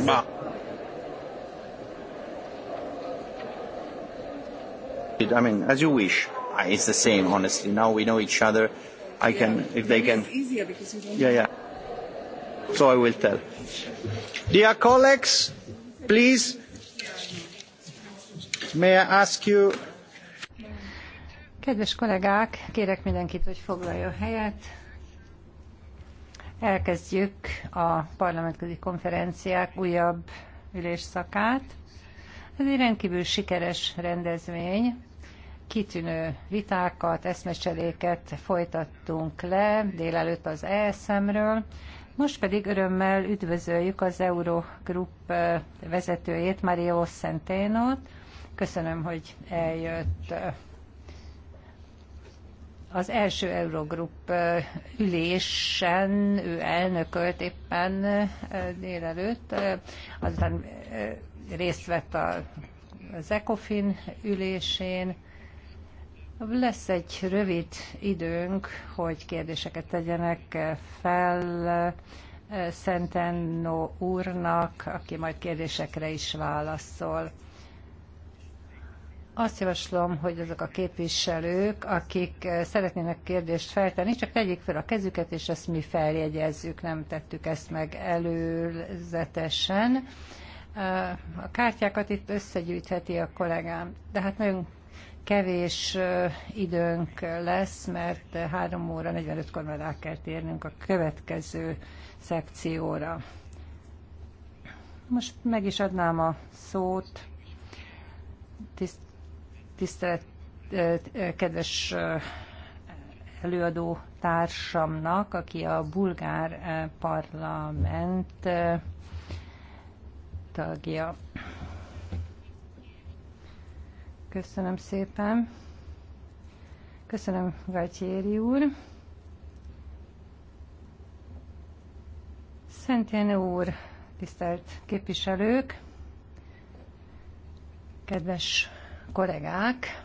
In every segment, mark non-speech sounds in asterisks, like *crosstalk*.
Ma. I mean, as you wish. Ah, it's the same, honestly. Now we know each other. I yeah, can, if they can. It's easier because you don't. Yeah, yeah. So I will tell. Dear colleagues, please, may I ask you? Kedves kollégák, kérek mindenkit, hogy foglalja helyet. Elkezdjük a parlamentközi konferenciák újabb ülésszakát. Ez egy rendkívül sikeres rendezvény. Kitűnő vitákat, eszmecseléket folytattunk le délelőtt az ESM-ről. Most pedig örömmel üdvözöljük az Eurogroup vezetőjét, Mario Centenot. Köszönöm, hogy eljött. Az első Eurogrup ülésen ő elnökölt éppen délelőtt, azután részt vett a, az ECOFIN ülésén. Lesz egy rövid időnk, hogy kérdéseket tegyenek fel Szentenno úrnak, aki majd kérdésekre is válaszol. Azt javaslom, hogy azok a képviselők, akik eh, szeretnének kérdést feltenni, csak tegyék fel a kezüket, és ezt mi feljegyezzük, nem tettük ezt meg előzetesen. Eh, a kártyákat itt összegyűjtheti a kollégám, de hát nagyon kevés eh, időnk lesz, mert 3 óra 45-kor már rá kell térnünk a következő szekcióra. Most meg is adnám a szót tiszt tisztelt, eh, eh, kedves eh, előadó társamnak, aki a bulgár parlament tagja. Köszönöm szépen. Köszönöm, Gajtjéri úr. Szentjén úr, tisztelt képviselők, kedves kollégák!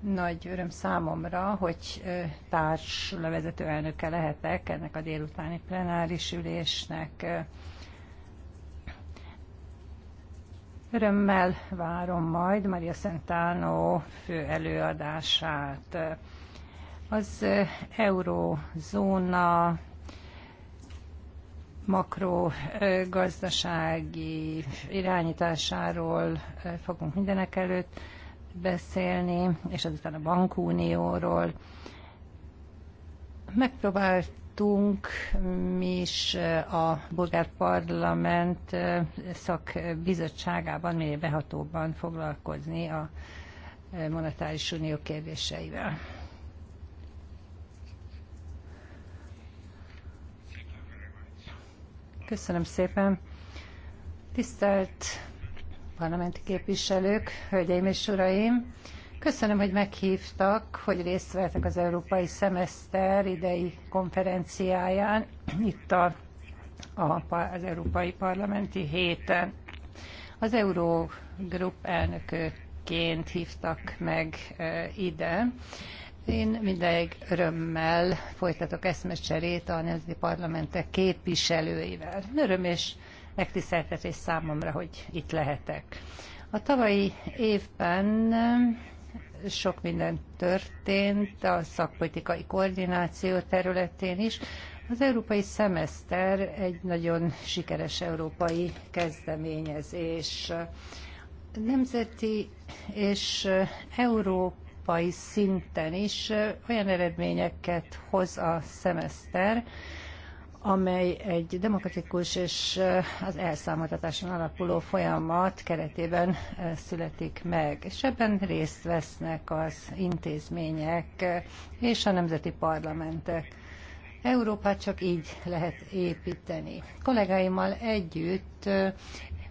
Nagy öröm számomra, hogy társ levezető elnöke lehetek ennek a délutáni plenáris ülésnek. Örömmel várom majd Maria Szentánó fő előadását. Az eurozóna makrogazdasági irányításáról fogunk mindenek előtt beszélni, és azután a bankunióról. Megpróbáltunk, mi is eh, a Bolgár Parlament eh, szakbizottságában minél behatóban foglalkozni a eh, monetáris unió kérdéseivel. Köszönöm szépen. Tisztelt parlamenti képviselők, hölgyeim és uraim! Köszönöm, hogy meghívtak, hogy részt vettek az Európai Szemeszter idei konferenciáján, itt a, a, az Európai Parlamenti héten. Az Eurogrup elnököként hívtak meg e, ide. Én mindegy örömmel folytatok eszmecserét a nemzeti parlamentek képviselőivel. Öröm és megtiszteltetés számomra, hogy itt lehetek. A tavalyi évben sok minden történt a szakpolitikai koordináció területén is. Az európai szemeszter egy nagyon sikeres európai kezdeményezés. Nemzeti és európai szinten is olyan eredményeket hoz a szemeszter, amely egy demokratikus és eh, az elszámoltatáson alapuló folyamat keretében eh, születik meg, és ebben részt vesznek az intézmények eh, és a nemzeti parlamentek. Európát csak így lehet építeni. Kollégáimmal együtt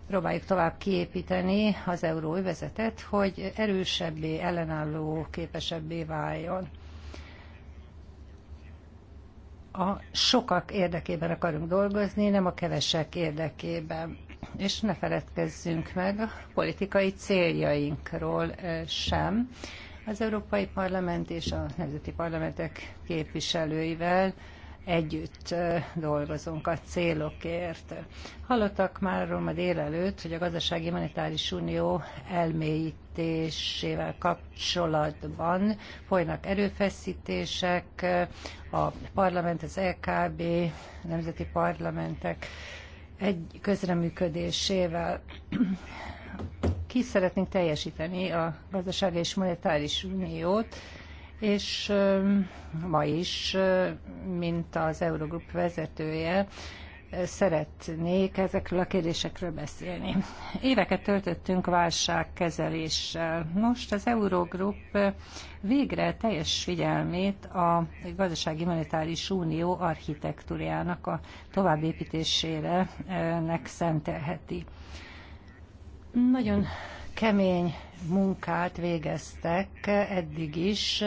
próbáljuk tovább kiépíteni az euróövezetet, hogy erősebbé, ellenálló képesebbé váljon a sokak érdekében akarunk dolgozni, nem a kevesek érdekében. És ne feledkezzünk meg a politikai céljainkról sem. Az Európai Parlament és a Nemzeti Parlamentek képviselőivel együtt dolgozunk a célokért. Hallottak már ma délelőtt, hogy a Gazdasági Monetáris Unió elmélyítésével kapcsolatban folynak erőfeszítések, a parlament, az LKB, e a nemzeti parlamentek egy közreműködésével ki szeretnénk teljesíteni a gazdasági és monetáris uniót, és ma is, mint az Eurogroup vezetője, szeretnék ezekről a kérdésekről beszélni. Éveket töltöttünk válságkezeléssel. Most az Eurogroup végre teljes figyelmét a gazdasági monetáris unió architektúrájának a továbbépítésére nek szentelheti. Nagyon kemény munkát végeztek eddig is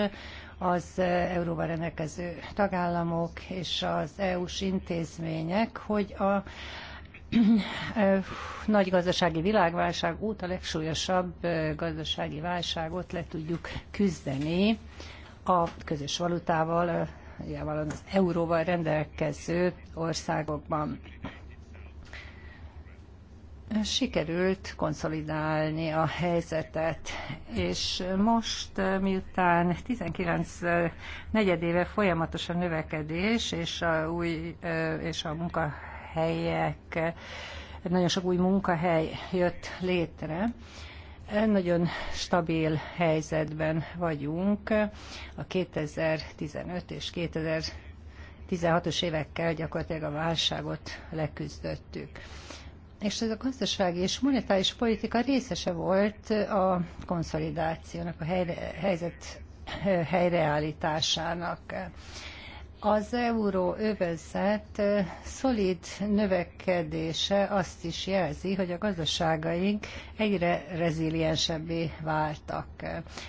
az euróval rendelkező tagállamok és az EU-s intézmények, hogy a *clears throat* nagy gazdasági világválság óta legsúlyosabb gazdasági válságot le tudjuk küzdeni a közös valutával, az euróval rendelkező országokban sikerült konszolidálni a helyzetet, és most, miután 19 negyedéve folyamatos a növekedés, és a, új, és a munkahelyek, nagyon sok új munkahely jött létre, nagyon stabil helyzetben vagyunk a 2015 és 2016-os évekkel gyakorlatilag a válságot leküzdöttük és ez a gazdasági és monetáris politika részese volt a konszolidációnak, a helyre, helyzet helyreállításának. Az euró övezet szolid növekedése azt is jelzi, hogy a gazdaságaink egyre reziliensebbé váltak.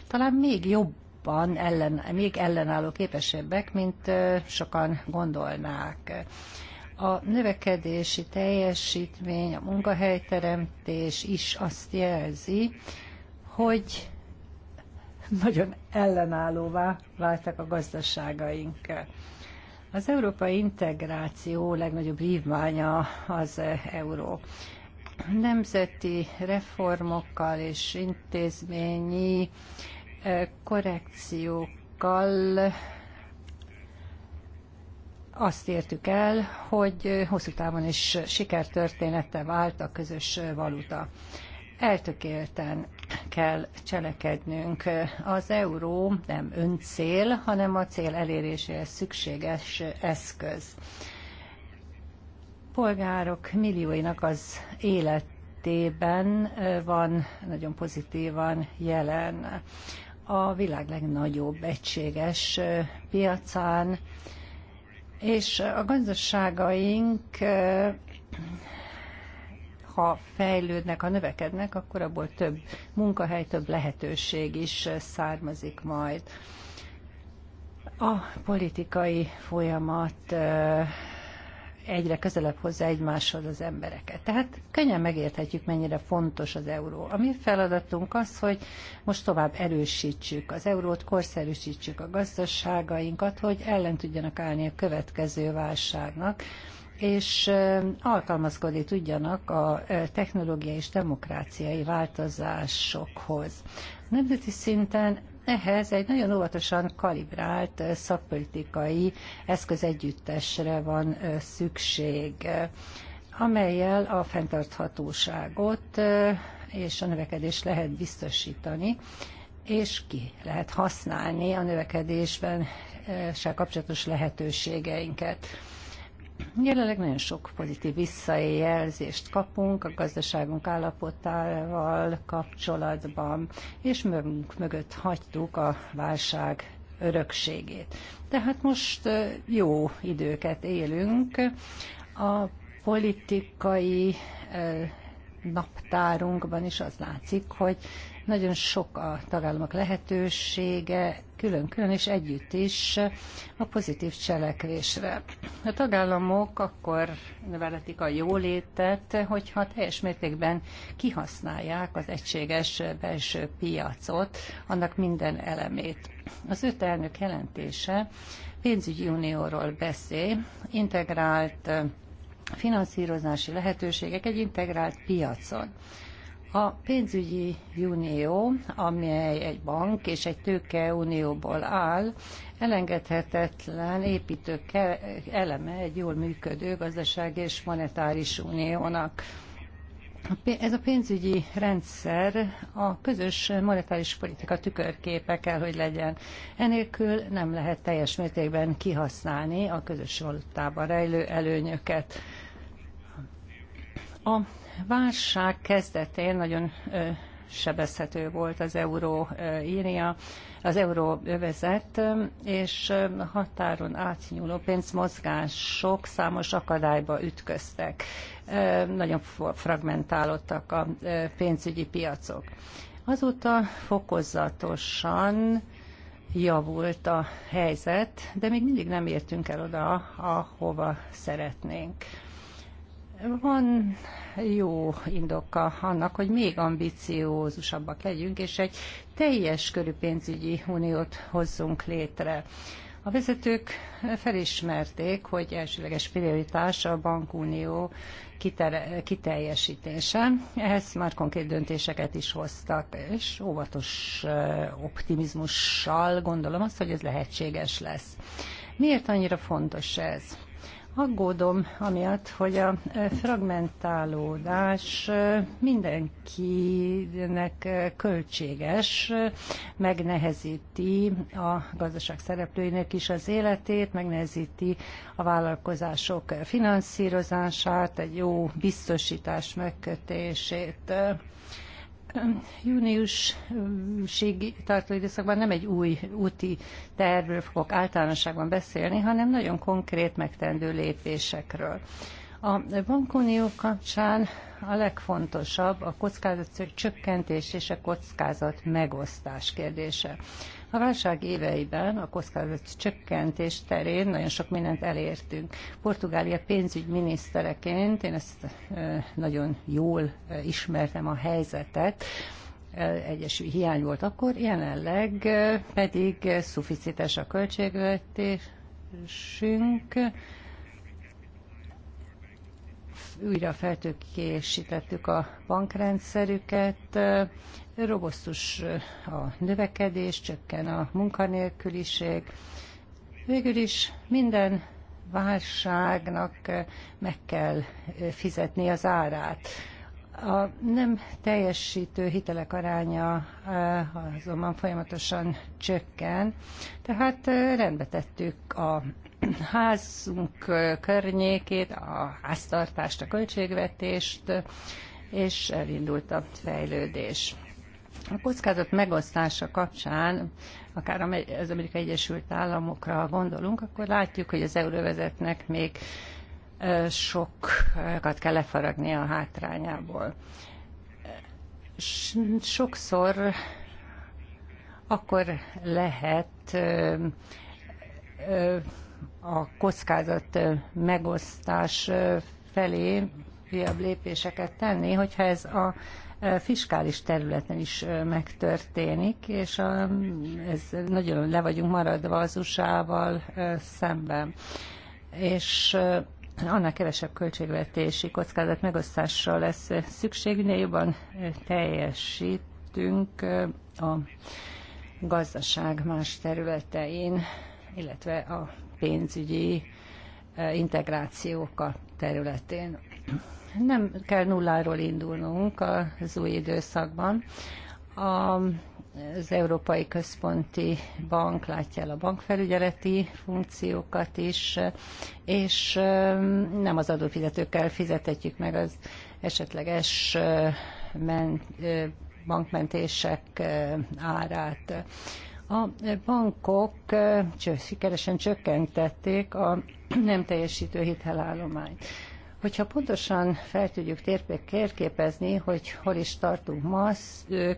Talán még jobban, ellen, még ellenálló képesebbek, mint sokan gondolnák a növekedési teljesítmény, a munkahelyteremtés is azt jelzi, hogy nagyon ellenállóvá váltak a gazdaságaink. Az európai integráció legnagyobb vívmánya az euró. Nemzeti reformokkal és intézményi eh, korrekciókkal azt értük el, hogy hosszú távon is sikertörténete vált a közös valuta. Eltökélten kell cselekednünk. Az euró nem öncél, hanem a cél eléréséhez szükséges eszköz. Polgárok millióinak az életében van nagyon pozitívan jelen. A világ legnagyobb egységes piacán és a gazdaságaink, ha fejlődnek, ha növekednek, akkor abból több munkahely, több lehetőség is származik majd. A politikai folyamat egyre közelebb hozza egymáshoz az embereket. Tehát könnyen megérthetjük, mennyire fontos az euró. A mi feladatunk az, hogy most tovább erősítsük az eurót, korszerűsítsük a gazdaságainkat, hogy ellen tudjanak állni a következő válságnak, és alkalmazkodni tudjanak a technológiai és demokráciai változásokhoz. Nemzeti szinten ehhez egy nagyon óvatosan kalibrált szakpolitikai eszközegyüttesre van szükség, amelyel a fenntarthatóságot és a növekedést lehet biztosítani, és ki lehet használni a növekedésben se kapcsolatos lehetőségeinket. Jelenleg nagyon sok pozitív visszajelzést kapunk a gazdaságunk állapotával kapcsolatban, és mögünk mögött hagytuk a válság örökségét. Tehát most jó időket élünk. A politikai naptárunkban is az látszik, hogy nagyon sok a tagállamok lehetősége, külön-külön és együtt is a pozitív cselekvésre. A tagállamok akkor növelhetik a jólétet, hogyha teljes mértékben kihasználják az egységes belső piacot, annak minden elemét. Az öt elnök jelentése pénzügyi unióról beszél, integrált finanszírozási lehetőségek egy integrált piacon. A pénzügyi unió, amely egy bank és egy tőkeunióból áll, elengedhetetlen építő eleme egy jól működő gazdaság és monetáris uniónak. Ez a pénzügyi rendszer a közös monetáris politika tükörképe kell, hogy legyen. Enélkül nem lehet teljes mértékben kihasználni a közös valutában rejlő előnyöket. A válság kezdetén nagyon sebezhető volt az euró írja, az euró övezet, és határon átnyúló pénzmozgások számos akadályba ütköztek. Nagyon fragmentálódtak a pénzügyi piacok. Azóta fokozatosan javult a helyzet, de még mindig nem értünk el oda, ahova szeretnénk. Van jó indoka annak, hogy még ambiciózusabbak legyünk, és egy teljes körű pénzügyi uniót hozzunk létre. A vezetők felismerték, hogy elsőleges prioritás a bankunió kiteljesítése. Ehhez már konkrét döntéseket is hoztak, és óvatos optimizmussal gondolom azt, hogy ez lehetséges lesz. Miért annyira fontos ez? Aggódom amiatt, hogy a e, fragmentálódás e, mindenkinek e, költséges, megnehezíti a gazdaság szereplőinek is az életét, megnehezíti a vállalkozások finanszírozását, egy jó biztosítás megkötését júniusig tartó időszakban nem egy új úti tervről fogok általánosságban beszélni, hanem nagyon konkrét megtendő lépésekről. A bankunió kapcsán a legfontosabb a kockázat csökkentés és a kockázat megosztás kérdése. A válság éveiben a kockázat csökkentés terén nagyon sok mindent elértünk. Portugália pénzügyminisztereként én ezt nagyon jól ismertem a helyzetet, egyes hiány volt akkor, jelenleg pedig szuficites a költségvetésünk, újra feltökésítettük a bankrendszerüket, robosztus a növekedés, csökken a munkanélküliség. Végül is minden válságnak meg kell fizetni az árát. A nem teljesítő hitelek aránya e, azonban folyamatosan csökken, tehát e, rendbe tettük a házunk környékét, a háztartást, a költségvetést, és elindult a fejlődés. A kockázat megosztása kapcsán, akár az Amerikai Egyesült Államokra gondolunk, akkor látjuk, hogy az euróvezetnek még sokat kell lefaragni a hátrányából. Sokszor akkor lehet a kockázat megosztás felé újabb lépéseket tenni, hogyha ez a fiskális területen is megtörténik, és a, ez nagyon le vagyunk maradva az USA-val szemben. És annál kevesebb költségvetési kockázat megosztással lesz szükség, minél jobban teljesítünk a gazdaság más területein illetve a pénzügyi e, integrációk területén. Nem kell nulláról indulnunk az új időszakban. A, az Európai Központi Bank látja el a bankfelügyeleti funkciókat is, és e, nem az adófizetőkkel fizetetjük meg az esetleges e, bankmentések árát. A bankok sikeresen csökkentették a *clears throat* nem teljesítő hitelállományt. Hogyha pontosan fel tudjuk térképezni, hogy hol is tartunk ma,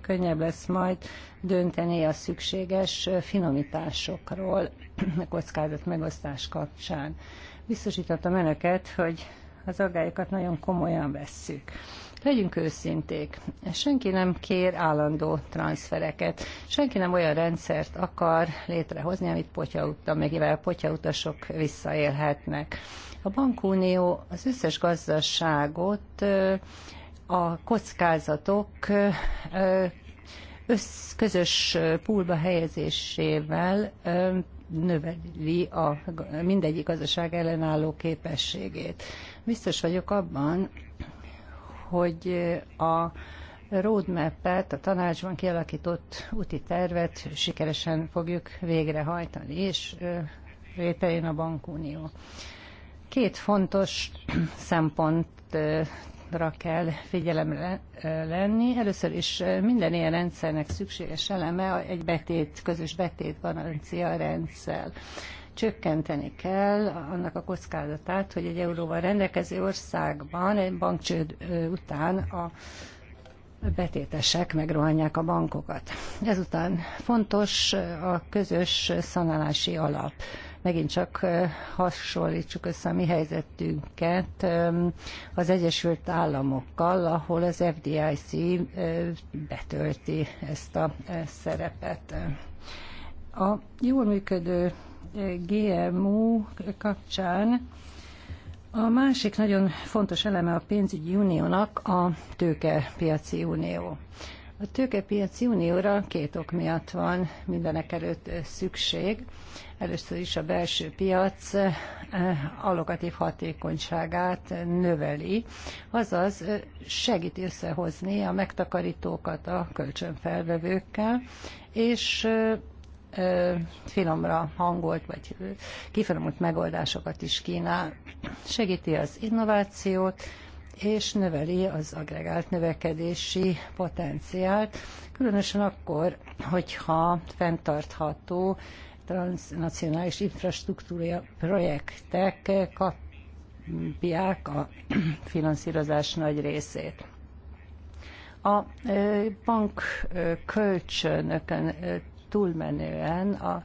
könnyebb lesz majd dönteni a szükséges finomításokról *clears throat* a kockázat megosztás kapcsán. Biztosítottam önöket, hogy az aggályokat nagyon komolyan vesszük. Legyünk őszinték, senki nem kér állandó transfereket, senki nem olyan rendszert akar létrehozni, amit meg mivel potyautasok visszaélhetnek. A bankunió az összes gazdaságot a kockázatok össz, közös pulba helyezésével növeli a mindegyik gazdaság ellenálló képességét. Biztos vagyok abban, hogy a roadmap-et, a tanácsban kialakított úti tervet sikeresen fogjuk végrehajtani, és létrejön a bankunió. Két fontos *clears throat* szempontra kell figyelemre lenni. Először is minden ilyen rendszernek szükséges eleme egy betét, közös betét garancia rendszer csökkenteni kell annak a kockázatát, hogy egy euróval rendelkező országban egy bankcsőd után a betétesek megrohanják a bankokat. Ezután fontos a közös szanálási alap. Megint csak hasonlítsuk össze a mi helyzetünket az Egyesült Államokkal, ahol az FDIC betölti ezt a szerepet. A jól működő GMO kapcsán a másik nagyon fontos eleme a pénzügyi uniónak a tőkepiaci unió. A tőkepiaci unióra két ok miatt van mindenek előtt szükség. Először is a belső piac eh, allokatív hatékonyságát növeli, azaz eh, segíti összehozni a megtakarítókat a kölcsönfelvevőkkel, és eh, finomra hangolt vagy kifinomult megoldásokat is kínál, segíti az innovációt, és növeli az agregált növekedési potenciált, különösen akkor, hogyha fenntartható transnacionális infrastruktúra projektek kapják a finanszírozás nagy részét. A bank kölcsönökön túlmenően a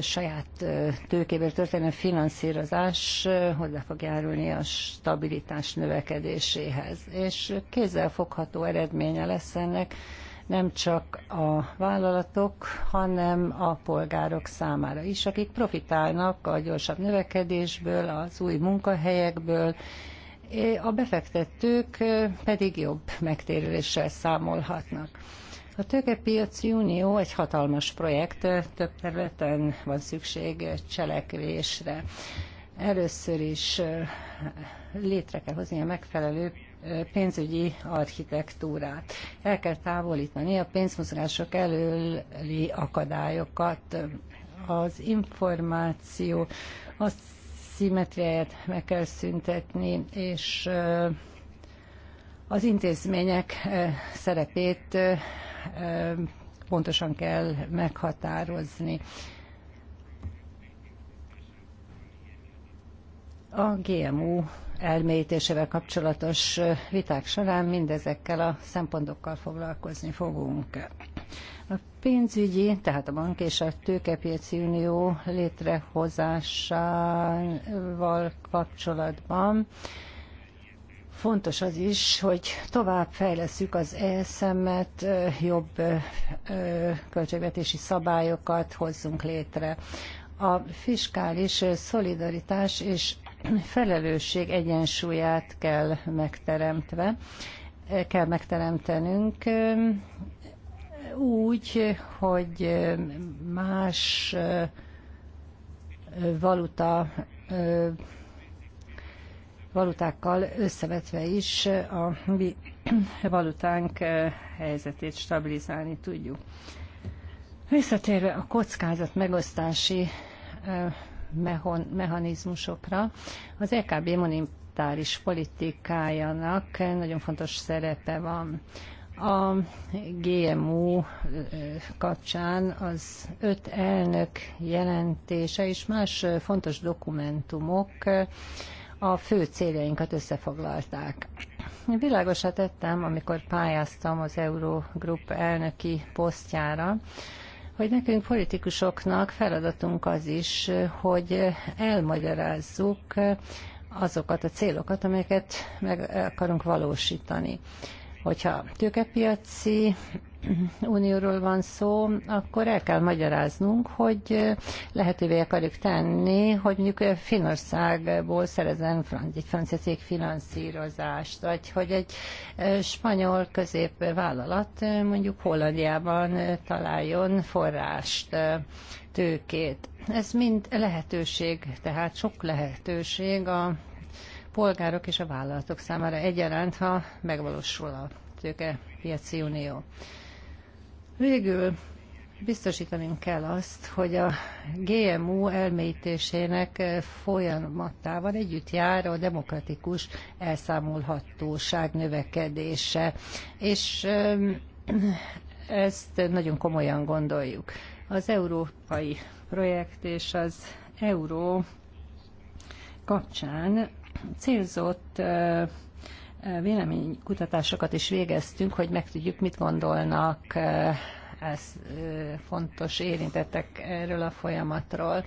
saját tőkéből történő finanszírozás hozzá fog járulni a stabilitás növekedéséhez. És kézzelfogható eredménye lesz ennek nem csak a vállalatok, hanem a polgárok számára is, akik profitálnak a gyorsabb növekedésből, az új munkahelyekből, a befektetők pedig jobb megtérüléssel számolhatnak. A tőkepiaci unió egy hatalmas projekt, több területen van szükség cselekvésre. Először is létre kell hozni a megfelelő pénzügyi architektúrát. El kell távolítani a pénzmozgások előli akadályokat, az információ szimetriáját meg kell szüntetni, és az intézmények szerepét pontosan kell meghatározni. A GMO elmélyítésével kapcsolatos viták során mindezekkel a szempontokkal foglalkozni fogunk. A pénzügyi, tehát a bank és a tőkepiaci unió létrehozásával kapcsolatban fontos az is, hogy tovább fejleszük az ESM-et, jobb költségvetési szabályokat hozzunk létre. A fiskális szolidaritás és felelősség egyensúlyát kell megteremtve, kell megteremtenünk úgy, hogy más valuta valutákkal összevetve is a mi valutánk eh, helyzetét stabilizálni tudjuk. Visszatérve a kockázat megosztási eh, mechanizmusokra, az EKB monetáris politikájának nagyon fontos szerepe van. A GMO eh, kapcsán az öt elnök jelentése és más fontos dokumentumok a fő céljainkat összefoglalták. Világosra tettem, amikor pályáztam az Eurogroup elnöki posztjára, hogy nekünk politikusoknak feladatunk az is, hogy elmagyarázzuk azokat a célokat, amelyeket meg akarunk valósítani. Hogyha tőkepiaci Unióról van szó, akkor el kell magyaráznunk, hogy eh, lehetővé akarjuk tenni, hogy mondjuk eh, Finországból szerezen egy francia cég finanszírozást, vagy hogy egy eh, spanyol középvállalat mondjuk Hollandiában találjon forrást, tőkét. Ez mind lehetőség, tehát sok lehetőség a polgárok és a vállalatok számára egyaránt, ha megvalósul a tőkepiaci unió. Végül biztosítanunk kell azt, hogy a GMO elmélyítésének eh, folyamatával együtt jár a demokratikus elszámolhatóság növekedése, és eh, ezt nagyon komolyan gondoljuk. Az európai projekt és az euró kapcsán célzott eh, véleménykutatásokat is végeztünk, hogy megtudjuk, mit gondolnak ez fontos érintettek erről a folyamatról.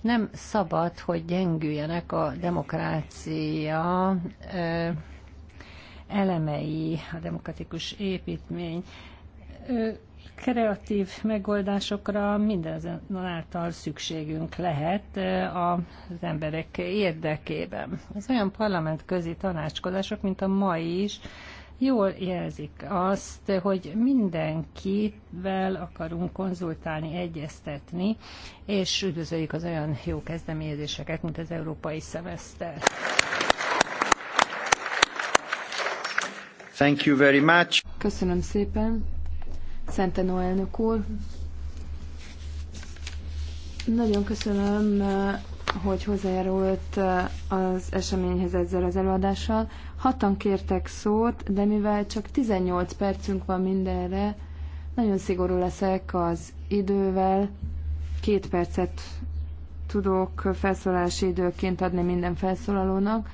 Nem szabad, hogy gyengüljenek a demokrácia elemei, a demokratikus építmény kreatív megoldásokra mindazonáltal szükségünk lehet az emberek érdekében. Az olyan parlamentközi tanácskozások, mint a mai is, jól jelzik azt, hogy mindenkivel akarunk konzultálni, egyeztetni, és üdvözöljük az olyan jó kezdeményezéseket, mint az európai szemeszter. Thank you very much. Köszönöm szépen. Szenteno elnök úr. Nagyon köszönöm, hogy hozzájárult eh, az eseményhez ezzel az előadással. Hatan kértek szót, de mivel csak 18 percünk van mindenre, nagyon szigorú leszek az idővel. Két percet tudok felszólási időként adni minden felszólalónak.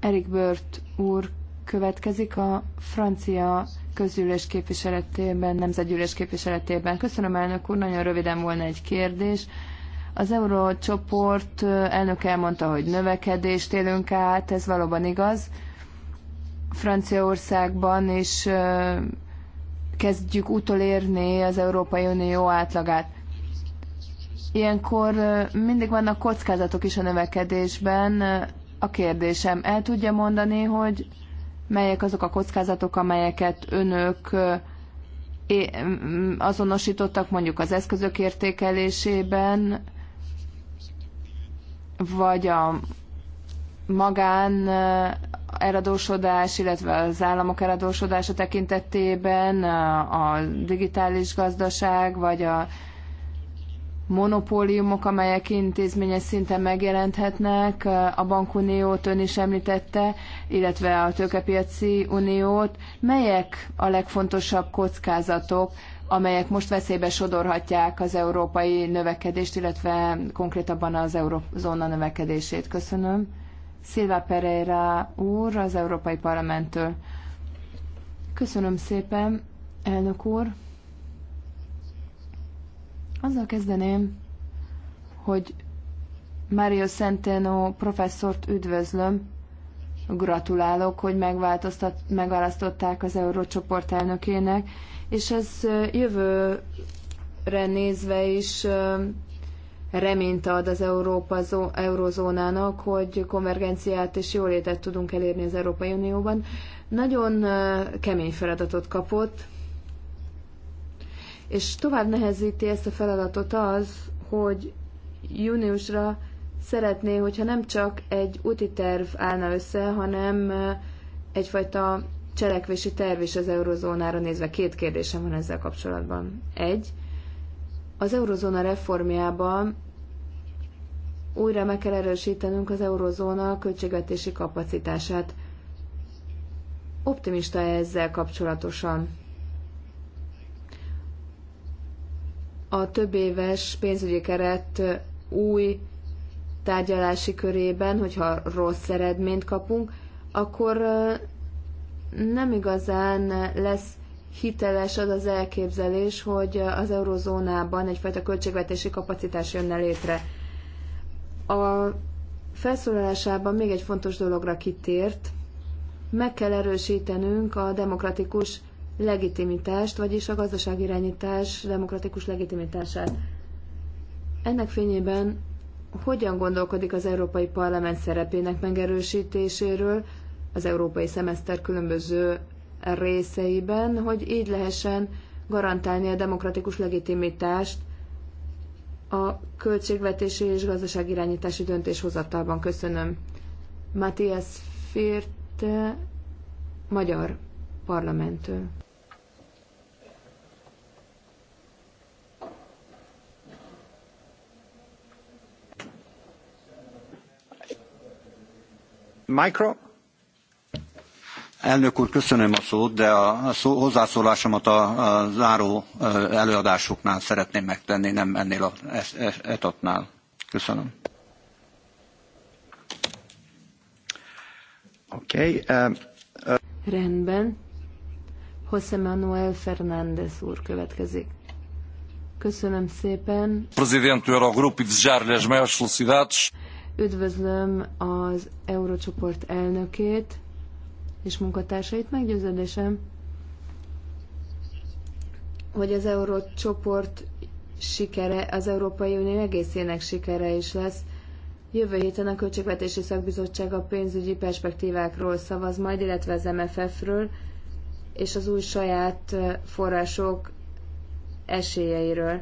Erik Bört úr következik a francia közülés képviseletében, nemzetgyűlés képviseletében. Köszönöm, elnök úr, nagyon röviden volna egy kérdés. Az eurócsoport elnök elmondta, hogy növekedést élünk át, ez valóban igaz. Franciaországban is kezdjük utolérni az Európai Unió átlagát. Ilyenkor mindig vannak kockázatok is a növekedésben. A kérdésem, el tudja mondani, hogy melyek azok a kockázatok, amelyeket önök azonosítottak mondjuk az eszközök értékelésében, vagy a magán eradósodás, illetve az államok eradósodása tekintetében, a digitális gazdaság, vagy a monopóliumok, amelyek intézményes szinten megjelenthetnek, a bankuniót ön is említette, illetve a tőkepiaci uniót. Melyek a legfontosabb kockázatok, amelyek most veszélybe sodorhatják az európai növekedést, illetve konkrétabban az eurozóna növekedését? Köszönöm. Silva Pereira úr az Európai Parlamenttől. Köszönöm szépen, elnök úr. Azzal kezdeném, hogy Mario Centeno professzort üdvözlöm, gratulálok, hogy megválasztották az Eurócsoport elnökének, és ez jövőre nézve is reményt ad az Európa, eurozónának, hogy konvergenciát és jólétet tudunk elérni az Európai Unióban. Nagyon kemény feladatot kapott, és tovább nehezíti ezt a feladatot az, hogy júniusra szeretné, hogyha nem csak egy úti terv állna össze, hanem eh, egyfajta cselekvési terv is az eurozónára nézve. Két kérdésem van ezzel kapcsolatban. Egy, az eurozóna reformjában újra meg kell erősítenünk az eurozóna költségvetési kapacitását. Optimista -e ezzel kapcsolatosan? a több éves pénzügyi keret új tárgyalási körében, hogyha rossz eredményt kapunk, akkor nem igazán lesz hiteles az az elképzelés, hogy az eurozónában egyfajta költségvetési kapacitás jönne létre. A felszólalásában még egy fontos dologra kitért, meg kell erősítenünk a demokratikus legitimitást, vagyis a gazdaságirányítás demokratikus legitimitását. Ennek fényében hogyan gondolkodik az Európai Parlament szerepének megerősítéséről az európai szemeszter különböző részeiben, hogy így lehessen garantálni a demokratikus legitimitást a költségvetési és gazdaságirányítási döntéshozatalban. Köszönöm. Matthias Firte, Magyar Parlamenttől. Elnök úr, köszönöm a szót, de a hozzászólásomat a, záró előadásoknál szeretném megtenni, nem ennél az e, e, etapnál. Köszönöm. Oké. Rendben. José Manuel Fernández úr következik. Köszönöm szépen. Presidente do e desejar-lhe as maiores felicidades. Üdvözlöm az Eurocsoport elnökét és munkatársait. Meggyőződésem, hogy az Eurocsoport sikere az Európai Unió egészének sikere is lesz. Jövő héten a Költségvetési Szakbizottság a pénzügyi perspektívákról szavaz majd, illetve az MFF-ről és az új saját források esélyeiről.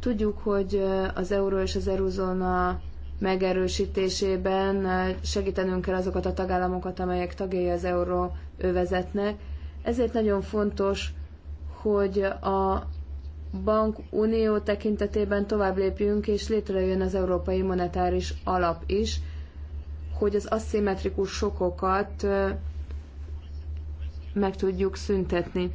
Tudjuk, hogy az euró és az eurozóna megerősítésében segítenünk kell azokat a tagállamokat, amelyek tagjai az euró övezetnek. Ezért nagyon fontos, hogy a bank unió tekintetében tovább lépjünk, és létrejön az Európai Monetáris Alap is, hogy az aszimmetrikus sokokat meg tudjuk szüntetni.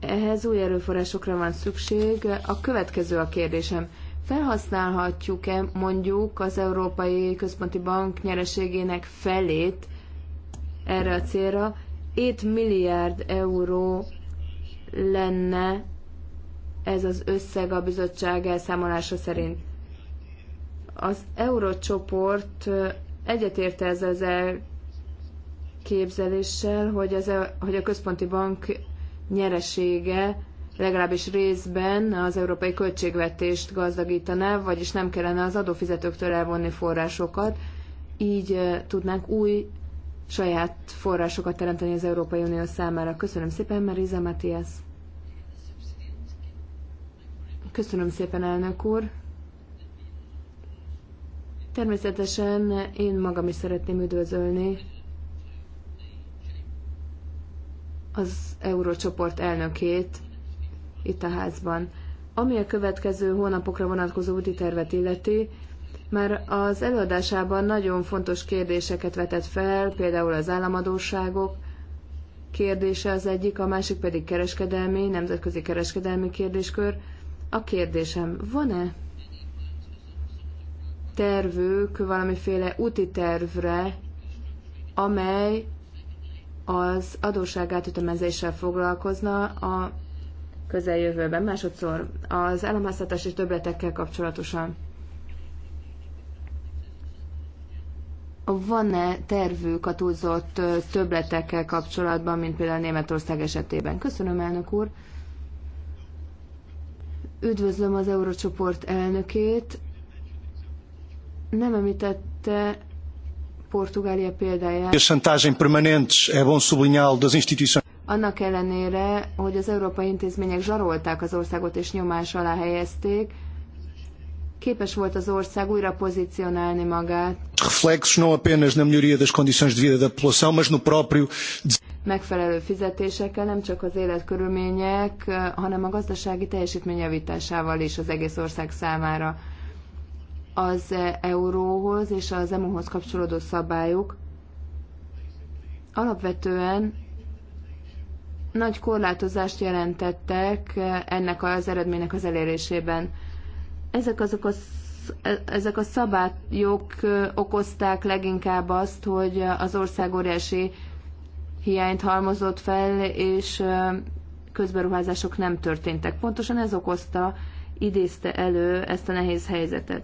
Ehhez új erőforrásokra van szükség. A következő a kérdésem felhasználhatjuk-e mondjuk az Európai Központi Bank nyereségének felét erre a célra. 7 milliárd euró lenne ez az összeg a bizottság elszámolása szerint. Az eurócsoport egyetérte ezzel az elképzeléssel, hogy, az, e- hogy a központi bank nyeresége legalábbis részben az európai költségvetést gazdagítaná, vagyis nem kellene az adófizetőktől elvonni forrásokat, így tudnánk új saját forrásokat teremteni az Európai Unió számára. Köszönöm szépen, Marisa Matias. Köszönöm szépen, elnök úr. Természetesen én magam is szeretném üdvözölni az Eurócsoport elnökét, itt a házban. Ami a következő hónapokra vonatkozó úti tervet illeti, már az előadásában nagyon fontos kérdéseket vetett fel, például az államadóságok kérdése az egyik, a másik pedig kereskedelmi, nemzetközi kereskedelmi kérdéskör. A kérdésem, van-e tervük valamiféle úti tervre, amely az adósságátütemezéssel foglalkozna a közeljövőben. Másodszor az államháztatás és többletekkel kapcsolatosan. Van-e tervük a túlzott többletekkel kapcsolatban, mint például Németország esetében? Köszönöm, elnök úr. Üdvözlöm az Eurocsoport elnökét. Nem említette Portugália példáját annak ellenére, hogy az európai intézmények zsarolták az országot és nyomás alá helyezték, képes volt az ország újra pozícionálni magát. Reflexos não apenas na melhoria das condições de vida da população, mas no próprio megfelelő fizetésekkel, nem csak az életkörülmények, hanem a gazdasági teljesítmény javításával is az egész ország számára. Az euróhoz és az EMU-hoz kapcsolódó szabályok alapvetően nagy korlátozást jelentettek ennek az eredménynek az elérésében. Ezek azok a ezek a szabályok okozták leginkább azt, hogy az ország óriási hiányt halmozott fel, és közberuházások nem történtek. Pontosan ez okozta, idézte elő ezt a nehéz helyzetet.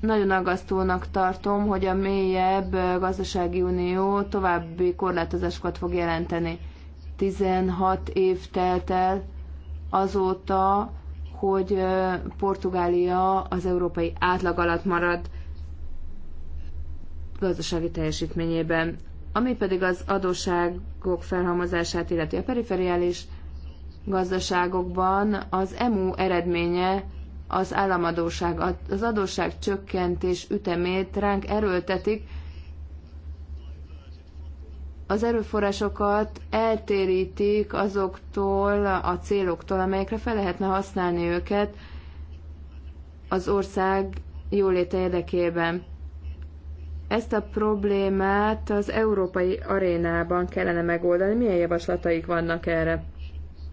Nagyon aggasztónak tartom, hogy a mélyebb gazdasági unió további korlátozásokat fog jelenteni. 16 év telt el azóta, hogy Portugália az európai átlag alatt maradt gazdasági teljesítményében. Ami pedig az adósságok felhalmozását illeti a perifériális gazdaságokban, az EMU eredménye az államadóság, az adósság csökkentés ütemét ránk erőltetik, az erőforrásokat eltérítik azoktól a céloktól, amelyekre fel lehetne használni őket az ország jóléte érdekében. Ezt a problémát az európai arénában kellene megoldani. Milyen javaslataik vannak erre?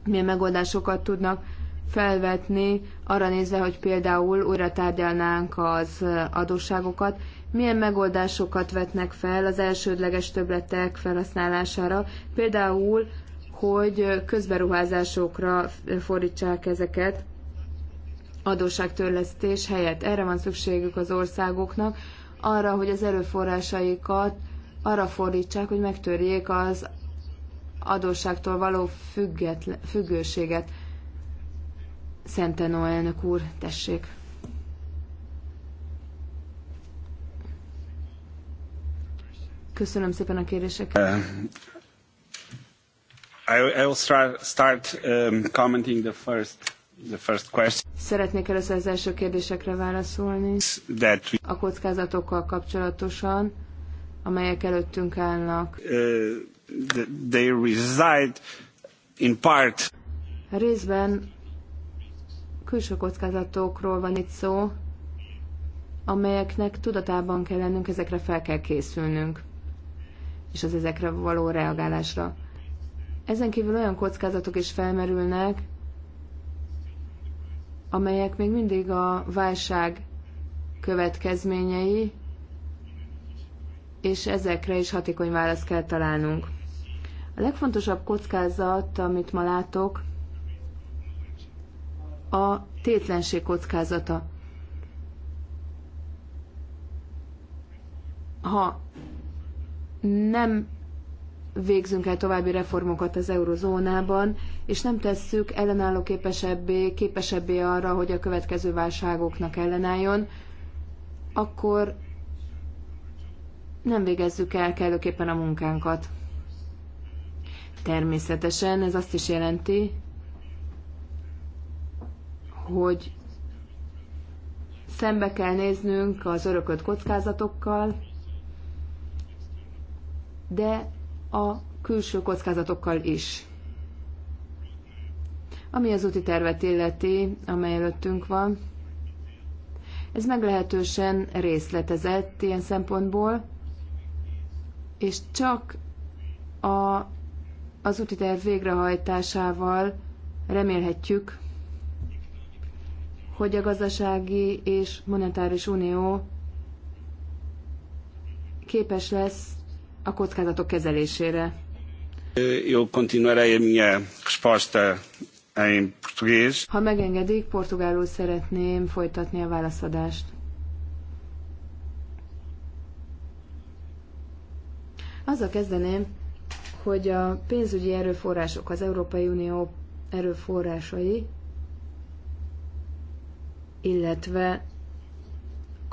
Milyen megoldásokat tudnak felvetni, arra nézve, hogy például újra tárgyalnánk az adósságokat, milyen megoldásokat vetnek fel az elsődleges töbletek felhasználására, például, hogy közberuházásokra fordítsák ezeket adósságtörlesztés helyett. Erre van szükségük az országoknak, arra, hogy az erőforrásaikat arra fordítsák, hogy megtörjék az adósságtól való függőséget. Szentenó elnök úr, tessék! Köszönöm szépen a kérdéseket. Uh, I, I will start, start um, commenting the first The first question. Szeretnék először az első kérdésekre válaszolni. That we... A kockázatokkal kapcsolatosan, amelyek előttünk állnak. Uh, they reside in part. Részben külső kockázatokról van itt szó, amelyeknek tudatában kell lennünk, ezekre fel kell készülnünk és az ezekre való reagálásra. Ezen kívül olyan kockázatok is felmerülnek, amelyek még mindig a válság következményei, és ezekre is hatékony választ kell találnunk. A legfontosabb kockázat, amit ma látok, a tétlenség kockázata. Ha nem végzünk el további reformokat az eurozónában, és nem tesszük ellenálló képesebbé, képesebbé arra, hogy a következő válságoknak ellenálljon, akkor nem végezzük el kellőképpen a munkánkat. Természetesen ez azt is jelenti, hogy szembe kell néznünk az örökölt kockázatokkal, de a külső kockázatokkal is. Ami az úti tervet illeti, amely előttünk van, ez meglehetősen részletezett ilyen szempontból, és csak a, az úti terv végrehajtásával remélhetjük, hogy a gazdasági és monetáris unió képes lesz a kockázatok kezelésére. Eu continuarei a minha resposta em português. Ha megengedik, portugálul szeretném folytatni a válaszadást. Azzal kezdeném, hogy a pénzügyi erőforrások, az Európai Unió erőforrásai, illetve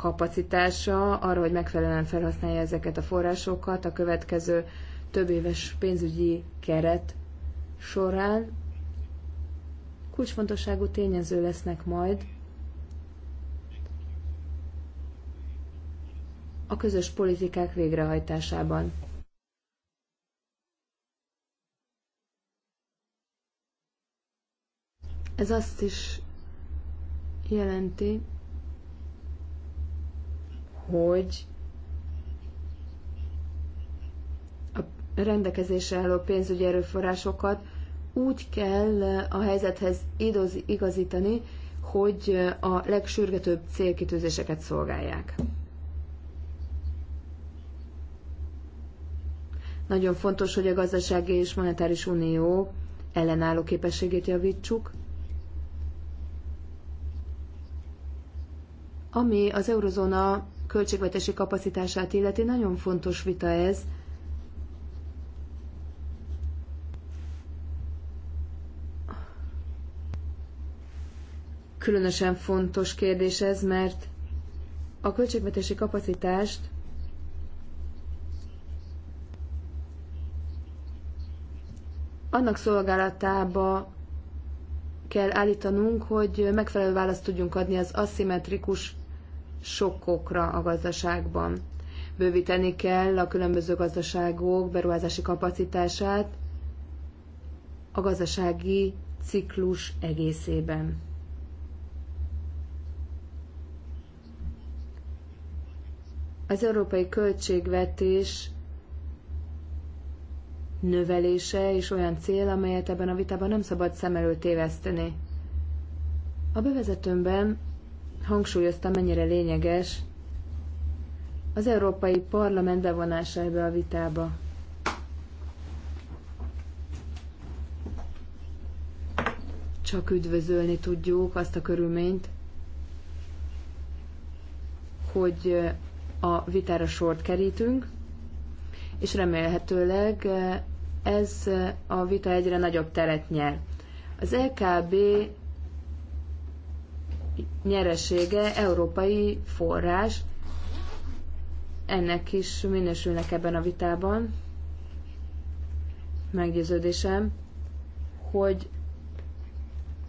kapacitása arra, hogy megfelelően felhasználja ezeket a forrásokat a következő több éves pénzügyi keret során. Kulcsfontosságú tényező lesznek majd a közös politikák végrehajtásában. Ez azt is jelenti, hogy a rendelkezésre álló pénzügyi erőforrásokat úgy kell a helyzethez igazítani, hogy a legsürgetőbb célkitűzéseket szolgálják. Nagyon fontos, hogy a gazdasági és monetáris unió ellenálló képességét javítsuk, ami az eurozóna költségvetési kapacitását illeti, nagyon fontos vita ez. Különösen fontos kérdés ez, mert a költségvetési kapacitást annak szolgálatába kell állítanunk, hogy megfelelő választ tudjunk adni az aszimmetrikus sokkokra a gazdaságban. Bővíteni kell a különböző gazdaságok beruházási kapacitását a gazdasági ciklus egészében. Az európai költségvetés növelése és olyan cél, amelyet ebben a vitában nem szabad szem előtt éveszteni. A bevezetőmben hangsúlyozta, mennyire lényeges az Európai Parlament bevonása ebbe a vitába. Csak üdvözölni tudjuk azt a körülményt, hogy a vitára sort kerítünk, és remélhetőleg ez a vita egyre nagyobb teret nyer. Az LKB nyeresége európai forrás. Ennek is minősülnek ebben a vitában. Meggyőződésem, hogy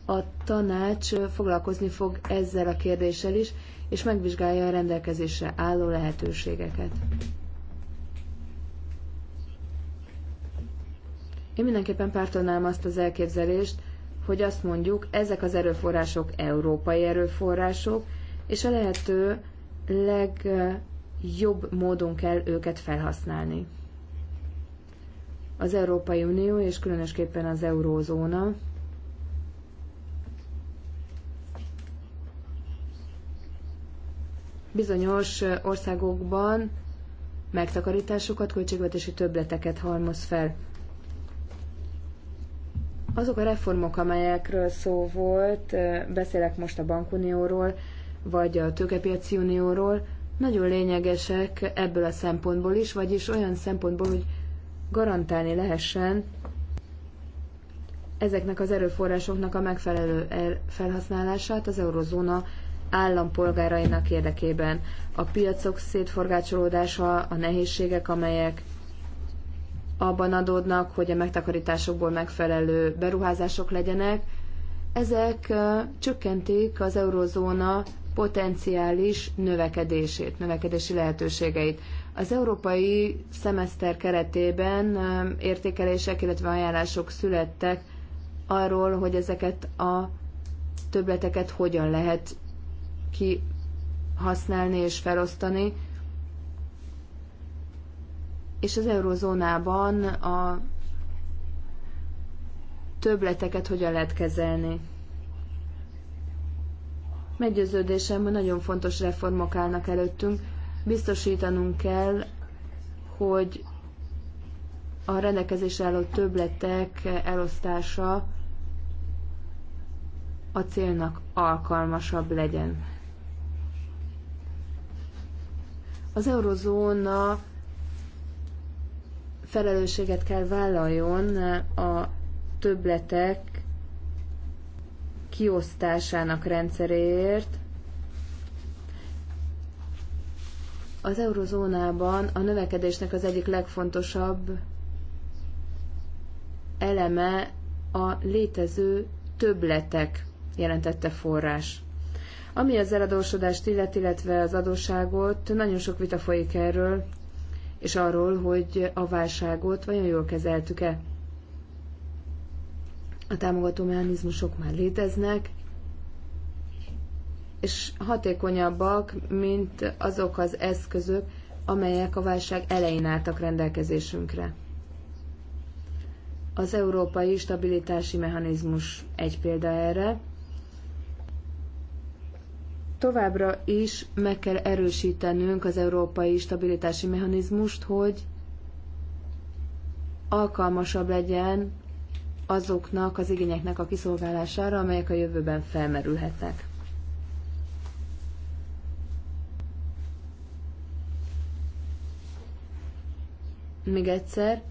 a tanács foglalkozni fog ezzel a kérdéssel is, és megvizsgálja a rendelkezésre álló lehetőségeket. Én mindenképpen pártolnám azt az elképzelést, hogy azt mondjuk, ezek az erőforrások európai erőforrások, és a lehető legjobb módon kell őket felhasználni. Az Európai Unió, és különösképpen az eurózóna bizonyos országokban megtakarításokat, költségvetési többleteket halmoz fel. Azok a reformok, amelyekről szó volt, beszélek most a bankunióról, vagy a tőkepiaci unióról, nagyon lényegesek ebből a szempontból is, vagyis olyan szempontból, hogy garantálni lehessen ezeknek az erőforrásoknak a megfelelő felhasználását az eurozóna állampolgárainak érdekében. A piacok szétforgácsolódása, a nehézségek, amelyek abban adódnak, hogy a megtakarításokból megfelelő beruházások legyenek. Ezek csökkentik az eurozóna potenciális növekedését, növekedési lehetőségeit. Az európai szemeszter keretében értékelések, illetve ajánlások születtek arról, hogy ezeket a többleteket hogyan lehet kihasználni és felosztani, és az eurozónában a többleteket hogyan lehet kezelni. Meggyőződésem, hogy nagyon fontos reformok állnak előttünk. Biztosítanunk kell, hogy a rendelkezés álló többletek elosztása a célnak alkalmasabb legyen. Az eurozóna felelősséget kell vállaljon a többletek kiosztásának rendszeréért. Az eurozónában a növekedésnek az egyik legfontosabb eleme a létező többletek jelentette forrás. Ami az eladósodást illet, illetve az adóságot, nagyon sok vita folyik erről, és arról, hogy a válságot vajon jól kezeltük-e. A támogató mechanizmusok már léteznek, és hatékonyabbak, mint azok az eszközök, amelyek a válság elején álltak rendelkezésünkre. Az európai stabilitási mechanizmus egy példa erre, továbbra is meg kell erősítenünk az európai stabilitási mechanizmust, hogy alkalmasabb legyen azoknak az igényeknek a kiszolgálására, amelyek a jövőben felmerülhetnek. Még egyszer,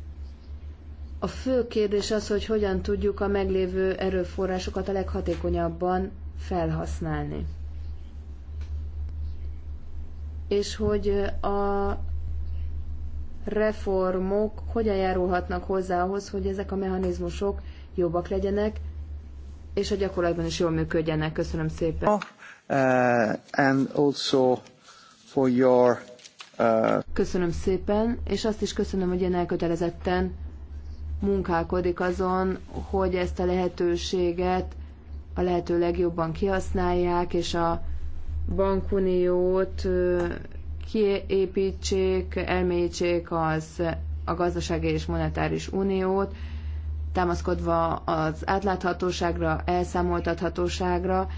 a fő kérdés az, hogy hogyan tudjuk a meglévő erőforrásokat a leghatékonyabban felhasználni és hogy a reformok hogyan járulhatnak hozzá ahhoz, hogy ezek a mechanizmusok jobbak legyenek, és a gyakorlatban is jól működjenek. Köszönöm szépen. Oh, uh, and also for your, uh... Köszönöm szépen, és azt is köszönöm, hogy ilyen elkötelezetten munkálkodik azon, hogy ezt a lehetőséget a lehető legjobban kihasználják, és a bankuniót kiépítsék, elmélyítsék az a gazdasági és monetáris uniót, támaszkodva az átláthatóságra, elszámoltathatóságra,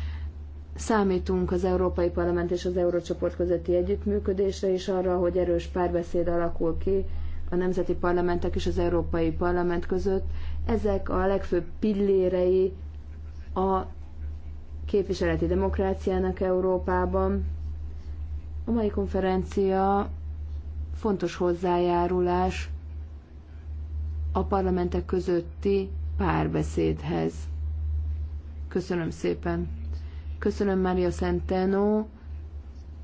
számítunk az Európai Parlament és az Eurócsoport közötti együttműködésre is arra, hogy erős párbeszéd alakul ki a nemzeti parlamentek és az Európai Parlament között. Ezek a legfőbb pillérei a képviseleti demokráciának Európában. A mai konferencia fontos hozzájárulás a parlamentek közötti párbeszédhez. Köszönöm szépen. Köszönöm Mária Szenteno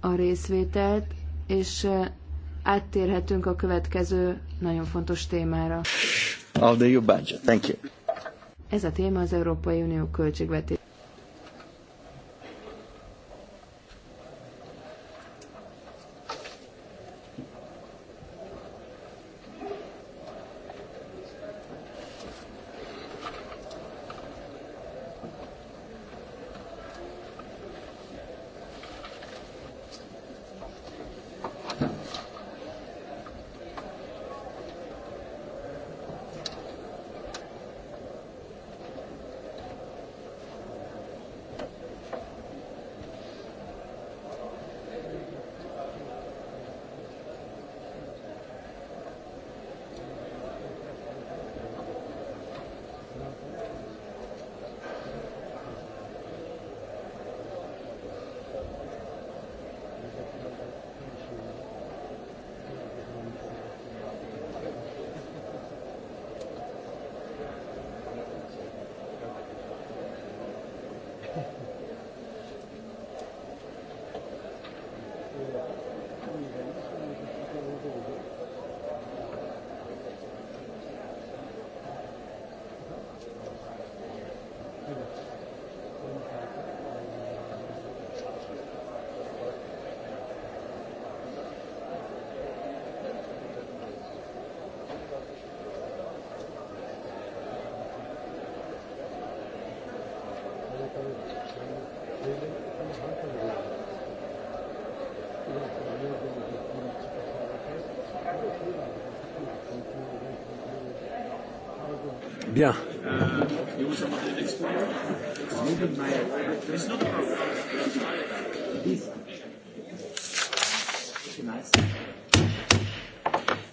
a részvételt, és eh, áttérhetünk a következő nagyon fontos témára. Of the EU budget. Thank you. Ez a téma az Európai Unió költségvetés.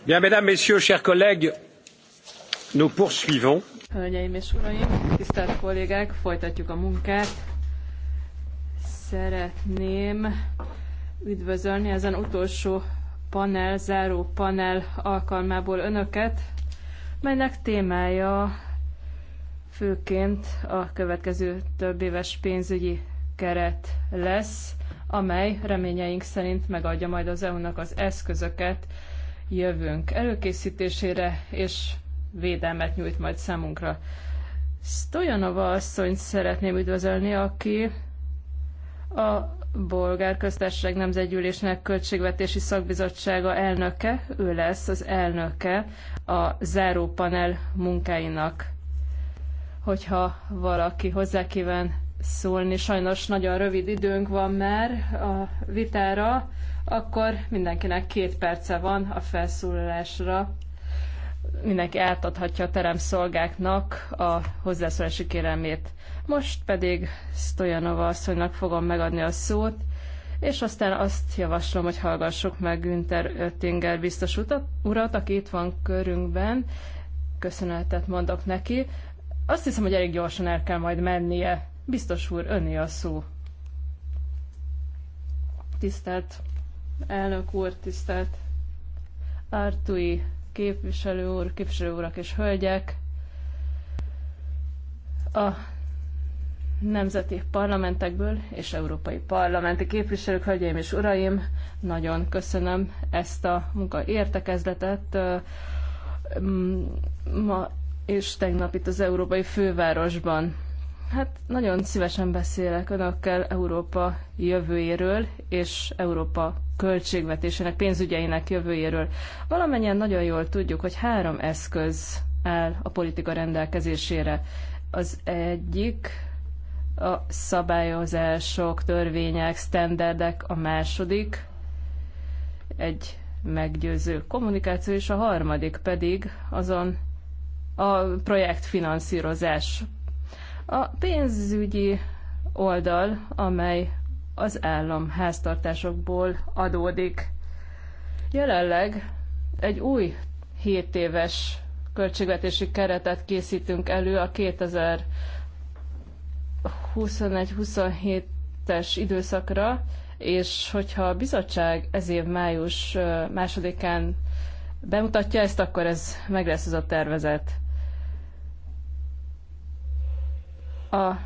Bien, mesdames, messieurs, chers collègues, nous poursuivons. Hölgyeim és uraim, tisztelt kollégák, folytatjuk a munkát. Szeretném üdvözölni ezen utolsó panel, záró panel alkalmából önöket, melynek témája főként a következő több éves pénzügyi keret lesz, amely reményeink szerint megadja majd az EU-nak az eszközöket, jövőnk előkészítésére, és védelmet nyújt majd számunkra. Stojanova asszonyt szeretném üdvözölni, aki a Bolgár Köztársaság Nemzetgyűlésnek Költségvetési Szakbizottsága elnöke, ő lesz az elnöke a zárópanel munkáinak. Hogyha valaki hozzá kíván szólni, sajnos nagyon rövid időnk van már a vitára, akkor mindenkinek két perce van a felszólalásra. Mindenki átadhatja a teremszolgáknak a hozzászólási kérelmét. Most pedig Stojanova asszonynak fogom megadni a szót, és aztán azt javaslom, hogy hallgassuk meg Günther Öttinger biztos urat, aki itt van körünkben. Köszönetet mondok neki. Azt hiszem, hogy elég gyorsan el kell majd mennie. Biztos úr, öné a szó. Tisztelt Elnök úr, tisztelt Ártui képviselő úr, képviselő urak és hölgyek! A nemzeti parlamentekből és európai parlamenti képviselők, hölgyeim és uraim, nagyon köszönöm ezt a munka értekezletet. Ma és tegnap itt az európai fővárosban Hát nagyon szívesen beszélek önökkel Európa jövőjéről és Európa költségvetésének, pénzügyeinek jövőjéről. Valamennyien nagyon jól tudjuk, hogy három eszköz áll a politika rendelkezésére. Az egyik a szabályozások, törvények, sztenderdek, a második egy meggyőző kommunikáció, és a harmadik pedig azon a projektfinanszírozás a pénzügyi oldal, amely az állam háztartásokból adódik. Jelenleg egy új 7 éves költségvetési keretet készítünk elő a 2021-27-es időszakra, és hogyha a bizottság ez év május másodikán bemutatja ezt, akkor ez meg lesz az a tervezet. a,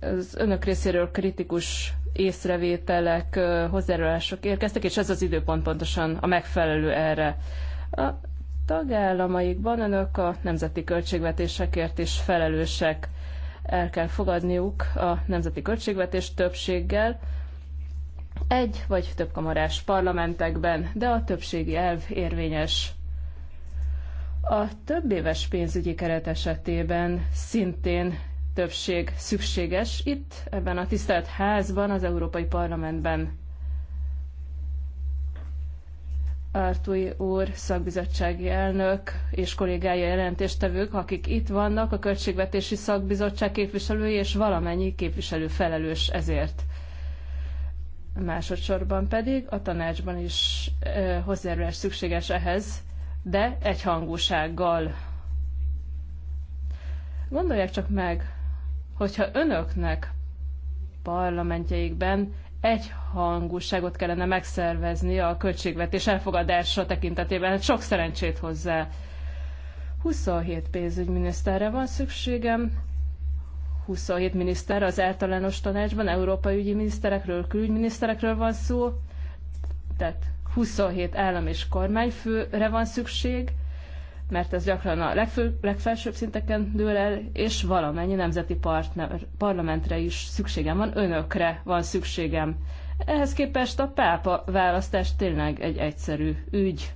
az önök részéről kritikus észrevételek, hozzárólások érkeztek, és ez az időpont pontosan a megfelelő erre. A tagállamaikban önök a nemzeti költségvetésekért is felelősek. El kell fogadniuk a nemzeti költségvetés többséggel, egy vagy több kamarás parlamentekben, de a többségi elv érvényes. A több éves pénzügyi keret esetében szintén többség szükséges itt, ebben a tisztelt házban, az Európai Parlamentben. ártói úr, szakbizottsági elnök és kollégája jelentéstevők, akik itt vannak, a Költségvetési Szakbizottság képviselői és valamennyi képviselő felelős ezért. Másodszorban pedig a tanácsban is hozzájárulás szükséges ehhez, de egyhangúsággal. Gondolják csak meg, hogyha önöknek parlamentjeikben egy hangúságot kellene megszervezni a költségvetés elfogadása tekintetében. Hát sok szerencsét hozzá. 27 pénzügyminiszterre van szükségem, 27 miniszter az általános tanácsban, európai ügyi miniszterekről, külügyminiszterekről van szó, tehát 27 állam és kormányfőre van szükség, mert ez gyakran a legfő, legfelsőbb szinteken dől el, és valamennyi nemzeti partner, parlamentre is szükségem van, önökre van szükségem. Ehhez képest a pápa választás tényleg egy egyszerű ügy.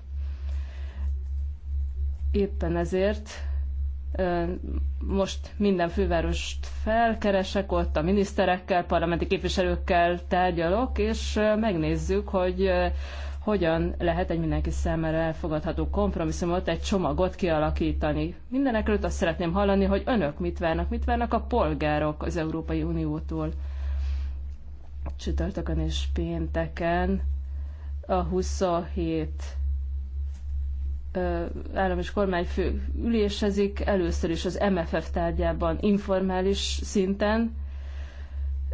Éppen ezért most minden fővárost felkeresek, ott a miniszterekkel, parlamenti képviselőkkel tárgyalok, és megnézzük, hogy hogyan lehet egy mindenki számára elfogadható kompromisszumot, egy csomagot kialakítani. Mindenek előtt azt szeretném hallani, hogy önök mit várnak, mit várnak a polgárok az Európai Uniótól. Csütörtökön és pénteken a 27 állam és kormányfő ülésezik, először is az MFF tárgyában informális szinten,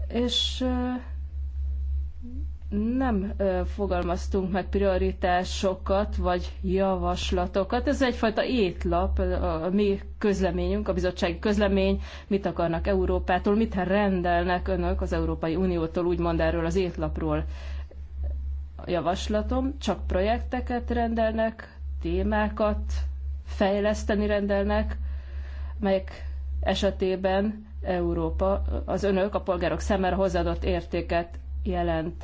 és nem fogalmaztunk meg prioritásokat vagy javaslatokat. Ez egyfajta étlap, a mi közleményünk, a bizottsági közlemény, mit akarnak Európától, mit rendelnek önök az Európai Uniótól, úgymond erről az étlapról. A javaslatom, csak projekteket rendelnek, témákat fejleszteni rendelnek, melyek esetében Európa, az önök, a polgárok szemmel hozzáadott értéket jelent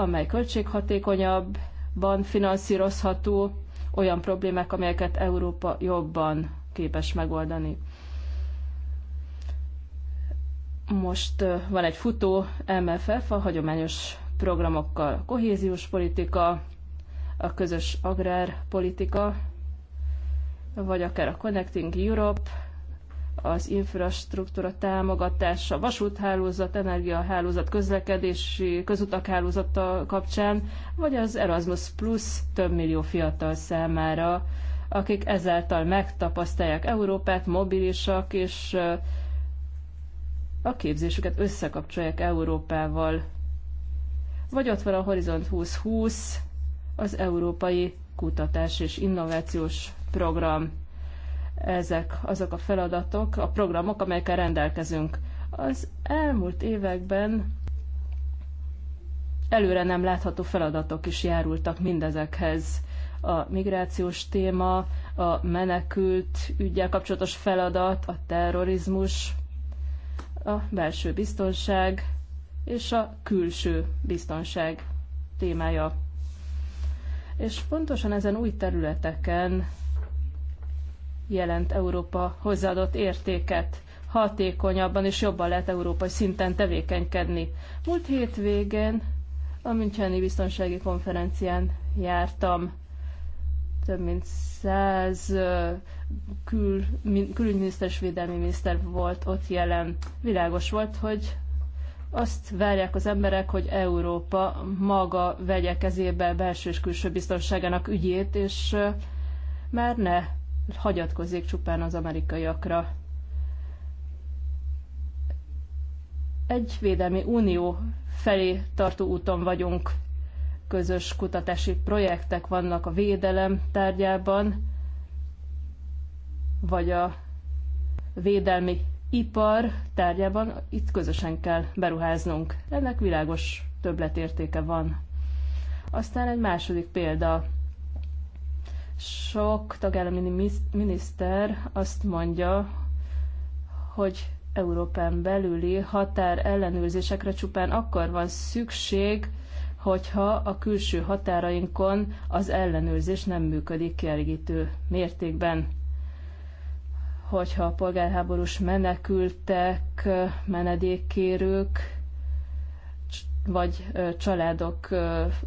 amely költséghatékonyabban finanszírozható, olyan problémák, amelyeket Európa jobban képes megoldani. Most van egy futó MFF a hagyományos programokkal, kohéziós politika, a közös agrárpolitika, vagy akár a Connecting Europe az infrastruktúra támogatása, vasúthálózat, energiahálózat, közlekedési, közutak hálózata kapcsán, vagy az Erasmus Plus több millió fiatal számára, akik ezáltal megtapasztalják Európát, mobilisak, és eh, a képzésüket összekapcsolják Európával. Vagy ott van a Horizont 2020, az Európai Kutatás és Innovációs Program ezek azok a feladatok, a programok, amelyekkel rendelkezünk. Az elmúlt években előre nem látható feladatok is járultak mindezekhez. A migrációs téma, a menekült ügyel kapcsolatos feladat, a terrorizmus, a belső biztonság és a külső biztonság témája. És pontosan ezen új területeken jelent Európa hozzáadott értéket. Hatékonyabban és jobban lehet európai szinten tevékenykedni. Múlt hétvégén a Müncheni Biztonsági Konferencián jártam. Több mint száz kül, külügyminiszter és védelmi miniszter volt ott jelen. Világos volt, hogy azt várják az emberek, hogy Európa maga vegye kezébe belső és külső biztonságának ügyét, és már ne hagyatkozzék csupán az amerikaiakra. Egy védelmi unió felé tartó úton vagyunk. Közös kutatási projektek vannak a védelem tárgyában, vagy a védelmi ipar tárgyában itt közösen kell beruháznunk. Ennek világos többletértéke van. Aztán egy második példa sok tagállami miniszter azt mondja, hogy Európán belüli határ ellenőrzésekre csupán akkor van szükség, hogyha a külső határainkon az ellenőrzés nem működik kielégítő mértékben. Hogyha a polgárháborús menekültek, menedékkérők vagy családok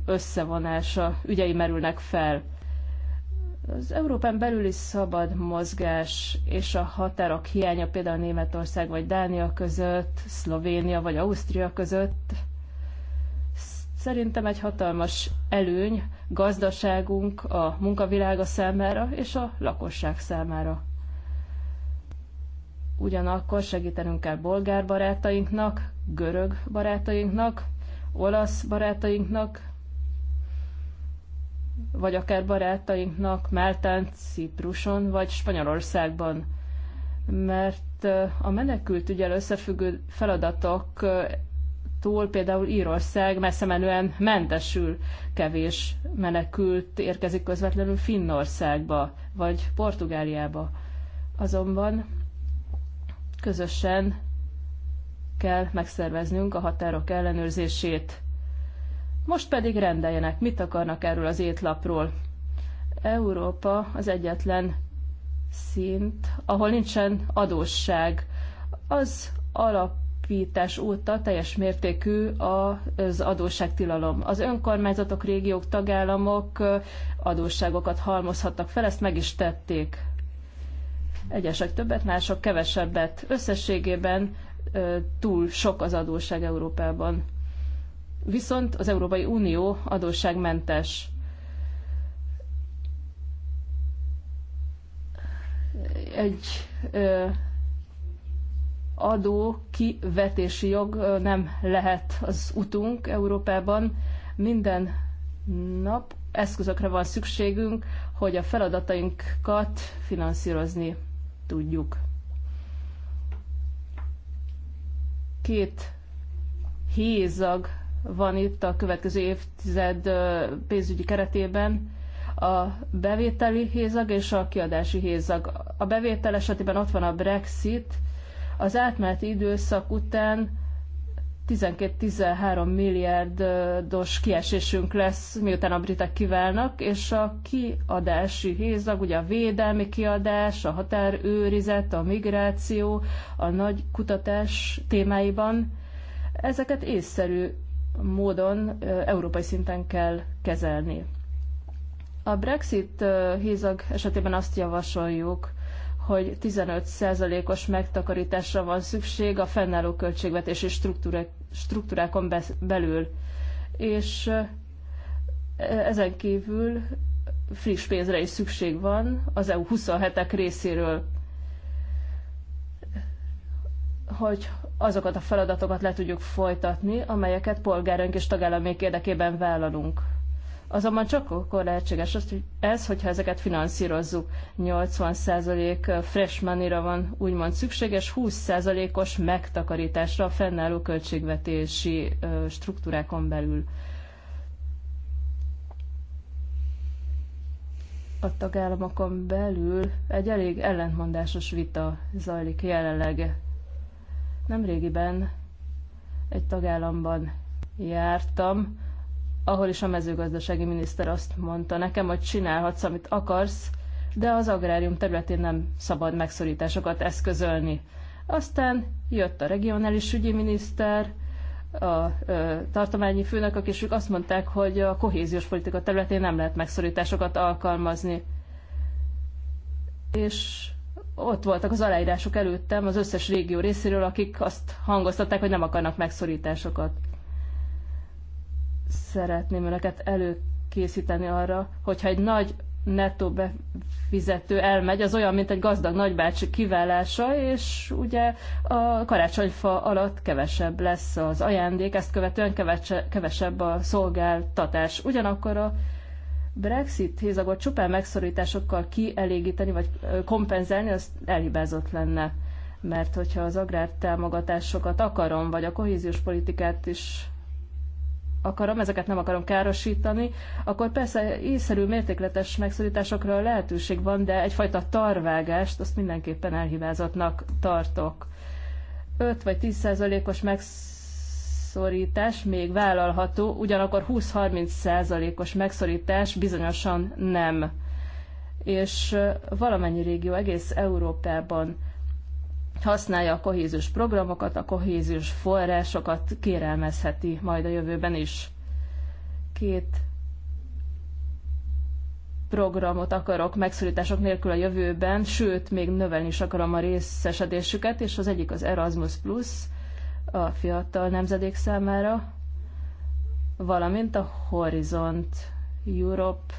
összevonása ügyei merülnek fel. Az Európán belüli szabad mozgás és a határok hiánya például Németország vagy Dánia között, Szlovénia vagy Ausztria között szerintem egy hatalmas előny gazdaságunk, a munkavilága számára és a lakosság számára. Ugyanakkor segítenünk kell bolgár barátainknak, görög barátainknak, olasz barátainknak, vagy akár barátainknak Máltán, Cipruson, vagy Spanyolországban. Mert a menekült ügyel összefüggő feladatok túl például Írország messze menően mentesül kevés menekült érkezik közvetlenül Finnországba, vagy Portugáliába. Azonban közösen kell megszerveznünk a határok ellenőrzését. Most pedig rendeljenek, mit akarnak erről az étlapról. Európa az egyetlen szint, ahol nincsen adósság. Az alapítás óta teljes mértékű az adósságtilalom. Az önkormányzatok, régiók, tagállamok adósságokat halmozhattak fel, ezt meg is tették. Egyesek többet, mások kevesebbet. Összességében túl sok az adósság Európában viszont az Európai Unió adósságmentes. Egy ö, adó kivetési jog nem lehet az utunk Európában. Minden nap eszközökre van szükségünk, hogy a feladatainkat finanszírozni tudjuk. Két hézag van itt a következő évtized pénzügyi keretében, a bevételi hézag és a kiadási hézag. A bevétel esetében ott van a Brexit, az átmeneti időszak után 12-13 milliárdos kiesésünk lesz, miután a britek kiválnak, és a kiadási hézag, ugye a védelmi kiadás, a határőrizet, a migráció, a nagy kutatás témáiban, ezeket észszerű módon európai szinten kell kezelni. A Brexit hízag esetében azt javasoljuk, hogy 15%-os megtakarításra van szükség a fennálló költségvetési struktúrákon belül. És ezen kívül friss pénzre is szükség van az EU 27-ek részéről hogy azokat a feladatokat le tudjuk folytatni, amelyeket polgárunk és tagállamék érdekében vállalunk. Azonban csak akkor lehetséges ez, hogyha ezeket finanszírozzuk. 80% fresh money-ra van úgymond szükséges, 20%-os megtakarításra a fennálló költségvetési struktúrákon belül. A tagállamokon belül egy elég ellentmondásos vita zajlik jelenleg Nemrégiben egy tagállamban jártam, ahol is a mezőgazdasági miniszter azt mondta nekem, hogy csinálhatsz, amit akarsz, de az agrárium területén nem szabad megszorításokat eszközölni. Aztán jött a regionális ügyi miniszter, a ö, tartományi főnök, és ők azt mondták, hogy a kohéziós politika területén nem lehet megszorításokat alkalmazni. És ott voltak az aláírások előttem az összes régió részéről, akik azt hangoztatták, hogy nem akarnak megszorításokat. Szeretném önöket előkészíteni arra, hogyha egy nagy nettó befizető elmegy, az olyan, mint egy gazdag nagybácsi kiválása, és ugye a karácsonyfa alatt kevesebb lesz az ajándék, ezt követően kevesebb a szolgáltatás. Ugyanakkor a Brexit hézagot csupán megszorításokkal kielégíteni vagy kompenzálni, az elhibázott lenne. Mert hogyha az agrártámogatásokat akarom, vagy a kohéziós politikát is akarom, ezeket nem akarom károsítani, akkor persze észszerű mértékletes megszorításokra lehetőség van, de egyfajta tarvágást azt mindenképpen elhibázottnak tartok. 5 vagy 10 százalékos megszorítás megszorítás még vállalható, ugyanakkor 20-30 százalékos megszorítás bizonyosan nem. És valamennyi régió egész Európában használja a kohéziós programokat, a kohéziós forrásokat kérelmezheti majd a jövőben is. Két programot akarok megszorítások nélkül a jövőben, sőt, még növelni is akarom a részesedésüket, és az egyik az Erasmus Plus, a fiatal nemzedék számára, valamint a Horizont Europe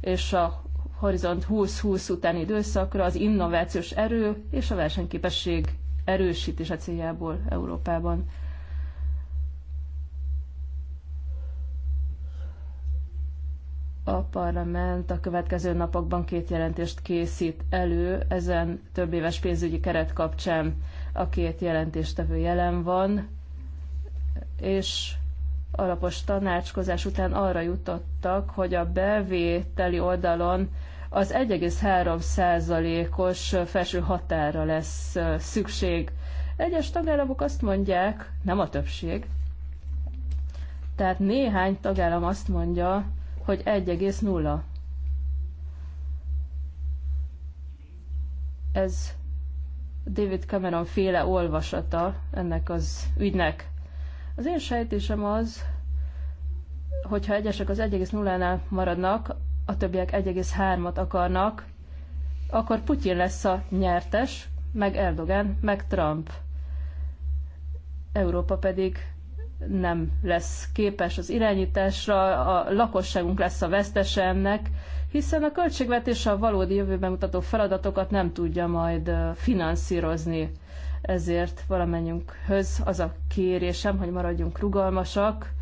és a Horizont 2020 utáni időszakra az innovációs erő és a versenyképesség erősítése céljából Európában. a parlament a következő napokban két jelentést készít elő ezen több éves pénzügyi keret kapcsán a két jelentéstevő jelen van, és alapos tanácskozás után arra jutottak, hogy a bevételi oldalon az 1,3%-os felső határa lesz szükség. Egyes tagállamok azt mondják, nem a többség, tehát néhány tagállam azt mondja, hogy 1,0. Ez David Cameron féle olvasata ennek az ügynek. Az én sejtésem az, hogyha egyesek az 1,0-nál maradnak, a többiek 1,3-at akarnak, akkor Putyin lesz a nyertes, meg Erdogan, meg Trump. Európa pedig nem lesz képes az irányításra, a lakosságunk lesz a vesztese ennek, hiszen a költségvetés a valódi jövőben mutató feladatokat nem tudja majd finanszírozni. Ezért valamennyünkhöz az a kérésem, hogy maradjunk rugalmasak,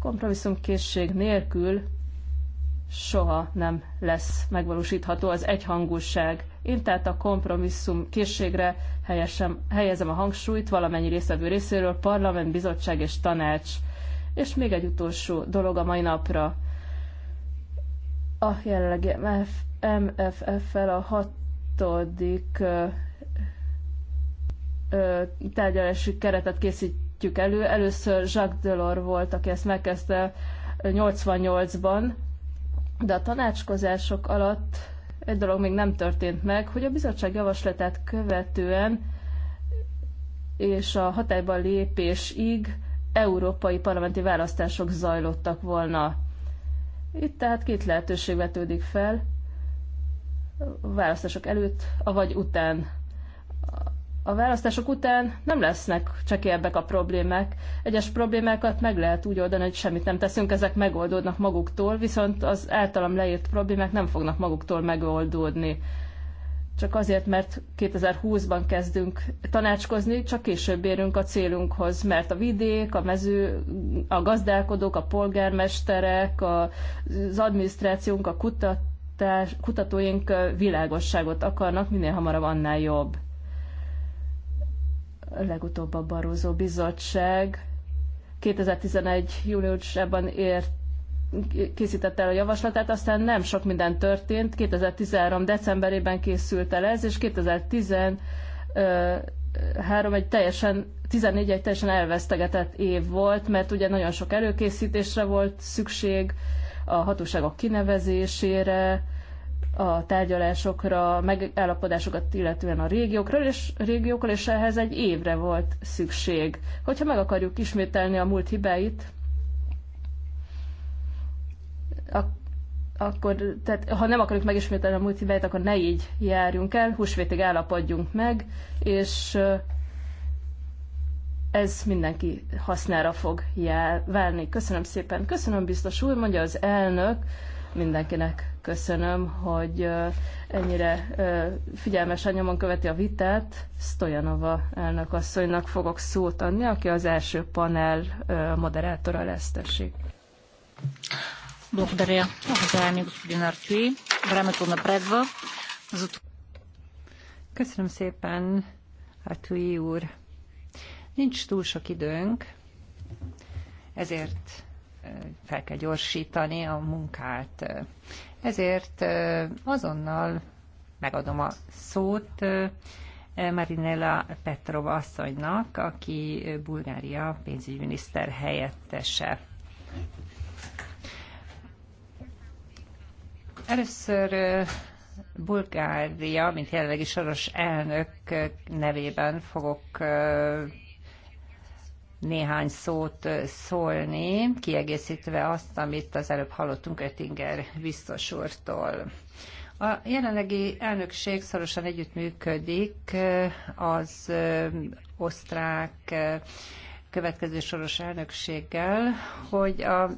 kompromisszumkészség nélkül soha nem lesz megvalósítható az egyhangúság. Én tehát a kompromisszum készségre helyesem, helyezem a hangsúlyt valamennyi részvevő részéről, parlament, bizottság és tanács. És még egy utolsó dolog a mai napra. A jelenlegi MFF-fel a hatodik ö, ö, tárgyalási keretet készítjük elő. Először Jacques Delors volt, aki ezt megkezdte 88-ban, de a tanácskozások alatt egy dolog még nem történt meg, hogy a bizottság javaslatát követően és a hatályban lépésig európai parlamenti választások zajlottak volna. Itt tehát két lehetőség vetődik fel, a választások előtt, vagy után a választások után nem lesznek csekélyebbek a problémák. Egyes problémákat meg lehet úgy oldani, hogy semmit nem teszünk, ezek megoldódnak maguktól, viszont az általam leírt problémák nem fognak maguktól megoldódni. Csak azért, mert 2020-ban kezdünk tanácskozni, csak később érünk a célunkhoz, mert a vidék, a mező, a gazdálkodók, a polgármesterek, az adminisztrációnk, a kutatás, kutatóink világosságot akarnak, minél hamarabb annál jobb legutóbb a Barózó Bizottság 2011. júniusában ért készítette el a javaslatát, aztán nem sok minden történt. 2013. decemberében készült el ez, és 2013 egy teljesen, 14 egy teljesen elvesztegetett év volt, mert ugye nagyon sok előkészítésre volt szükség, a hatóságok kinevezésére, a tárgyalásokra, megállapodásokat illetően a régiókról, és, régiókról, és ehhez egy évre volt szükség. Hogyha meg akarjuk ismételni a múlt hibáit, ak- akkor, tehát ha nem akarjuk megismételni a múlt hibáit, akkor ne így járjunk el, húsvétig állapodjunk meg, és ez mindenki hasznára fog jár, válni. Köszönöm szépen. Köszönöm biztos úr, mondja az elnök. Mindenkinek köszönöm, hogy ennyire figyelmesen nyomon követi a vitát. Stojanova elnök asszonynak fogok szót adni, aki az első panel moderátora lesz, tessék. Köszönöm szépen, Artui úr. Nincs túl sok időnk, ezért fel kell gyorsítani a munkát. Ezért azonnal megadom a szót Marinella Petrova asszonynak, aki Bulgária pénzügyminiszter helyettese. Először Bulgária, mint jelenlegi soros elnök nevében fogok néhány szót szólni, kiegészítve azt, amit az előbb hallottunk Ettinger biztos úrtól. A jelenlegi elnökség szorosan együttműködik az osztrák következő soros elnökséggel, hogy a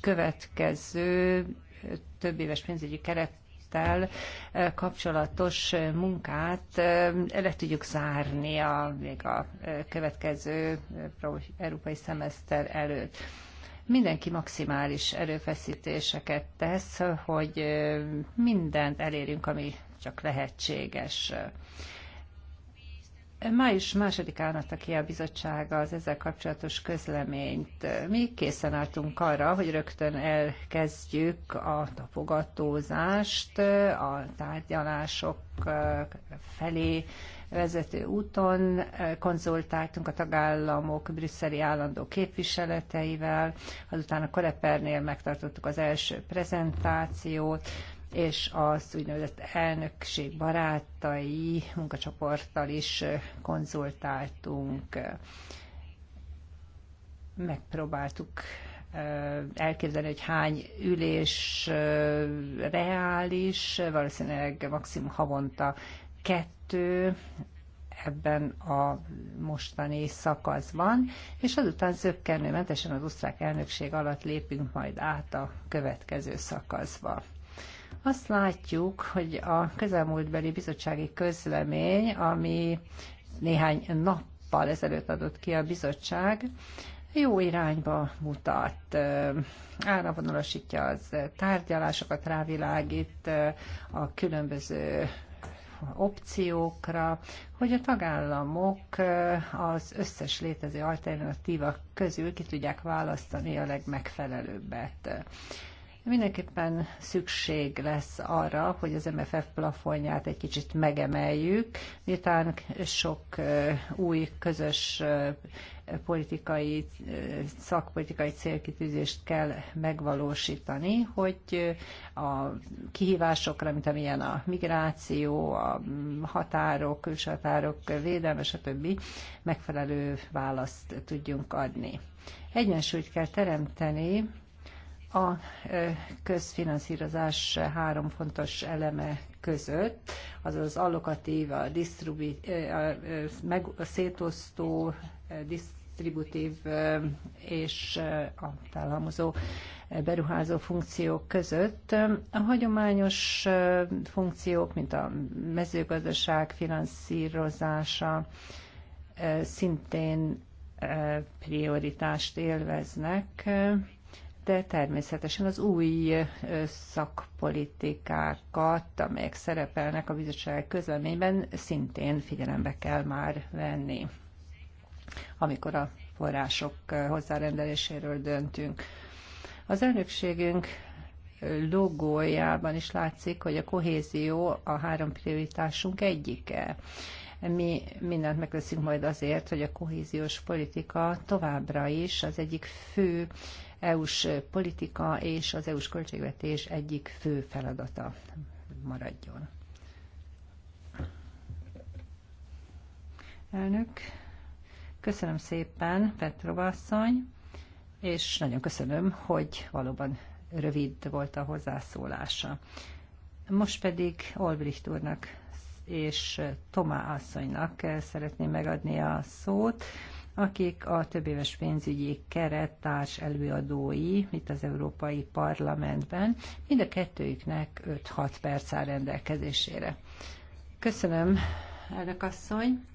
következő több éves pénzügyi keret Frontextel kapcsolatos munkát le tudjuk zárni a, még a következő európai szemeszter előtt mindenki maximális erőfeszítéseket tesz, hogy mindent elérjünk, ami csak lehetséges. Május másodikán adta ki a bizottsága az ezzel kapcsolatos közleményt. Mi készen álltunk arra, hogy rögtön elkezdjük a tapogatózást, a tárgyalások eh, felé vezető úton konzultáltunk a tagállamok brüsszeli állandó képviseleteivel, azután a Korepernél megtartottuk az első prezentációt, és az úgynevezett elnökség barátai munkacsoporttal is konzultáltunk. Megpróbáltuk elképzelni, hogy hány ülés reális, valószínűleg maximum havonta kettő ebben a mostani szakaszban, és azután zöggenőmentesen az osztrák elnökség alatt lépünk majd át a következő szakaszba. Azt látjuk, hogy a közelmúltbeli bizottsági közlemény, ami néhány nappal ezelőtt adott ki a bizottság, jó irányba mutat, áramvonalasítja az tárgyalásokat, rávilágít a különböző opciókra, hogy a tagállamok az összes létező alternatíva közül ki tudják választani a legmegfelelőbbet. Mindenképpen szükség lesz arra, hogy az MFF plafonját egy kicsit megemeljük, miután sok új közös politikai, szakpolitikai célkitűzést kell megvalósítani, hogy a kihívásokra, mint amilyen a migráció, a mm, határok, külső határok védelme, stb. megfelelő választ tudjunk adni. Egyensúlyt kell teremteni a közfinanszírozás három fontos eleme között, az az allokatív, a, disztribu- a, meg, a szétosztó, disztributív és a felhalmozó beruházó funkciók között. A hagyományos funkciók, mint a mezőgazdaság finanszírozása szintén prioritást élveznek, de természetesen az új szakpolitikákat, amelyek szerepelnek a bizottság közleményben, szintén figyelembe kell már venni, amikor a források hozzárendeléséről döntünk. Az elnökségünk logójában is látszik, hogy a kohézió a három prioritásunk egyike. Mi mindent megteszünk majd azért, hogy a kohéziós politika továbbra is az egyik fő EU-s politika és az EU-s költségvetés egyik fő feladata maradjon. Elnök, köszönöm szépen, Petrova asszony, és nagyon köszönöm, hogy valóban rövid volt a hozzászólása. Most pedig Olbricht úrnak és Tomá asszonynak szeretném megadni a szót akik a többéves pénzügyi kerettárs előadói itt az Európai Parlamentben. Mind a kettőjüknek 5-6 perc áll rendelkezésére. Köszönöm, elnök asszony.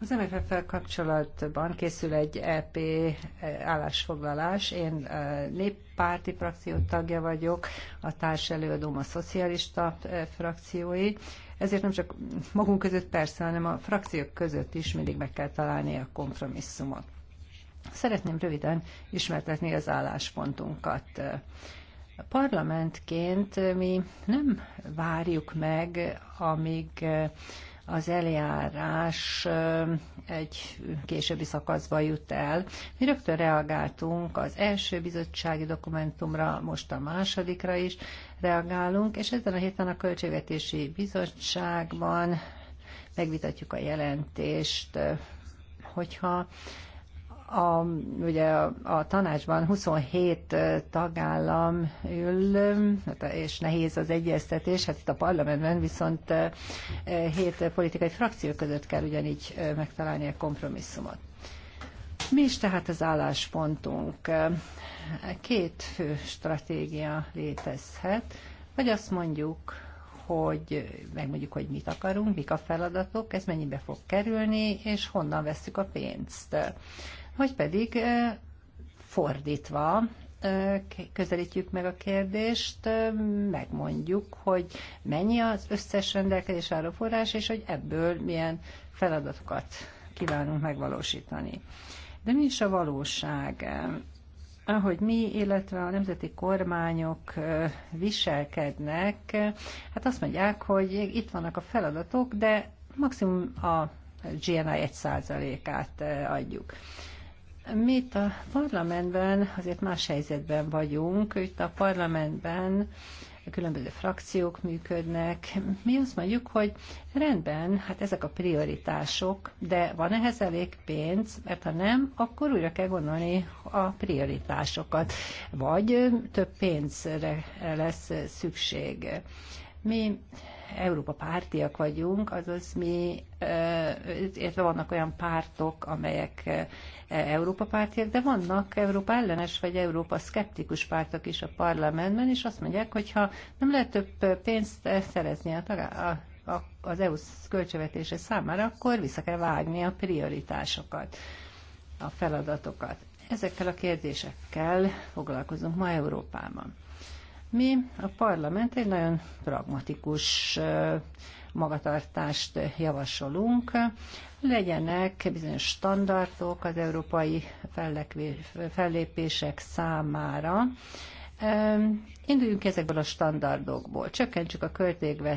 Az MFF-fel kapcsolatban készül egy EP állásfoglalás. Én néppárti frakció tagja vagyok, a társelőadóm a szocialista frakciói, ezért nem csak magunk között persze, hanem a frakciók között is mindig meg kell találni a kompromisszumot. Szeretném röviden ismertetni az álláspontunkat. A parlamentként mi nem várjuk meg, amíg az eljárás egy későbbi szakaszba jut el. Mi rögtön reagáltunk az első bizottsági dokumentumra, most a másodikra is, reagálunk, és ezen a héten a Költségvetési Bizottságban megvitatjuk a jelentést, hogyha a, ugye a, a tanácsban 27 tagállam ül, hát, és nehéz az egyeztetés, hát itt a parlamentben viszont 7 eh, politikai frakció között kell ugyanígy eh, megtalálni a kompromisszumot. Mi is tehát az álláspontunk? Két fő stratégia létezhet, vagy azt mondjuk, hogy megmondjuk, hogy mit akarunk, mik a feladatok, ez mennyibe fog kerülni, és honnan vesszük a pénzt. Vagy pedig fordítva közelítjük meg a kérdést, megmondjuk, hogy mennyi az összes rendelkezés álló forrás, és hogy ebből milyen feladatokat kívánunk megvalósítani. De mi is a valóság? ahogy mi, illetve a nemzeti kormányok viselkednek, hát azt mondják, hogy itt vannak a feladatok, de maximum a GNI 1%-át adjuk. Mi itt a parlamentben azért más helyzetben vagyunk, itt a parlamentben a különböző frakciók működnek. Mi azt mondjuk, hogy rendben, hát ezek a prioritások, de van ehhez elég pénz, mert ha nem, akkor újra kell gondolni a prioritásokat, vagy több pénzre lesz szükség. Mi Európa pártiak vagyunk, azaz mi, illetve vannak olyan pártok, amelyek Európa pártiak, de vannak Európa ellenes vagy Európa szkeptikus pártok is a parlamentben, és azt mondják, hogy ha nem lehet több pénzt szerezni a, a, a az EU költségvetése számára, akkor vissza kell vágni a prioritásokat, a feladatokat. Ezekkel a kérdésekkel foglalkozunk ma Európában. Mi, a parlament egy nagyon pragmatikus magatartást javasolunk. Legyenek bizonyos standardok az európai fellépések számára. Induljunk ezekből a standardokból. Csökkentsük a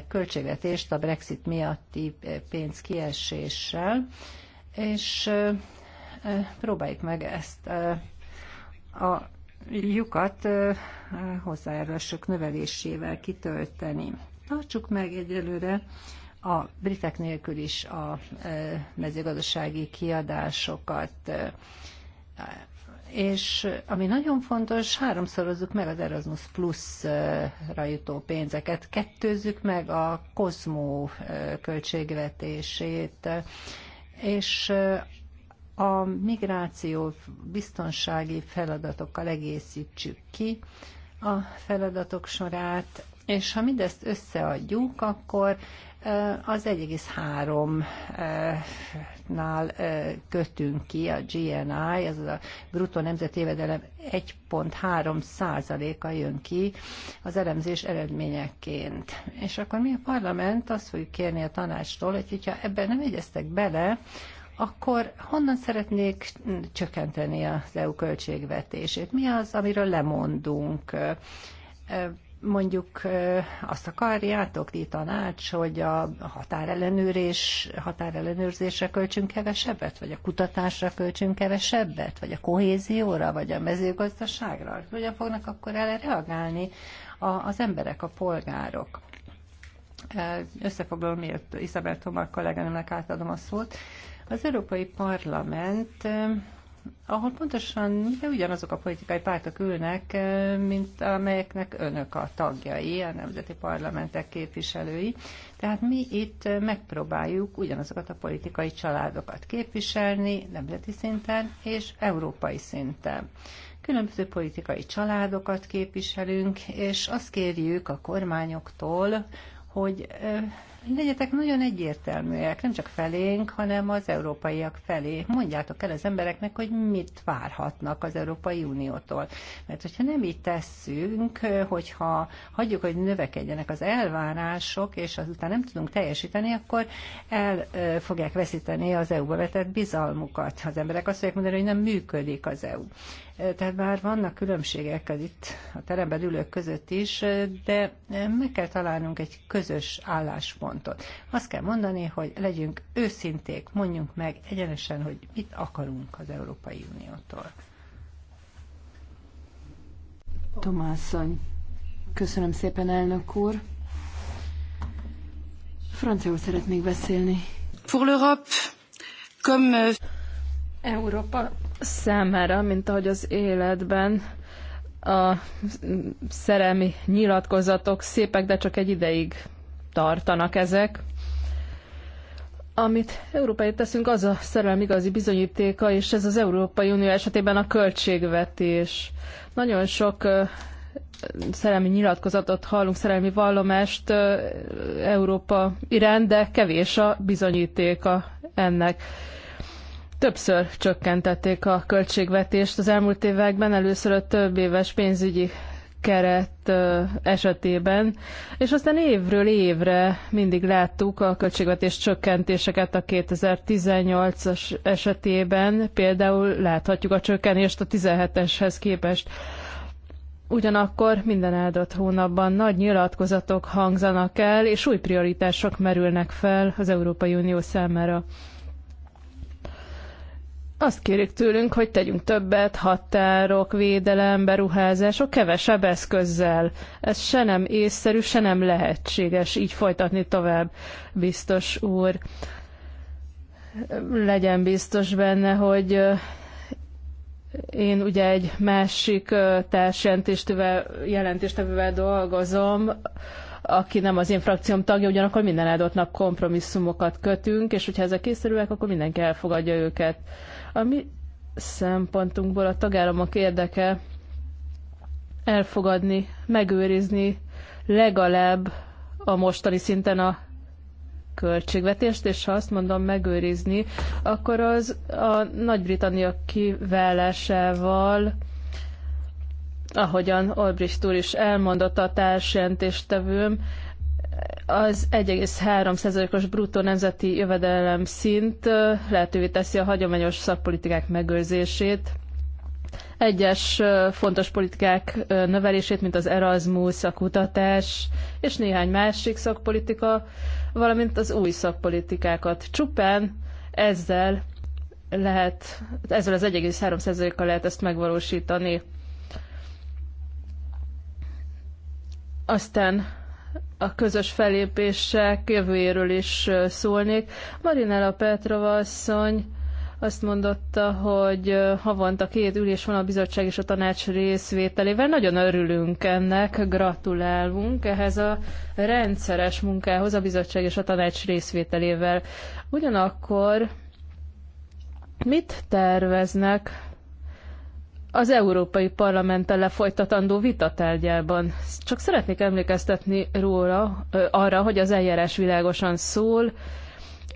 költségvetést a Brexit miatti pénz kieséssel, és próbáljuk meg ezt a lyukat hozzájárulások növelésével kitölteni. Tartsuk meg egyelőre a britek nélkül is a mezőgazdasági kiadásokat. És ami nagyon fontos, háromszorozzuk meg az Erasmus Plus-ra jutó pénzeket, kettőzzük meg a Kozmó költségvetését, és a migráció biztonsági feladatokkal egészítsük ki a feladatok sorát, és ha mindezt összeadjuk, akkor az 1,3-nál kötünk ki a GNI, az a bruttó nemzeti jövedelem 1,3 százaléka jön ki az elemzés eredményeként. És akkor mi a parlament azt fogjuk kérni a tanácstól, hogy hogyha ebben nem egyeztek bele, akkor honnan szeretnék csökkenteni az EU költségvetését? Mi az, amiről lemondunk? mondjuk azt akarjátok, ti tanács, hogy a határellenőrés, határellenőrzésre költsünk kevesebbet, vagy a kutatásra költsünk kevesebbet, vagy a kohézióra, vagy a mezőgazdaságra? Hogyan fognak akkor erre reagálni az emberek, a polgárok? Összefoglalom, miért Isabel Tomar kolléganőmnek átadom a szót. Az Európai Parlament eh, ahol pontosan de ugyanazok a politikai pártok ülnek, eh, mint amelyeknek önök a tagjai, a nemzeti parlamentek képviselői. Tehát mi itt megpróbáljuk ugyanazokat a politikai családokat képviselni nemzeti szinten és európai szinten. Különböző politikai családokat képviselünk, és azt kérjük a kormányoktól, hogy eh, legyetek nagyon egyértelműek, nem csak felénk, hanem az európaiak felé. Mondjátok el az embereknek, hogy mit várhatnak az Európai Uniótól. Mert hogyha nem így tesszünk, hogyha hagyjuk, hogy növekedjenek az elvárások, és azután nem tudunk teljesíteni, akkor el fogják veszíteni az EU-ba vetett bizalmukat. Az emberek azt fogják mondani, hogy nem működik az EU. Tehát bár vannak különbségek az itt a teremben ülők között is, de meg kell találnunk egy közös álláspont álláspontot. Azt kell mondani, hogy legyünk őszinték, mondjunk meg egyenesen, hogy mit akarunk az Európai Uniótól. Tomászony. Köszönöm szépen, elnök úr. Franciául szeretnék beszélni. Pour l'Europe, comme... Euh, Európa számára, mint ahogy az életben a szerelmi nyilatkozatok szépek, de csak egy ideig tartanak ezek. Amit európai teszünk, az a szerelem igazi bizonyítéka, és ez az Európai Unió esetében a költségvetés. Nagyon sok szerelmi nyilatkozatot hallunk, szerelmi vallomást Európa iránt, de kevés a bizonyítéka ennek. Többször csökkentették a költségvetést az elmúlt években, először a több éves pénzügyi keret esetében, és aztán évről évre mindig láttuk a költségvetés csökkentéseket a 2018-as esetében, például láthatjuk a csökkenést a 17-eshez képest. Ugyanakkor minden áldott hónapban nagy nyilatkozatok hangzanak el, és új prioritások merülnek fel az Európai Unió számára. Azt kérik tőlünk, hogy tegyünk többet, határok, védelem, beruházások, kevesebb eszközzel. Ez se nem észszerű, se nem lehetséges így folytatni tovább, biztos úr. Legyen biztos benne, hogy én ugye egy másik jelentéstevővel dolgozom, aki nem az én frakcióm tagja, ugyanakkor minden áldott nap kompromisszumokat kötünk, és hogyha ezek észszerűek, akkor mindenki elfogadja őket. A mi szempontunkból a tagállamok érdeke elfogadni, megőrizni legalább a mostani szinten a költségvetést, és ha azt mondom megőrizni, akkor az a Nagy-Britannia kiválásával, ahogyan Olbrich úr is elmondott a társjelentéstevőm, az 1,3%-os bruttó nemzeti jövedelem szint lehetővé teszi a hagyományos szakpolitikák megőrzését, egyes fontos politikák növelését, mint az Erasmus, a kutatás és néhány másik szakpolitika, valamint az új szakpolitikákat. Csupán ezzel lehet, ezzel az 1,3%-kal lehet ezt megvalósítani. Aztán a közös felépések jövőjéről is szólnék. Marinella Petrova asszony azt mondotta, hogy havonta két ülés van a bizottság és a tanács részvételével. Nagyon örülünk ennek, gratulálunk ehhez a rendszeres munkához a bizottság és a tanács részvételével. Ugyanakkor mit terveznek az Európai Parlamenttel lefolytatandó vita tárgyában. Csak szeretnék emlékeztetni róla, arra, hogy az eljárás világosan szól.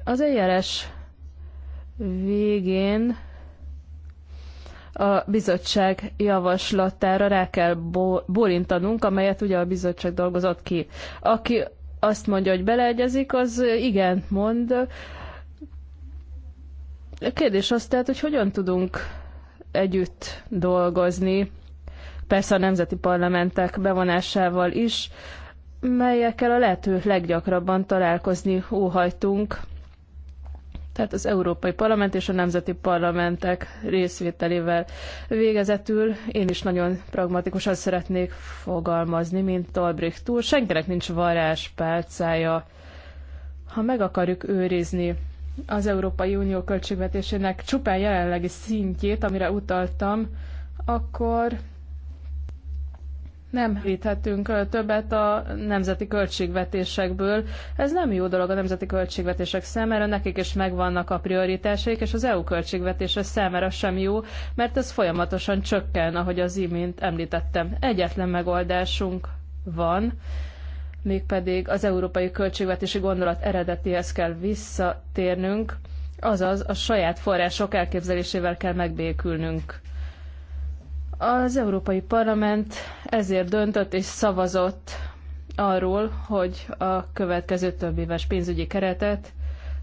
Az eljárás végén a bizottság javaslatára rá kell borintanunk, amelyet ugye a bizottság dolgozott ki. Aki azt mondja, hogy beleegyezik, az igen mond. A kérdés az tehát, hogy hogyan tudunk együtt dolgozni, persze a nemzeti parlamentek bevonásával is, melyekkel a lehető leggyakrabban találkozni óhajtunk, tehát az Európai Parlament és a nemzeti parlamentek részvételével végezetül én is nagyon pragmatikusan szeretnék fogalmazni, mint Tolbricht úr. Senkinek nincs varázspálcája. Ha meg akarjuk őrizni az Európai Unió költségvetésének csupán jelenlegi szintjét, amire utaltam, akkor nem híthetünk többet a nemzeti költségvetésekből. Ez nem jó dolog a nemzeti költségvetések számára, nekik is megvannak a prioritásaik, és az EU költségvetése számára sem jó, mert ez folyamatosan csökken, ahogy az imént említettem. Egyetlen megoldásunk van, mégpedig az európai költségvetési gondolat eredetihez kell visszatérnünk, azaz a saját források elképzelésével kell megbékülnünk. Az Európai Parlament ezért döntött és szavazott arról, hogy a következő több éves pénzügyi keretet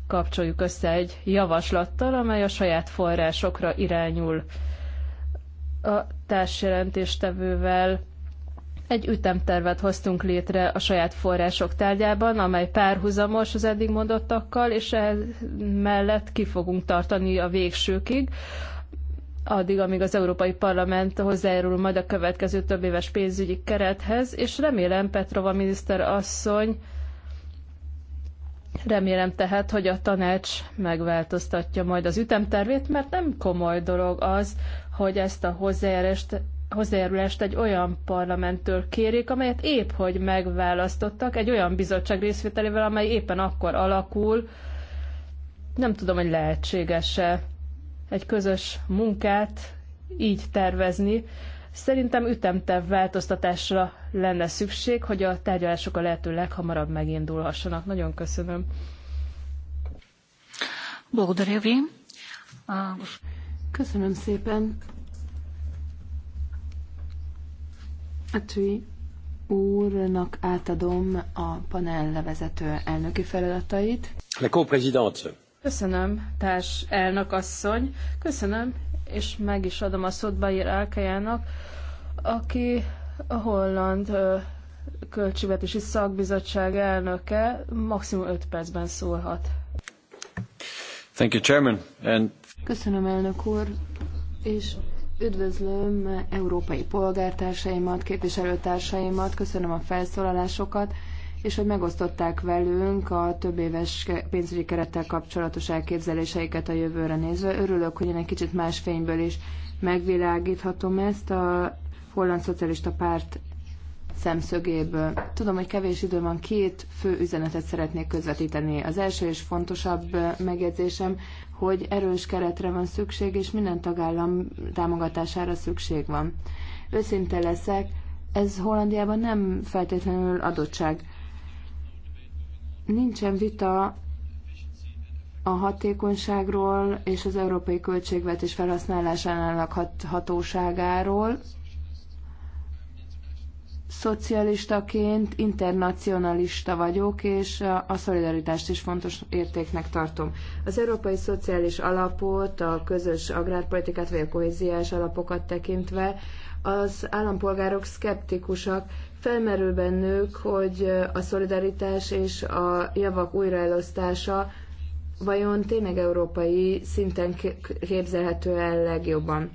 kapcsoljuk össze egy javaslattal, amely a saját forrásokra irányul. A társjelentéstevővel egy ütemtervet hoztunk létre a saját források tárgyában, amely párhuzamos az eddig mondottakkal, és mellett ki fogunk tartani a végsőkig, addig, amíg az Európai Parlament hozzájárul majd a következő több éves pénzügyi kerethez, és remélem Petrova miniszter asszony, remélem tehát, hogy a tanács megváltoztatja majd az ütemtervét, mert nem komoly dolog az, hogy ezt a hozzájárást hozzájárulást egy olyan parlamenttől kérik, amelyet épp hogy megválasztottak, egy olyan bizottság részvételével, amely éppen akkor alakul. Nem tudom, hogy lehetséges-e egy közös munkát így tervezni. Szerintem ütemterv változtatásra lenne szükség, hogy a tárgyalások a lehető leghamarabb megindulhassanak. Nagyon köszönöm. Köszönöm szépen. A Tui úrnak átadom a panel levezető elnöki feladatait. Le co Köszönöm, társ elnök asszony. Köszönöm, és meg is adom a szót Bajir Álkajának, aki a holland költségvetési szakbizottság elnöke maximum 5 percben szólhat. Thank you, Chairman. And... Köszönöm, elnök úr, és Üdvözlöm európai polgártársaimat, képviselőtársaimat, köszönöm a felszólalásokat, és hogy megosztották velünk a több éves pénzügyi kerettel kapcsolatos elképzeléseiket a jövőre nézve. Örülök, hogy én egy kicsit más fényből is megvilágíthatom ezt. A holland szocialista párt szemszögéből. Tudom, hogy kevés idő van, két fő üzenetet szeretnék közvetíteni. Az első és fontosabb megjegyzésem, hogy erős keretre van szükség, és minden tagállam támogatására szükség van. Őszinte leszek, ez Hollandiában nem feltétlenül adottság. Nincsen vita a hatékonyságról és az európai költségvetés felhasználásának hat hatóságáról, szocialistaként internacionalista vagyok, és a szolidaritást is fontos értéknek tartom. Az európai szociális alapot, a közös agrárpolitikát vagy a kohéziás alapokat tekintve az állampolgárok szkeptikusak, felmerül bennük, hogy a szolidaritás és a javak újraelosztása vajon tényleg európai szinten képzelhető el legjobban.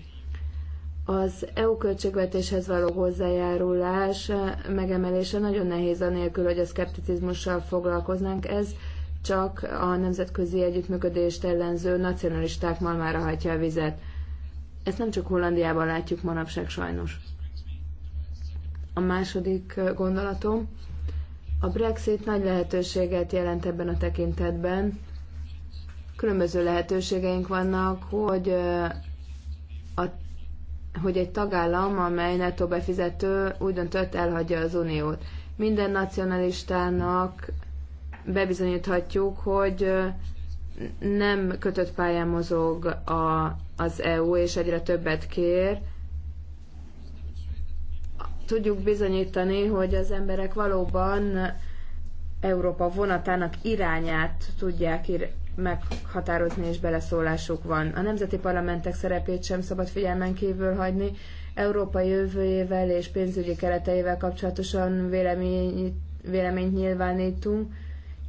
Az EU költségvetéshez való hozzájárulás megemelése nagyon nehéz anélkül, hogy a szkepticizmussal foglalkoznánk. Ez csak a nemzetközi együttműködést ellenző nacionalisták malmára hajtja a vizet. Ezt nem csak Hollandiában látjuk manapság sajnos. A második gondolatom, a Brexit nagy lehetőséget jelent ebben a tekintetben. Különböző lehetőségeink vannak, hogy a hogy egy tagállam, amely nettó befizető, úgy döntött, elhagyja az uniót. Minden nacionalistának bebizonyíthatjuk, hogy nem kötött pályán mozog a, az EU, és egyre többet kér. Tudjuk bizonyítani, hogy az emberek valóban Európa vonatának irányát tudják ir- meghatározni és beleszólásuk van. A nemzeti parlamentek szerepét sem szabad figyelmen kívül hagyni. Európa jövőjével és pénzügyi kereteivel kapcsolatosan véleményt, véleményt nyilvánítunk.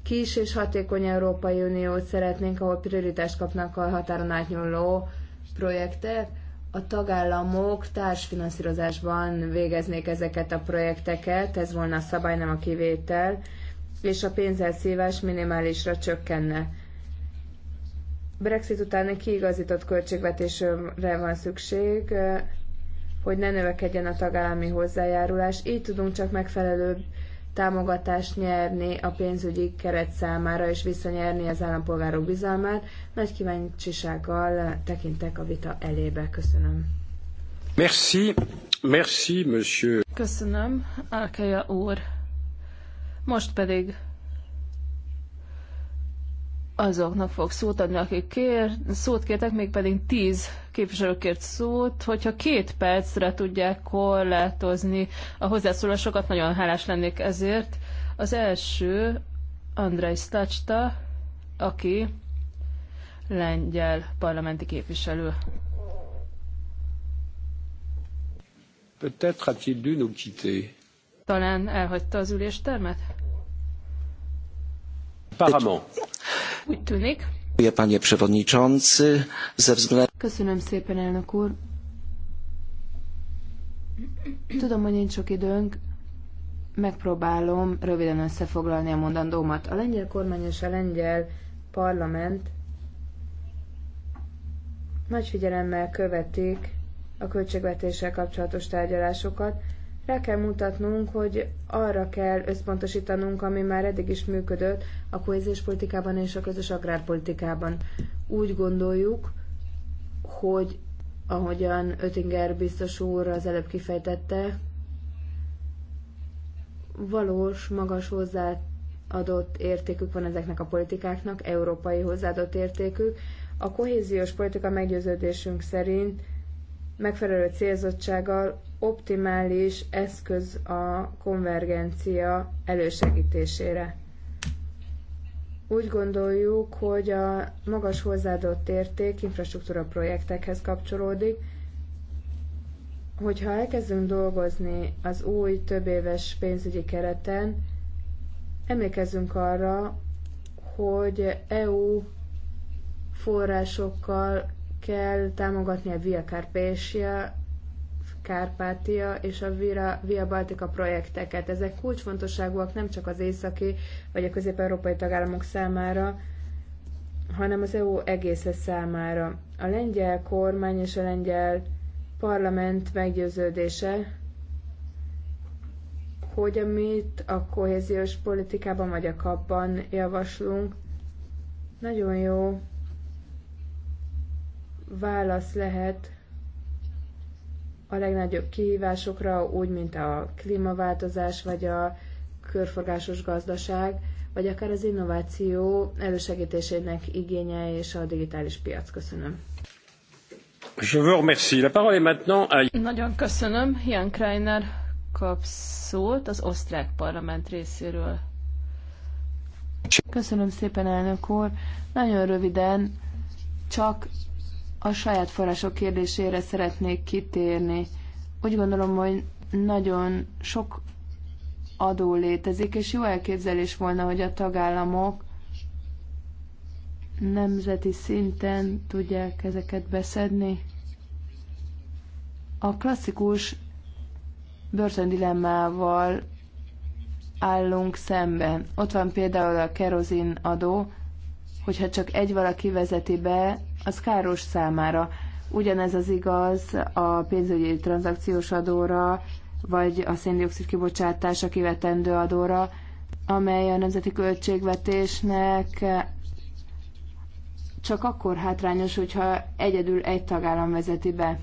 Kis és hatékony Európai Uniót szeretnénk, ahol prioritást kapnak a határon átnyúló projektek. A tagállamok társfinanszírozásban végeznék ezeket a projekteket, ez volna a szabály, nem a kivétel, és a pénzelszívás minimálisra csökkenne Brexit után egy kiigazított költségvetésre van szükség, hogy ne növekedjen a tagállami hozzájárulás. Így tudunk csak megfelelőbb támogatást nyerni a pénzügyi keret számára, és visszanyerni az állampolgárok bizalmát. Nagy kíváncsisággal tekintek a vita elébe. Köszönöm. Merci, merci, monsieur. Köszönöm, Alkeja úr. Most pedig azoknak fog szót adni, akik kér, szót kértek, mégpedig tíz képviselő kért szót. Hogyha két percre tudják korlátozni a hozzászólásokat, nagyon hálás lennék ezért. Az első Andrei Stacsta, aki lengyel parlamenti képviselő. Peut-être a-t-il dû nous quitter. Talán elhagyta az üléstermet? Apparemment. Úgy tűnik. Panie Przewodniczący, ze względu... Köszönöm szépen, elnök úr. Tudom, hogy nincs sok időnk, megpróbálom röviden összefoglalni a mondandómat. A lengyel kormány és a lengyel parlament nagy figyelemmel követik a költségvetéssel kapcsolatos tárgyalásokat, rá kell mutatnunk, hogy arra kell összpontosítanunk, ami már eddig is működött a kohéziós politikában és a közös agrárpolitikában. Úgy gondoljuk, hogy ahogyan Ötinger biztos úr az előbb kifejtette, valós, magas hozzáadott értékük van ezeknek a politikáknak, európai hozzáadott értékük. A kohéziós politika meggyőződésünk szerint megfelelő célzottsággal optimális eszköz a konvergencia elősegítésére. Úgy gondoljuk, hogy a magas hozzáadott érték infrastruktúra projektekhez kapcsolódik, hogyha elkezdünk dolgozni az új többéves pénzügyi kereten, emlékezzünk arra, hogy EU forrásokkal kell támogatni a Via Carpatia, Kárpátia és a Vira, Via Baltica projekteket. Ezek kulcsfontosságúak nem csak az északi vagy a közép-európai tagállamok számára, hanem az EU egésze számára. A lengyel kormány és a lengyel parlament meggyőződése, hogy amit a kohéziós politikában vagy a kapban javaslunk, nagyon jó válasz lehet a legnagyobb kihívásokra, úgy, mint a klímaváltozás, vagy a körforgásos gazdaság, vagy akár az innováció elősegítésének igénye és a digitális piac. Köszönöm. Je vous remercie. La parole est maintenant à... Nagyon köszönöm. Jan Kreiner kap szót az osztrák parlament részéről. Köszönöm szépen, elnök úr. Nagyon röviden, csak a saját források kérdésére szeretnék kitérni. Úgy gondolom, hogy nagyon sok adó létezik, és jó elképzelés volna, hogy a tagállamok nemzeti szinten tudják ezeket beszedni. A klasszikus börtöndilemmával állunk szemben. Ott van például a kerozin adó, hogyha csak egy valaki vezeti be, az káros számára. Ugyanez az igaz a pénzügyi tranzakciós adóra, vagy a széndiokszid kibocsátása kivetendő adóra, amely a nemzeti költségvetésnek csak akkor hátrányos, hogyha egyedül egy tagállam vezeti be.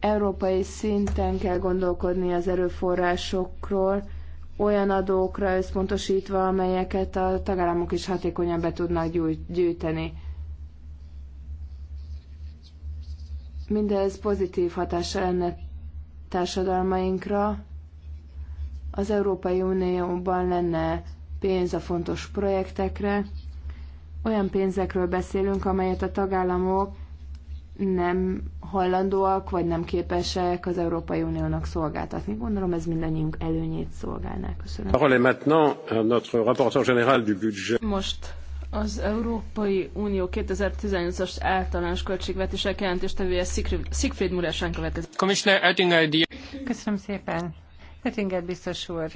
Európai szinten kell gondolkodni az erőforrásokról, olyan adókra összpontosítva, amelyeket a tagállamok is hatékonyan be tudnak gyűjteni. Mindez pozitív hatása lenne társadalmainkra. Az Európai Unióban lenne pénz a fontos projektekre. Olyan pénzekről beszélünk, amelyet a tagállamok nem hajlandóak, vagy nem képesek az Európai Uniónak szolgáltatni. Gondolom ez mindannyiunk előnyét szolgálná. Köszönöm. Most az Európai Unió 2018-as általános költségvetések jelentéstevője Siegfried Muresán következik. Köszönöm szépen. Oettinger biztos úr,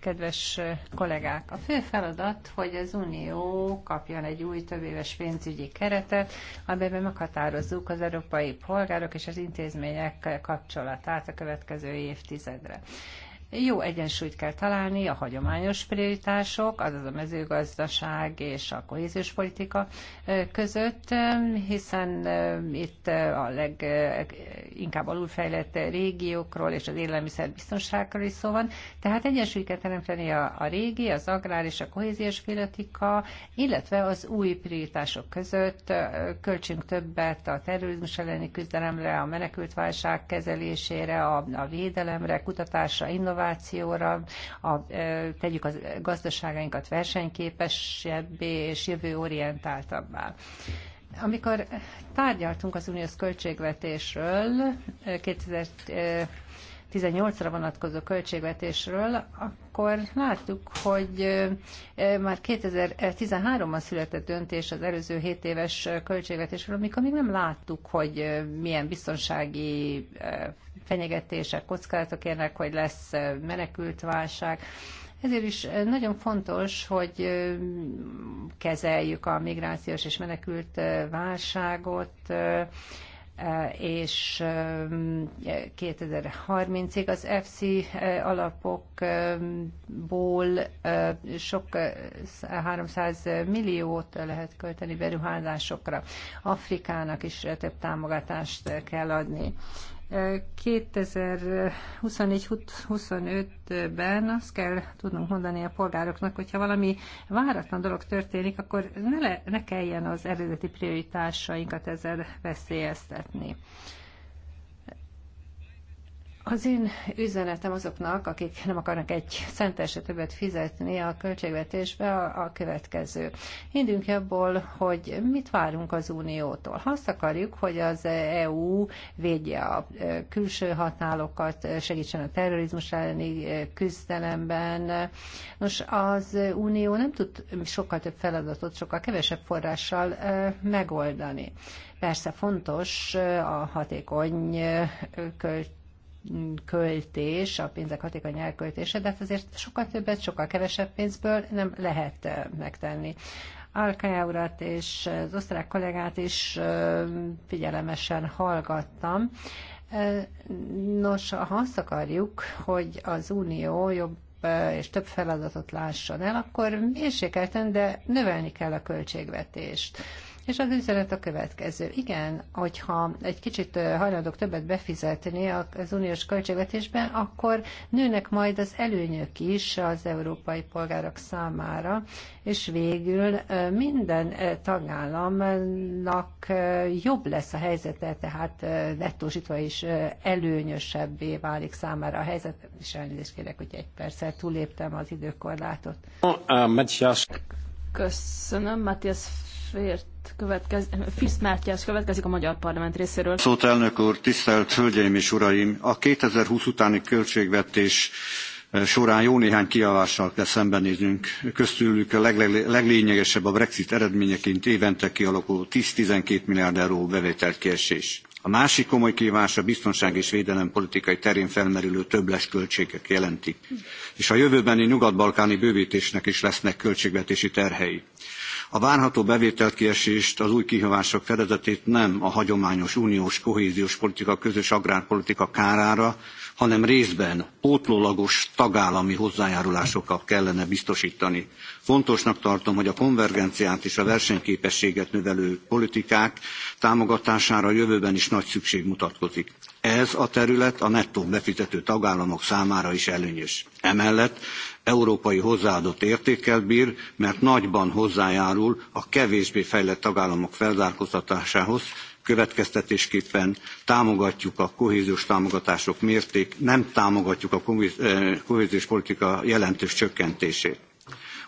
kedves kollégák! A fő feladat, hogy az Unió kapjon egy új többéves pénzügyi keretet, amiben meghatározzuk az európai polgárok és az intézmények kapcsolatát a következő évtizedre. Jó egyensúlyt kell találni a hagyományos prioritások, azaz a mezőgazdaság és a kohéziós politika között, hiszen itt a leginkább alulfejlett régiókról és az élelmiszerbiztonságról is szó van. Tehát egyensúlyt kell teremteni a, a régi, az agrár és a kohéziós politika, illetve az új prioritások között költsünk többet a terrorizmus elleni küzdelemre, a menekültválság kezelésére, a, a védelemre, kutatásra, innovációra, innovációra, a, tegyük a gazdaságainkat versenyképesebbé és jövőorientáltabbá. Amikor tárgyaltunk az uniós költségvetésről 2018-ra vonatkozó költségvetésről, akkor láttuk, hogy már 2013-ban született döntés az előző 7 éves költségvetésről, amikor még nem láttuk, hogy milyen biztonsági fenyegetések, kockázatok érnek, hogy lesz menekültválság. Ezért is nagyon fontos, hogy kezeljük a migrációs és menekült válságot, és 2030-ig az FC alapokból sok 300 milliót lehet költeni beruházásokra. Afrikának is több támogatást kell adni. 2024-25-ben azt kell tudnunk mondani a polgároknak, hogyha valami váratlan dolog történik, akkor ne, le, ne kelljen az eredeti prioritásainkat ezzel veszélyeztetni. Az én üzenetem azoknak, akik nem akarnak egy szentese többet fizetni a költségvetésbe, a, következő. Induljunk abból, hogy mit várunk az Uniótól. Ha azt akarjuk, hogy az EU védje a külső határokat, segítsen a terrorizmus elleni küzdelemben, nos az Unió nem tud sokkal több feladatot, sokkal kevesebb forrással megoldani. Persze fontos a hatékony költségvetés, költés, a pénzek hatékony elköltése, de hát azért sokkal többet, sokkal kevesebb pénzből nem lehet megtenni. Alkája urat és az osztrák kollégát is figyelemesen hallgattam. Nos, ha azt akarjuk, hogy az Unió jobb és több feladatot lásson el, akkor mérsékelten, de növelni kell a költségvetést. És az üzenet a következő. Igen, hogyha egy kicsit hajlandók többet befizetni az uniós költségvetésben, akkor nőnek majd az előnyök is az európai polgárok számára, és végül minden tagállamnak jobb lesz a helyzete, tehát nettósítva is előnyösebbé válik számára a helyzet. És elnézést kérek, hogy egy perccel túléptem az időkorlátot. Uh, Köszönöm, Matthias Fért következ, Fisz következik a Magyar Parlament részéről. Szót elnök úr, tisztelt Hölgyeim és Uraim! A 2020 utáni költségvetés e, során jó néhány kiavással kell szembenéznünk. Köztülük a leglényegesebb a Brexit eredményeként évente kialakuló 10-12 milliárd euró bevételkiesés. A másik komoly kívás a biztonság és védelem politikai terén felmerülő többles költségek jelenti. És a jövőbeni nyugat-balkáni bővítésnek is lesznek költségvetési terhei. A várható bevételkiesést, az új kihívások fedezetét nem a hagyományos uniós kohéziós politika közös agrárpolitika kárára, hanem részben pótlólagos tagállami hozzájárulásokkal kellene biztosítani. Fontosnak tartom, hogy a konvergenciát és a versenyképességet növelő politikák támogatására a jövőben is nagy szükség mutatkozik. Ez a terület a nettó befizető tagállamok számára is előnyös. Emellett európai hozzáadott értékkel bír, mert nagyban hozzájárul a kevésbé fejlett tagállamok felzárkóztatásához, következtetésképpen támogatjuk a kohéziós támogatások mérték, nem támogatjuk a eh, kohéziós politika jelentős csökkentését.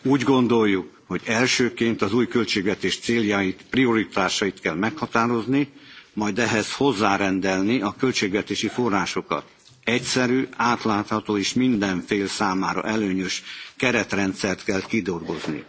Úgy gondoljuk, hogy elsőként az új költségvetés céljait, prioritásait kell meghatározni, majd ehhez hozzárendelni a költségvetési forrásokat. Egyszerű, átlátható és minden fél számára előnyös keretrendszert kell kidolgozni.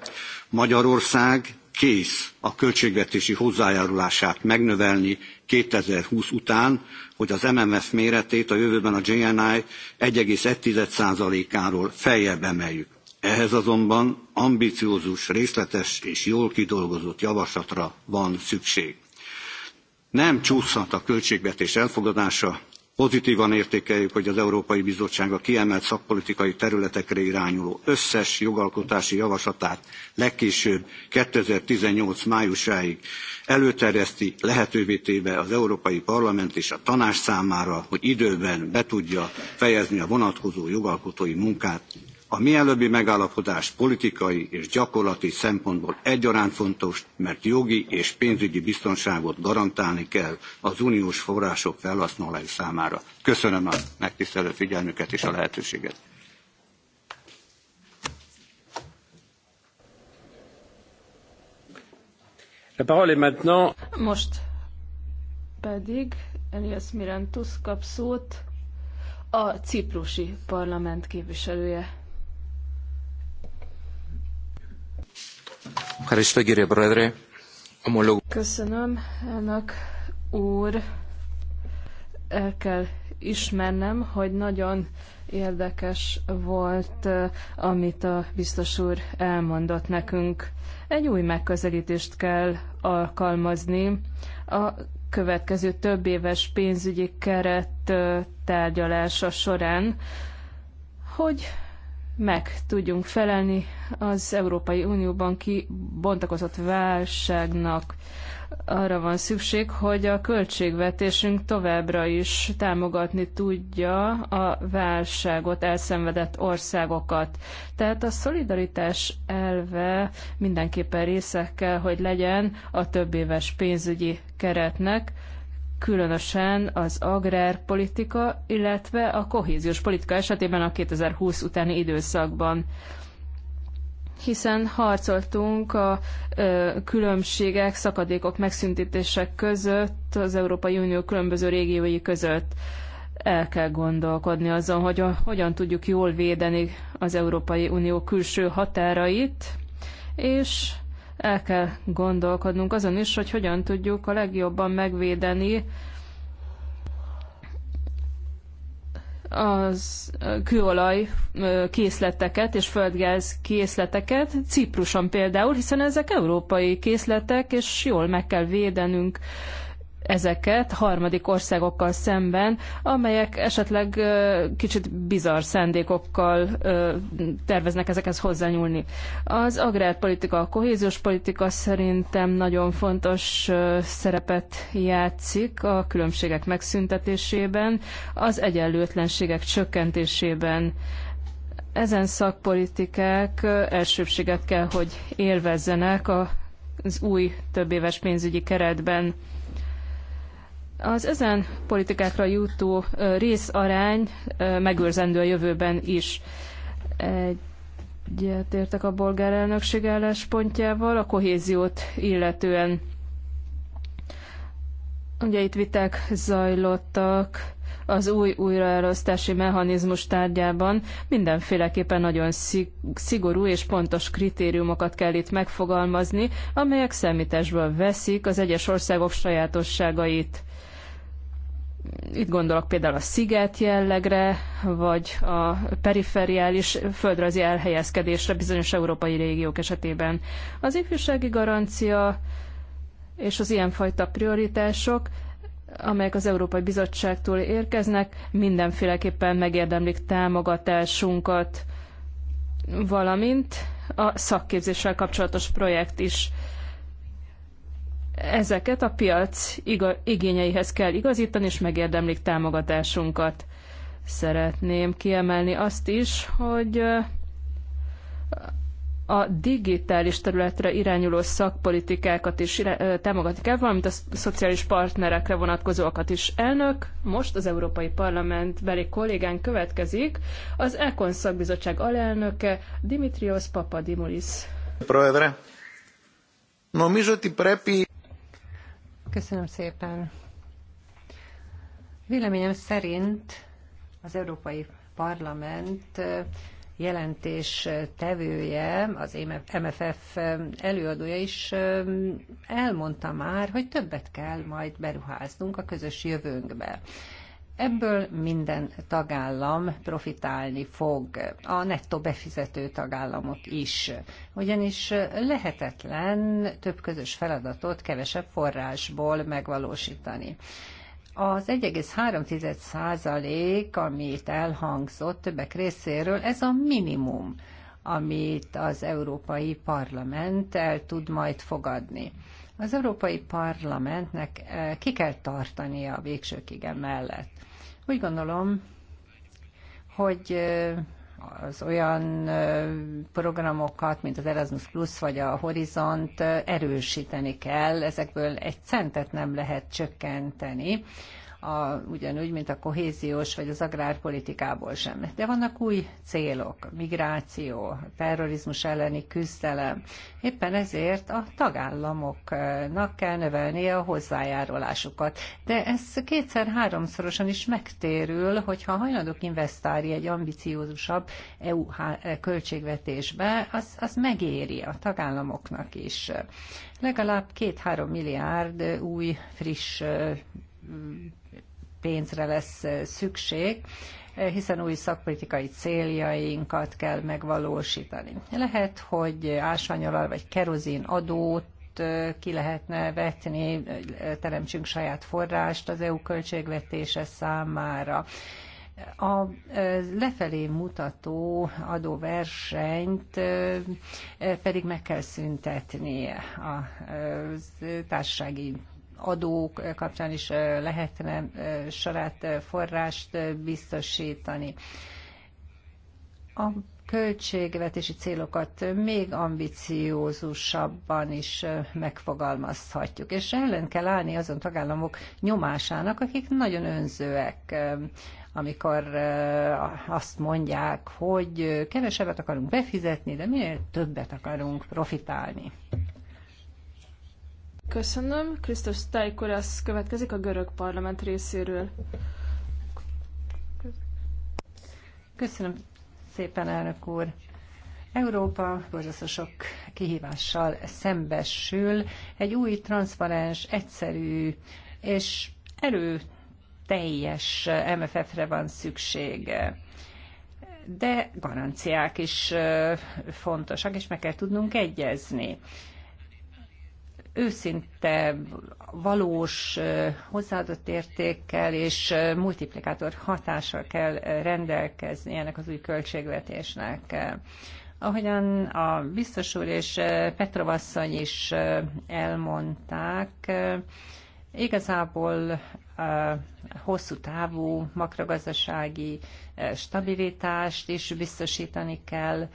Magyarország kész a költségvetési hozzájárulását megnövelni 2020 után, hogy az MMF méretét a jövőben a GNI 1,1%-áról feljebb emeljük. Ehhez azonban ambiciózus, részletes és jól kidolgozott javaslatra van szükség. Nem csúszhat a költségvetés elfogadása Pozitívan értékeljük, hogy az Európai Bizottság a kiemelt szakpolitikai területekre irányuló összes jogalkotási javaslatát legkésőbb 2018 májusáig előterjeszti, lehetővé téve az Európai Parlament és a Tanács számára, hogy időben be tudja fejezni a vonatkozó jogalkotói munkát a mielőbbi megállapodás politikai és gyakorlati szempontból egyaránt fontos, mert jogi és pénzügyi biztonságot garantálni kell az uniós források felhasználói számára. Köszönöm a megtisztelő figyelmüket és a lehetőséget. Most pedig Elias Mirantus kap szót, a ciprusi parlament képviselője. Köszönöm, elnök úr. El kell ismernem, hogy nagyon érdekes volt, eh, amit a biztos úr elmondott nekünk. Egy új megközelítést kell alkalmazni a következő több éves pénzügyi keret eh, tárgyalása során, hogy meg tudjunk felelni az Európai Unióban kibontakozott válságnak. Arra van szükség, hogy a költségvetésünk továbbra is támogatni tudja a válságot elszenvedett országokat. Tehát a szolidaritás elve mindenképpen része kell, hogy legyen a többéves pénzügyi keretnek, különösen az agrárpolitika, illetve a kohéziós politika esetében a 2020 utáni időszakban hiszen harcoltunk a ö, különbségek, szakadékok megszüntítések között, az Európai Unió különböző régiói között el kell gondolkodni azon, hogy a, hogyan tudjuk jól védeni az Európai Unió külső határait, és el kell gondolkodnunk azon is, hogy hogyan tudjuk a legjobban megvédeni az kőolaj készleteket és földgáz készleteket, Cipruson például, hiszen ezek európai készletek, és jól meg kell védenünk ezeket harmadik országokkal szemben, amelyek esetleg kicsit bizarr szándékokkal terveznek ezekhez hozzányúlni. Az agrárpolitika, a kohéziós politika szerintem nagyon fontos szerepet játszik a különbségek megszüntetésében, az egyenlőtlenségek csökkentésében ezen szakpolitikák elsőbséget kell, hogy élvezzenek az új többéves pénzügyi keretben. Az ezen politikákra jutó részarány megőrzendő a jövőben is. Egyetértek a bolgár elnökség álláspontjával, a kohéziót illetően. Ugye itt viták zajlottak az új újraelosztási mechanizmus tárgyában mindenféleképpen nagyon szigorú és pontos kritériumokat kell itt megfogalmazni, amelyek szemításba veszik az egyes országok sajátosságait itt gondolok például a sziget jellegre, vagy a perifériális földrajzi elhelyezkedésre bizonyos európai régiók esetében. Az ifjúsági garancia és az ilyenfajta prioritások, amelyek az Európai Bizottságtól érkeznek, mindenféleképpen megérdemlik támogatásunkat, valamint a szakképzéssel kapcsolatos projekt is Ezeket a piac igényeihez kell igazítani, és megérdemlik támogatásunkat. Szeretném kiemelni azt is, hogy a digitális területre irányuló szakpolitikákat is támogatni kell, valamint a szociális partnerekre vonatkozóakat is. Elnök, most az Európai Parlament beli kollégánk következik, az Econ szakbizottság alelnöke Dimitrios Papadimulis. Proedre, nomizo ti prepi... Köszönöm szépen. Véleményem szerint az Európai Parlament jelentés tevője, az MFF előadója is elmondta már, hogy többet kell majd beruháznunk a közös jövőnkbe. Ebből minden tagállam profitálni fog, a nettó befizető tagállamok is, ugyanis lehetetlen több közös feladatot kevesebb forrásból megvalósítani. Az 1,3 amit elhangzott többek részéről, ez a minimum, amit az Európai Parlament el tud majd fogadni. Az Európai Parlamentnek eh, ki kell tartania a végsőkig mellett. Úgy gondolom, hogy az olyan programokat, mint az Erasmus Plus vagy a Horizont erősíteni kell, ezekből egy centet nem lehet csökkenteni a, ugyanúgy, mint a kohéziós vagy az agrárpolitikából sem. De vannak új célok, migráció, terrorizmus elleni küzdelem. Éppen ezért a tagállamoknak kell növelnie a hozzájárulásukat. De ez kétszer-háromszorosan is megtérül, hogyha hajlandók investálni egy ambiciózusabb EU költségvetésbe, az, az megéri a tagállamoknak is. Legalább két-három milliárd új, friss pénzre lesz szükség, hiszen új szakpolitikai céljainkat kell megvalósítani. Lehet, hogy ásványolal vagy kerozin adót ki lehetne vetni, teremtsünk saját forrást az EU költségvetése számára. A lefelé mutató adóversenyt pedig meg kell szüntetni a társasági adók kapcsán is lehetne saját forrást biztosítani. A költségvetési célokat még ambiciózusabban is megfogalmazhatjuk. És ellen kell állni azon tagállamok nyomásának, akik nagyon önzőek, amikor azt mondják, hogy kevesebbet akarunk befizetni, de minél többet akarunk profitálni. Köszönöm. Krisztus Stájkorász következik a görög parlament részéről. Köszönöm szépen, elnök úr. Európa borzasztó sok kihívással szembesül. Egy új, transzparens, egyszerű és erő teljes MFF-re van szüksége. de garanciák is fontosak, és meg kell tudnunk egyezni őszinte, valós hozzáadott értékkel és multiplikátor hatással kell rendelkezni ennek az új költségvetésnek. Ahogyan a biztos úr és Petrovasszony is elmondták, igazából hosszú távú makrogazdasági stabilitást is biztosítani kell,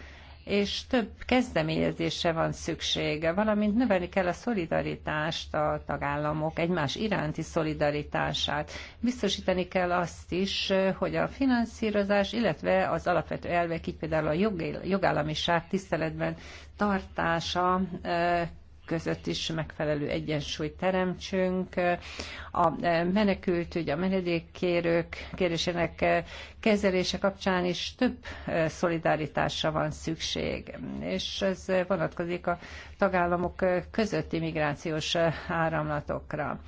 és több kezdeményezésre van szüksége, valamint növelni kell a szolidaritást, a tagállamok egymás iránti szolidaritását. Biztosítani kell azt is, hogy a finanszírozás, illetve az alapvető elvek, így például a jogállamiság tiszteletben tartása eh, között is megfelelő egyensúlyt teremtsünk. A menekült, ugye a menedékkérők kérdésének kezelése kapcsán is több szolidaritásra van szükség, és ez vonatkozik a tagállamok közötti migrációs áramlatokra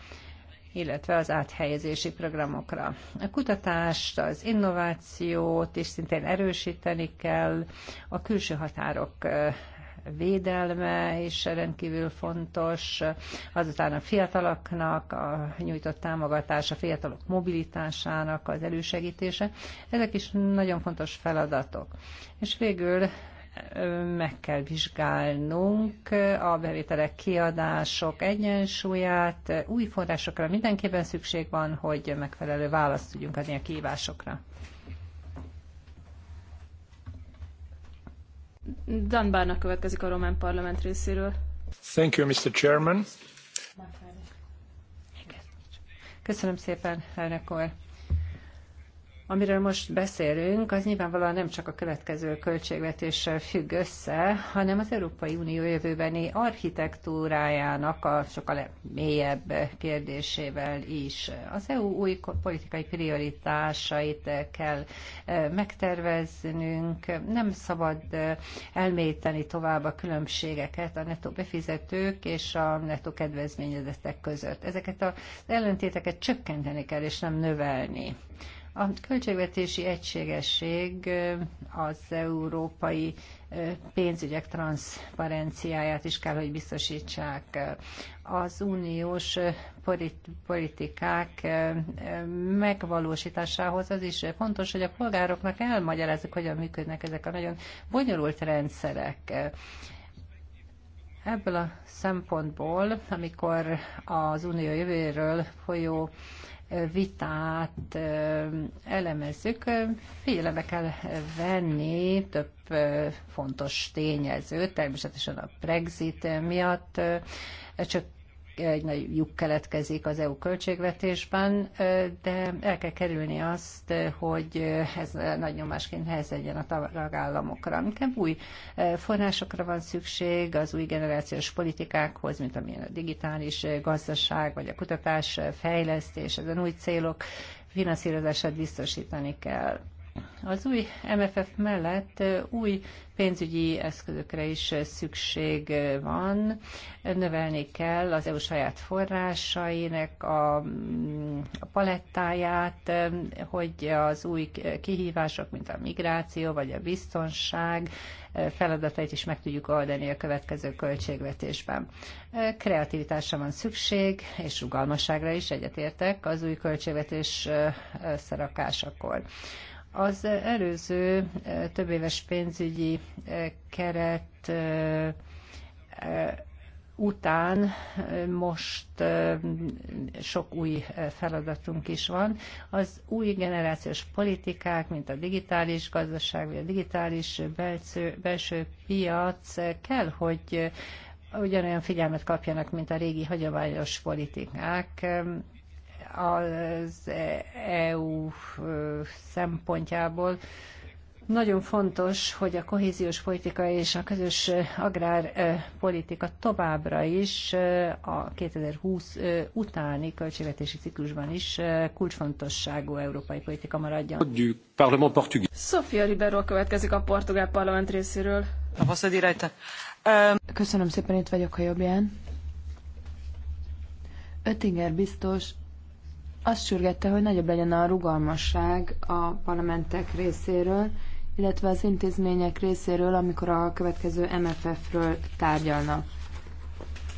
illetve az áthelyezési programokra. A kutatást, az innovációt is szintén erősíteni kell, a külső határok védelme is rendkívül fontos, azután a fiataloknak a nyújtott támogatás, a fiatalok mobilitásának az elősegítése. Ezek is nagyon fontos feladatok. És végül meg kell vizsgálnunk a bevételek kiadások egyensúlyát, új forrásokra mindenképpen szükség van, hogy megfelelő választ tudjunk adni a kihívásokra. Danbárnak következik a román parlament részéről. Thank you, Mr. Chairman. Köszönöm szépen, elnök úr. Amiről most beszélünk, az nyilvánvalóan nem csak a következő költségvetéssel függ össze, hanem az Európai Unió jövőbeni architektúrájának a sokkal mélyebb kérdésével is. Az EU új politikai prioritásait kell e, megterveznünk, nem szabad e, elmélyíteni tovább a különbségeket a netto befizetők és a netto kedvezményezettek között. Ezeket az ellentéteket csökkenteni kell, és nem növelni. A költségvetési egységesség az európai pénzügyek transzparenciáját is kell, hogy biztosítsák. Az uniós politikák megvalósításához az is fontos, hogy a polgároknak elmagyarázzuk, hogyan működnek ezek a nagyon bonyolult rendszerek. Ebből a szempontból, amikor az unió jövőről folyó vitát elemezzük, figyelembe kell venni több fontos tényezőt, természetesen a Brexit miatt, csak egy nagy lyuk keletkezik az EU költségvetésben, de el kell kerülni azt, hogy ez nagy nyomásként nehezedjen a tagállamokra. Inkább új forrásokra van szükség az új generációs politikákhoz, mint amilyen a digitális gazdaság, vagy a kutatás, fejlesztés, ezen új célok finanszírozását biztosítani kell. Az új MFF mellett új pénzügyi eszközökre is szükség van. Növelni kell az EU saját forrásainak a, mm, a palettáját, hogy az új kihívások, mint a migráció vagy a biztonság feladatait is meg tudjuk oldani a következő költségvetésben. Kreativitásra van szükség, és rugalmasságra is egyetértek az új költségvetés szerakásakor. Az előző éves pénzügyi keret után most sok új feladatunk is van. Az új generációs politikák, mint a digitális gazdaság, vagy a digitális belső, belső piac kell, hogy ugyanolyan figyelmet kapjanak, mint a régi hagyományos politikák, az EU szempontjából nagyon fontos, hogy a kohéziós politika és a közös agrárpolitika továbbra is eh, a 2020 eh, utáni költségvetési ciklusban is eh, kulcsfontosságú európai politika maradjon. Sofia Ribeiro következik a portugál parlament részéről. Köszönöm szépen, itt vagyok a jobbján. Öttinger biztos azt sürgette, hogy nagyobb legyen a rugalmasság a parlamentek részéről, illetve az intézmények részéről, amikor a következő MFF-ről tárgyalnak.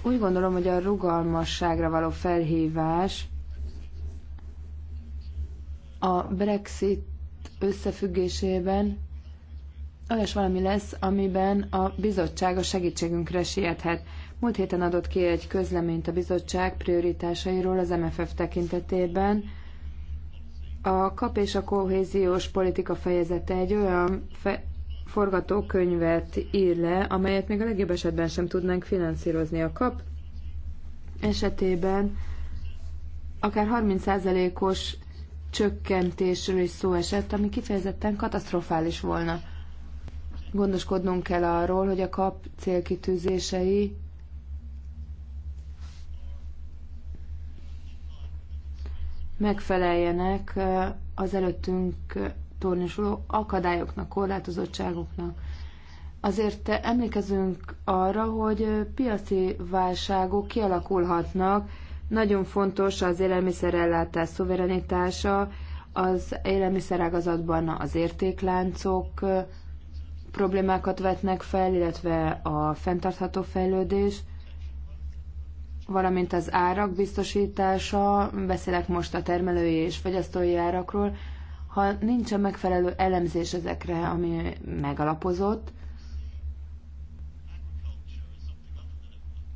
Úgy gondolom, hogy a rugalmasságra való felhívás a Brexit összefüggésében olyas valami lesz, amiben a bizottság a segítségünkre siethet. Múlt héten adott ki egy közleményt a bizottság prioritásairól az MFF tekintetében. A kap és a kohéziós politika fejezete egy olyan fe- forgatókönyvet ír le, amelyet még a legjobb esetben sem tudnánk finanszírozni. A kap esetében akár 30%-os csökkentésről is szó esett, ami kifejezetten katasztrofális volna. Gondoskodnunk kell arról, hogy a kap célkitűzései megfeleljenek az előttünk tornyosuló akadályoknak, korlátozottságoknak. Azért emlékezünk arra, hogy piaci válságok kialakulhatnak, nagyon fontos az élelmiszerellátás szuverenitása, az élelmiszerágazatban az értékláncok problémákat vetnek fel, illetve a fenntartható fejlődés – valamint az árak biztosítása, beszélek most a termelői és fogyasztói árakról, ha nincs a megfelelő elemzés ezekre, ami megalapozott,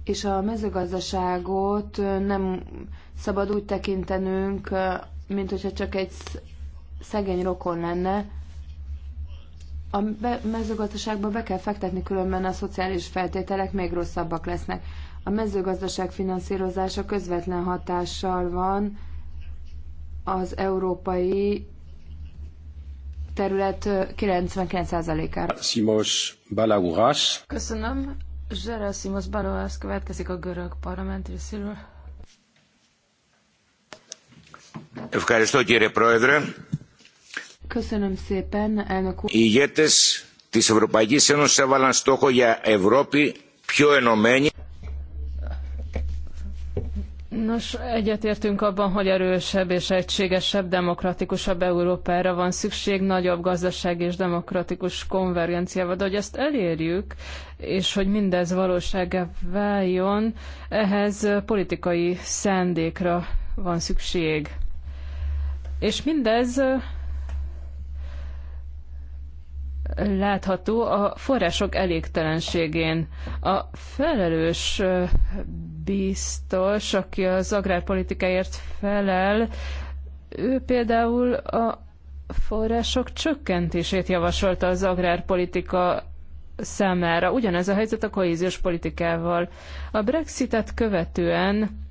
és a mezőgazdaságot nem szabad úgy tekintenünk, mint hogyha csak egy szegény rokon lenne. A mezőgazdaságba be kell fektetni, különben a szociális feltételek még rosszabbak lesznek. A mezőgazdaság finanszírozása közvetlen hatással van az európai terület 99%-ára. Simos Balaurás. Köszönöm. Zserasimos Balaurás következik a görög parlament részéről. Köszönöm szépen, elnök úr. Ηγέτες της Ευρωπαϊκής Ένωσης έβαλαν στόχο για Ευρώπη πιο ενωμένη. Nos, egyetértünk abban, hogy erősebb és egységesebb, demokratikusabb Európára van szükség, nagyobb gazdaság és demokratikus konvergenciával, de hogy ezt elérjük, és hogy mindez valósága váljon, ehhez politikai szándékra van szükség. És mindez látható a források elégtelenségén. A felelős biztos, aki az agrárpolitikáért felel, ő például a források csökkentését javasolta az agrárpolitika számára. Ugyanez a helyzet a kohéziós politikával. A Brexitet követően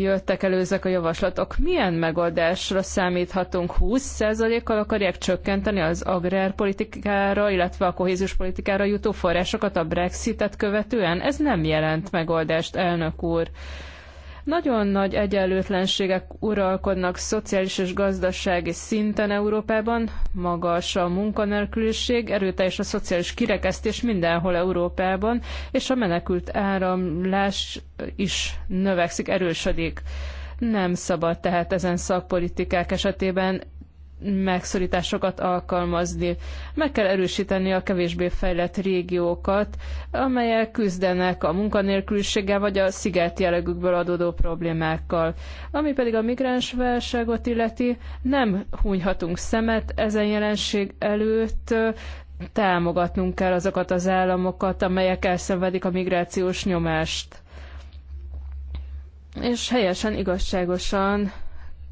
jöttek elő ezek a javaslatok. Milyen megoldásra számíthatunk? 20%-kal akarják csökkenteni az agrárpolitikára, illetve a kohéziós politikára jutó forrásokat a Brexitet követően? Ez nem jelent megoldást, elnök úr. Nagyon nagy egyenlőtlenségek uralkodnak szociális és gazdasági szinten Európában, magas a munkanélküliség, erőteljes a szociális kirekesztés mindenhol Európában, és a menekült áramlás is növekszik, erősödik. Nem szabad tehát ezen szakpolitikák esetében megszorításokat alkalmazni. Meg kell erősíteni a kevésbé fejlett régiókat, amelyek küzdenek a munkanélküliséggel vagy a sziget jellegükből adódó problémákkal. Ami pedig a migráns válságot illeti, nem hunyhatunk szemet ezen jelenség előtt, támogatnunk kell azokat az államokat, amelyek elszenvedik a migrációs nyomást. És helyesen, igazságosan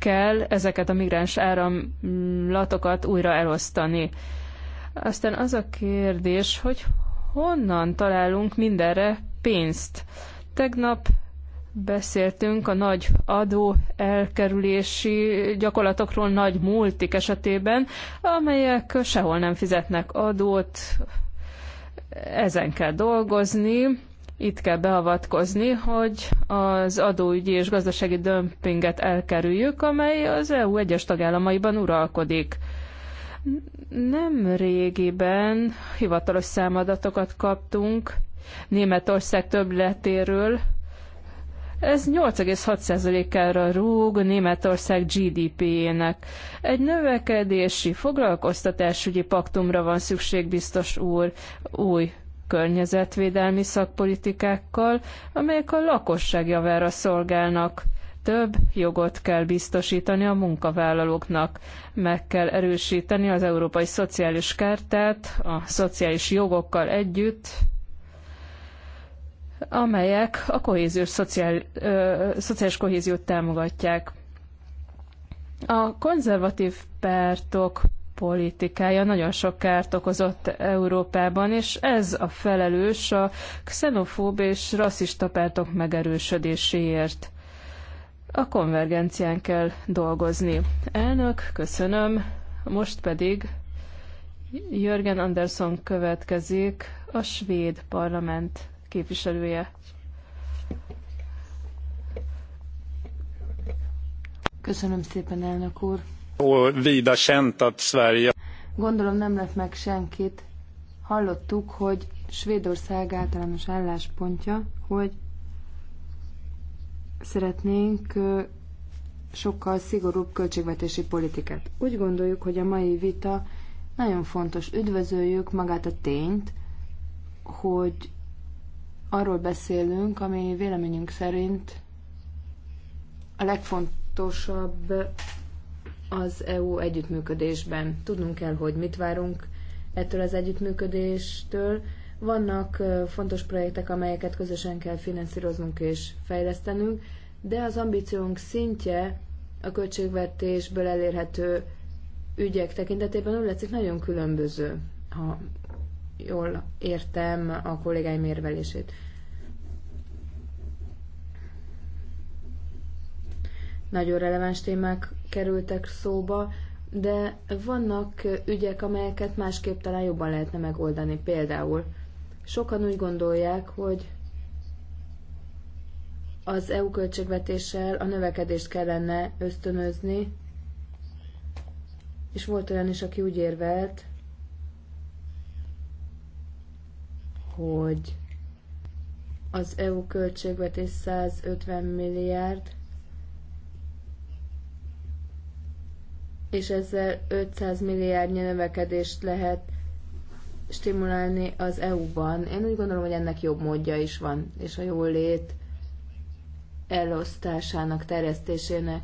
kell ezeket a migráns áramlatokat újra elosztani. Aztán az a kérdés, hogy honnan találunk mindenre pénzt. Tegnap beszéltünk a nagy adó elkerülési gyakorlatokról nagy multik esetében, amelyek sehol nem fizetnek adót, ezen kell dolgozni itt kell beavatkozni, hogy az adóügyi és gazdasági dömpinget elkerüljük, amely az EU egyes tagállamaiban uralkodik. Nem régiben hivatalos számadatokat kaptunk Németország többletéről. Ez 8,6%-ára rúg Németország GDP-jének. Egy növekedési foglalkoztatásügyi paktumra van szükség, biztos úr, új környezetvédelmi szakpolitikákkal, amelyek a lakosság javára szolgálnak. Több jogot kell biztosítani a munkavállalóknak. Meg kell erősíteni az Európai Szociális Kártát a szociális jogokkal együtt, amelyek a kohéziós szociál, ö, szociális kohéziót támogatják. A konzervatív pártok politikája nagyon sok kárt okozott Európában, és ez a felelős a xenofób és rasszista pártok megerősödéséért. A konvergencián kell dolgozni. Elnök, köszönöm. Most pedig Jörgen Andersson következik, a svéd parlament képviselője. Köszönöm szépen, elnök úr. Och vida känt att Sverige... Gondolom nem lett meg senkit. Hallottuk, hogy Svédország általános álláspontja, hogy szeretnénk sokkal szigorúbb költségvetési politikát. Úgy gondoljuk, hogy a mai vita nagyon fontos. Üdvözöljük magát a tényt, hogy arról beszélünk, ami véleményünk szerint a legfontosabb az EU együttműködésben. Tudnunk kell, hogy mit várunk ettől az együttműködéstől. Vannak fontos projektek, amelyeket közösen kell finanszíroznunk és fejlesztenünk, de az ambíciónk szintje a költségvetésből elérhető ügyek tekintetében úgy látszik nagyon különböző, ha jól értem a kollégáim érvelését. Nagyon releváns témák kerültek szóba, de vannak ügyek, amelyeket másképp talán jobban lehetne megoldani. Például sokan úgy gondolják, hogy az EU költségvetéssel a növekedést kellene ösztönözni, és volt olyan is, aki úgy érvelt, hogy az EU költségvetés 150 milliárd, és ezzel 500 milliárdnyi növekedést lehet stimulálni az EU-ban. Én úgy gondolom, hogy ennek jobb módja is van, és a jólét elosztásának, terjesztésének.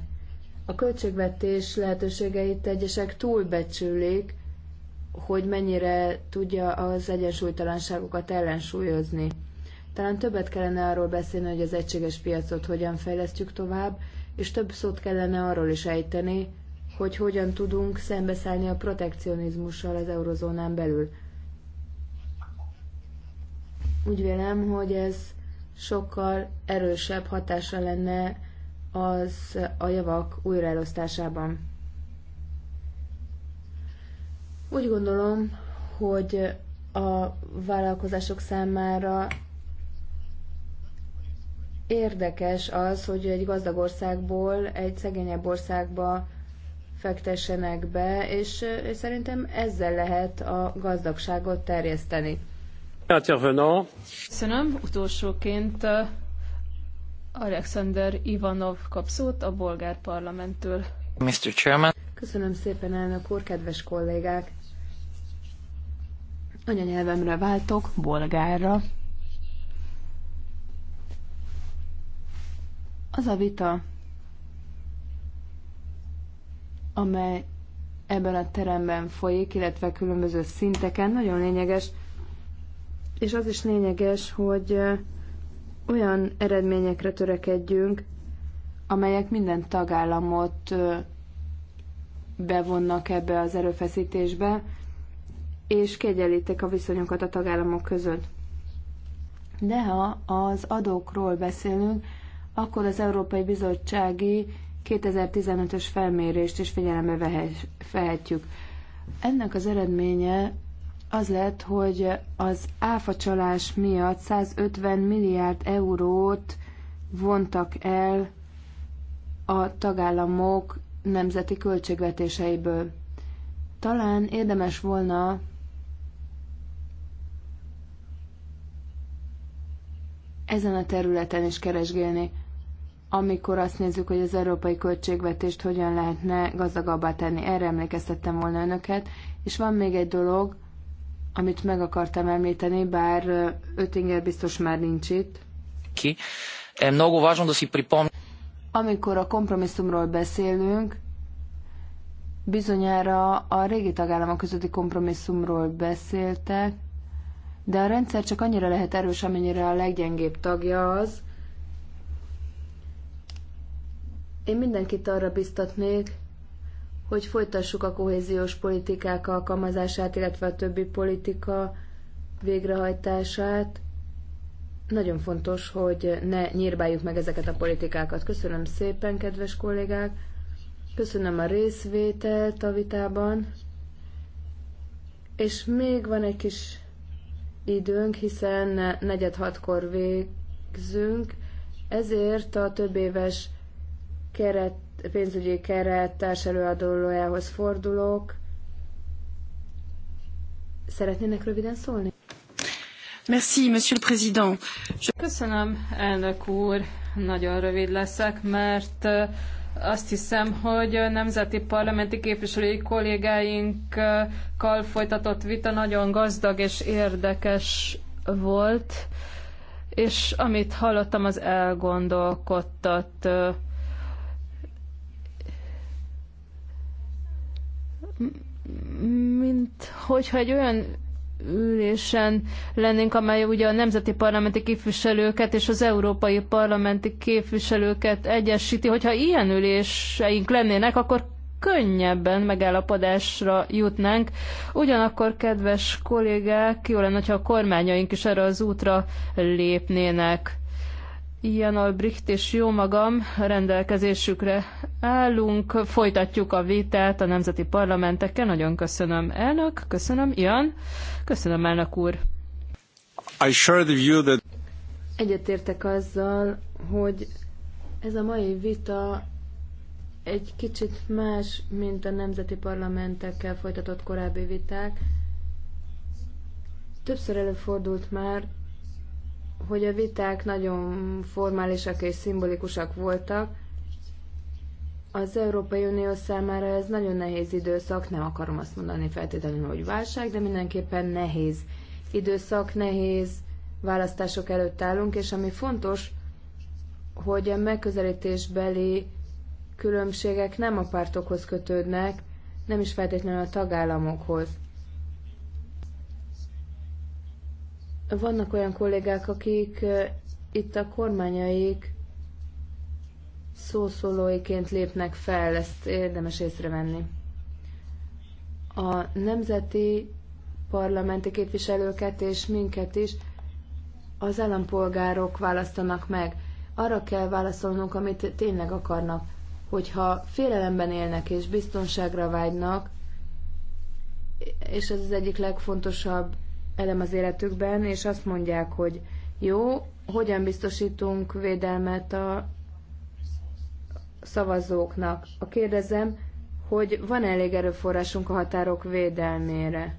A költségvetés lehetőségeit egyesek túlbecsülik, hogy mennyire tudja az egyensúlytalanságokat ellensúlyozni. Talán többet kellene arról beszélni, hogy az egységes piacot hogyan fejlesztjük tovább, és több szót kellene arról is ejteni, hogy hogyan tudunk szembeszállni a protekcionizmussal az eurozónán belül. Úgy vélem, hogy ez sokkal erősebb hatása lenne az a javak újraelosztásában. Úgy gondolom, hogy a vállalkozások számára érdekes az, hogy egy gazdag országból egy szegényebb országba fektessenek be, és, szerintem ezzel lehet a gazdagságot terjeszteni. Köszönöm. Utolsóként Alexander Ivanov kap szót a bolgár parlamenttől. Mr. Chairman. Köszönöm szépen, elnök úr, kedves kollégák! Anyanyelvemre váltok, bolgárra. Az a vita, amely ebben a teremben folyik, illetve különböző szinteken, nagyon lényeges. És az is lényeges, hogy olyan eredményekre törekedjünk, amelyek minden tagállamot bevonnak ebbe az erőfeszítésbe, és kiegyenlítik a viszonyokat a tagállamok között. De ha az adókról beszélünk, akkor az Európai Bizottsági 2015-ös felmérést is figyelembe vehetjük. Ennek az eredménye az lett, hogy az áfacsalás miatt 150 milliárd eurót vontak el a tagállamok nemzeti költségvetéseiből. Talán érdemes volna ezen a területen is keresgélni amikor azt nézzük, hogy az európai költségvetést hogyan lehetne gazdagabbá tenni. Erre emlékeztettem volna önöket. És van még egy dolog, amit meg akartam említeni, bár Ötinger biztos már nincs itt. Ki? Много важно да si pripom... Amikor a kompromisszumról beszélünk, bizonyára a régi tagállamok közötti kompromisszumról beszéltek, de a rendszer csak annyira lehet erős, amennyire a leggyengébb tagja az, Én mindenkit arra biztatnék, hogy folytassuk a kohéziós politikák alkalmazását, illetve a többi politika végrehajtását. Nagyon fontos, hogy ne nyírbáljuk meg ezeket a politikákat. Köszönöm szépen, kedves kollégák! Köszönöm a részvételt a vitában. És még van egy kis időnk, hiszen negyed hatkor végzünk, ezért a több éves keret, pénzügyi keret társelőadójához fordulok. Szeretnének röviden szólni? Merci, Monsieur le Président. Köszönöm, elnök úr. Nagyon rövid leszek, mert eh, azt hiszem, hogy nemzeti parlamenti képviselői kollégáinkkal folytatott vita nagyon gazdag és érdekes volt, és amit hallottam, az elgondolkodtat. Eh, mint hogyha egy olyan ülésen lennénk, amely ugye a nemzeti parlamenti képviselőket és az európai parlamenti képviselőket egyesíti. Hogyha ilyen üléseink lennének, akkor könnyebben megállapodásra jutnánk. Ugyanakkor, kedves kollégák, jó lenne, ha a kormányaink is erre az útra lépnének. Ilyen Albrecht és jó magam rendelkezésükre állunk, folytatjuk a vitát a nemzeti parlamentekkel. Nagyon köszönöm, elnök, köszönöm, Ian, köszönöm, elnök úr. I share the view that... Egyetértek azzal, hogy ez a mai vita egy kicsit más, mint a nemzeti parlamentekkel folytatott korábbi viták. Többször előfordult már, hogy a viták nagyon formálisak és szimbolikusak voltak. Az Európai Unió számára ez nagyon nehéz időszak, nem akarom azt mondani feltétlenül, hogy válság, de mindenképpen nehéz időszak, nehéz választások előtt állunk, és ami fontos, hogy a megközelítésbeli különbségek nem a pártokhoz kötődnek, nem is feltétlenül a tagállamokhoz. Vannak olyan kollégák, akik itt a kormányaik szószólóiként lépnek fel, ezt érdemes észrevenni. A nemzeti parlamenti képviselőket és minket is az állampolgárok választanak meg. Arra kell válaszolnunk, amit tényleg akarnak. Hogyha félelemben élnek és biztonságra vágynak, és ez az egyik legfontosabb elem az életükben, és azt mondják, hogy jó, hogyan biztosítunk védelmet a szavazóknak. A kérdezem, hogy van elég erőforrásunk a határok védelmére.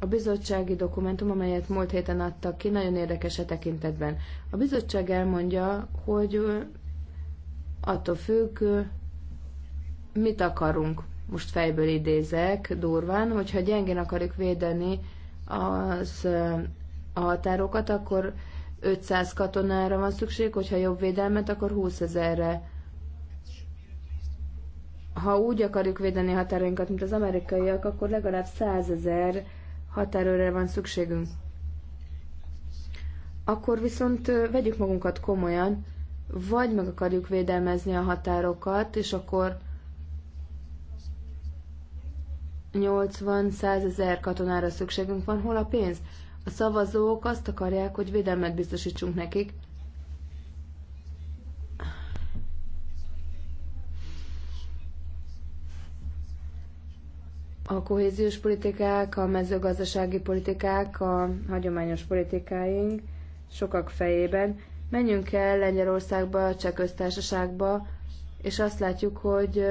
A bizottsági dokumentum, amelyet múlt héten adtak ki, nagyon érdekes a tekintetben. A bizottság elmondja, hogy attól függ, mit akarunk most fejből idézek durván, hogyha gyengén akarjuk védeni az a határokat, akkor 500 katonára van szükség, hogyha jobb védelmet, akkor 20 ezerre. Ha úgy akarjuk védeni határainkat, mint az amerikaiak, akkor legalább 100 ezer határőre van szükségünk. Akkor viszont vegyük magunkat komolyan, vagy meg akarjuk védelmezni a határokat, és akkor 80-100 ezer katonára szükségünk van, hol a pénz? A szavazók azt akarják, hogy védelmet biztosítsunk nekik. A kohéziós politikák, a mezőgazdasági politikák, a hagyományos politikáink sokak fejében. Menjünk el Lengyelországba, a Cseh köztársaságba, és azt látjuk, hogy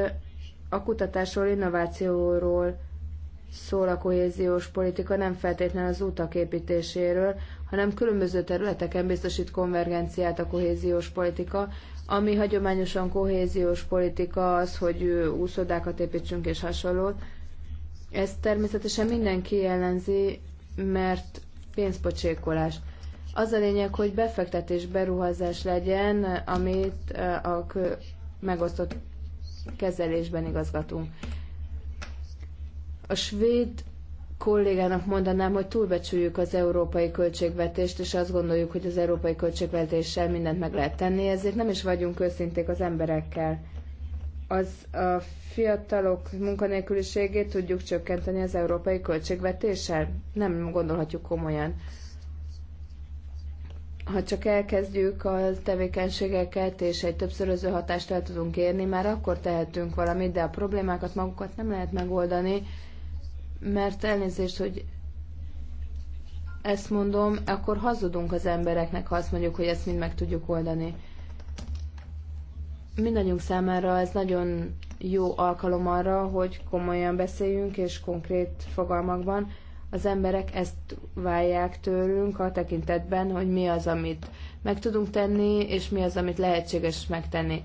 a kutatásról, innovációról szól a kohéziós politika nem feltétlenül az utak építéséről, hanem különböző területeken biztosít konvergenciát a kohéziós politika, ami hagyományosan kohéziós politika az, hogy úszodákat építsünk és hasonló. Ez természetesen mindenki ellenzi, mert pénzpocsékolás. Az a lényeg, hogy befektetés, beruházás legyen, amit eh, a megosztott kezelésben igazgatunk. A svéd kollégának mondanám, hogy túlbecsüljük az európai költségvetést, és azt gondoljuk, hogy az európai költségvetéssel mindent meg lehet tenni, ezért nem is vagyunk őszinték az emberekkel. Az a fiatalok munkanélküliségét tudjuk csökkenteni az európai költségvetéssel? Nem gondolhatjuk komolyan. Ha csak elkezdjük a tevékenységeket, és egy többszöröző hatást el tudunk érni, már akkor tehetünk valamit, de a problémákat magukat nem lehet megoldani, mert elnézést, hogy ezt mondom, akkor hazudunk az embereknek, ha azt mondjuk, hogy ezt mind meg tudjuk oldani. Mindannyiunk számára ez nagyon jó alkalom arra, hogy komolyan beszéljünk és konkrét fogalmakban. Az emberek ezt válják tőlünk a tekintetben, hogy mi az, amit meg tudunk tenni, és mi az, amit lehetséges megtenni.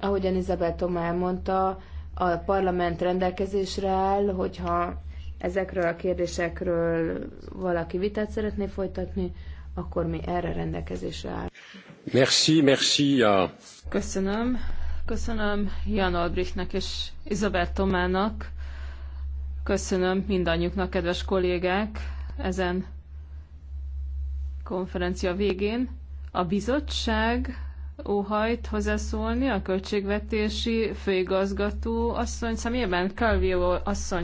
Ahogyan Izabel Tomá mondta, a parlament rendelkezésre áll, hogyha ezekről a kérdésekről valaki vitát szeretné folytatni, akkor mi erre rendelkezésre áll. Merci, merci. A... Köszönöm. Köszönöm Jan Albrichtnek és Izabel Tomának. Köszönöm mindannyiuknak, kedves kollégák, ezen konferencia végén. A bizottság óhajt hozzászólni a költségvetési főigazgató asszony személyében, Calvio asszony.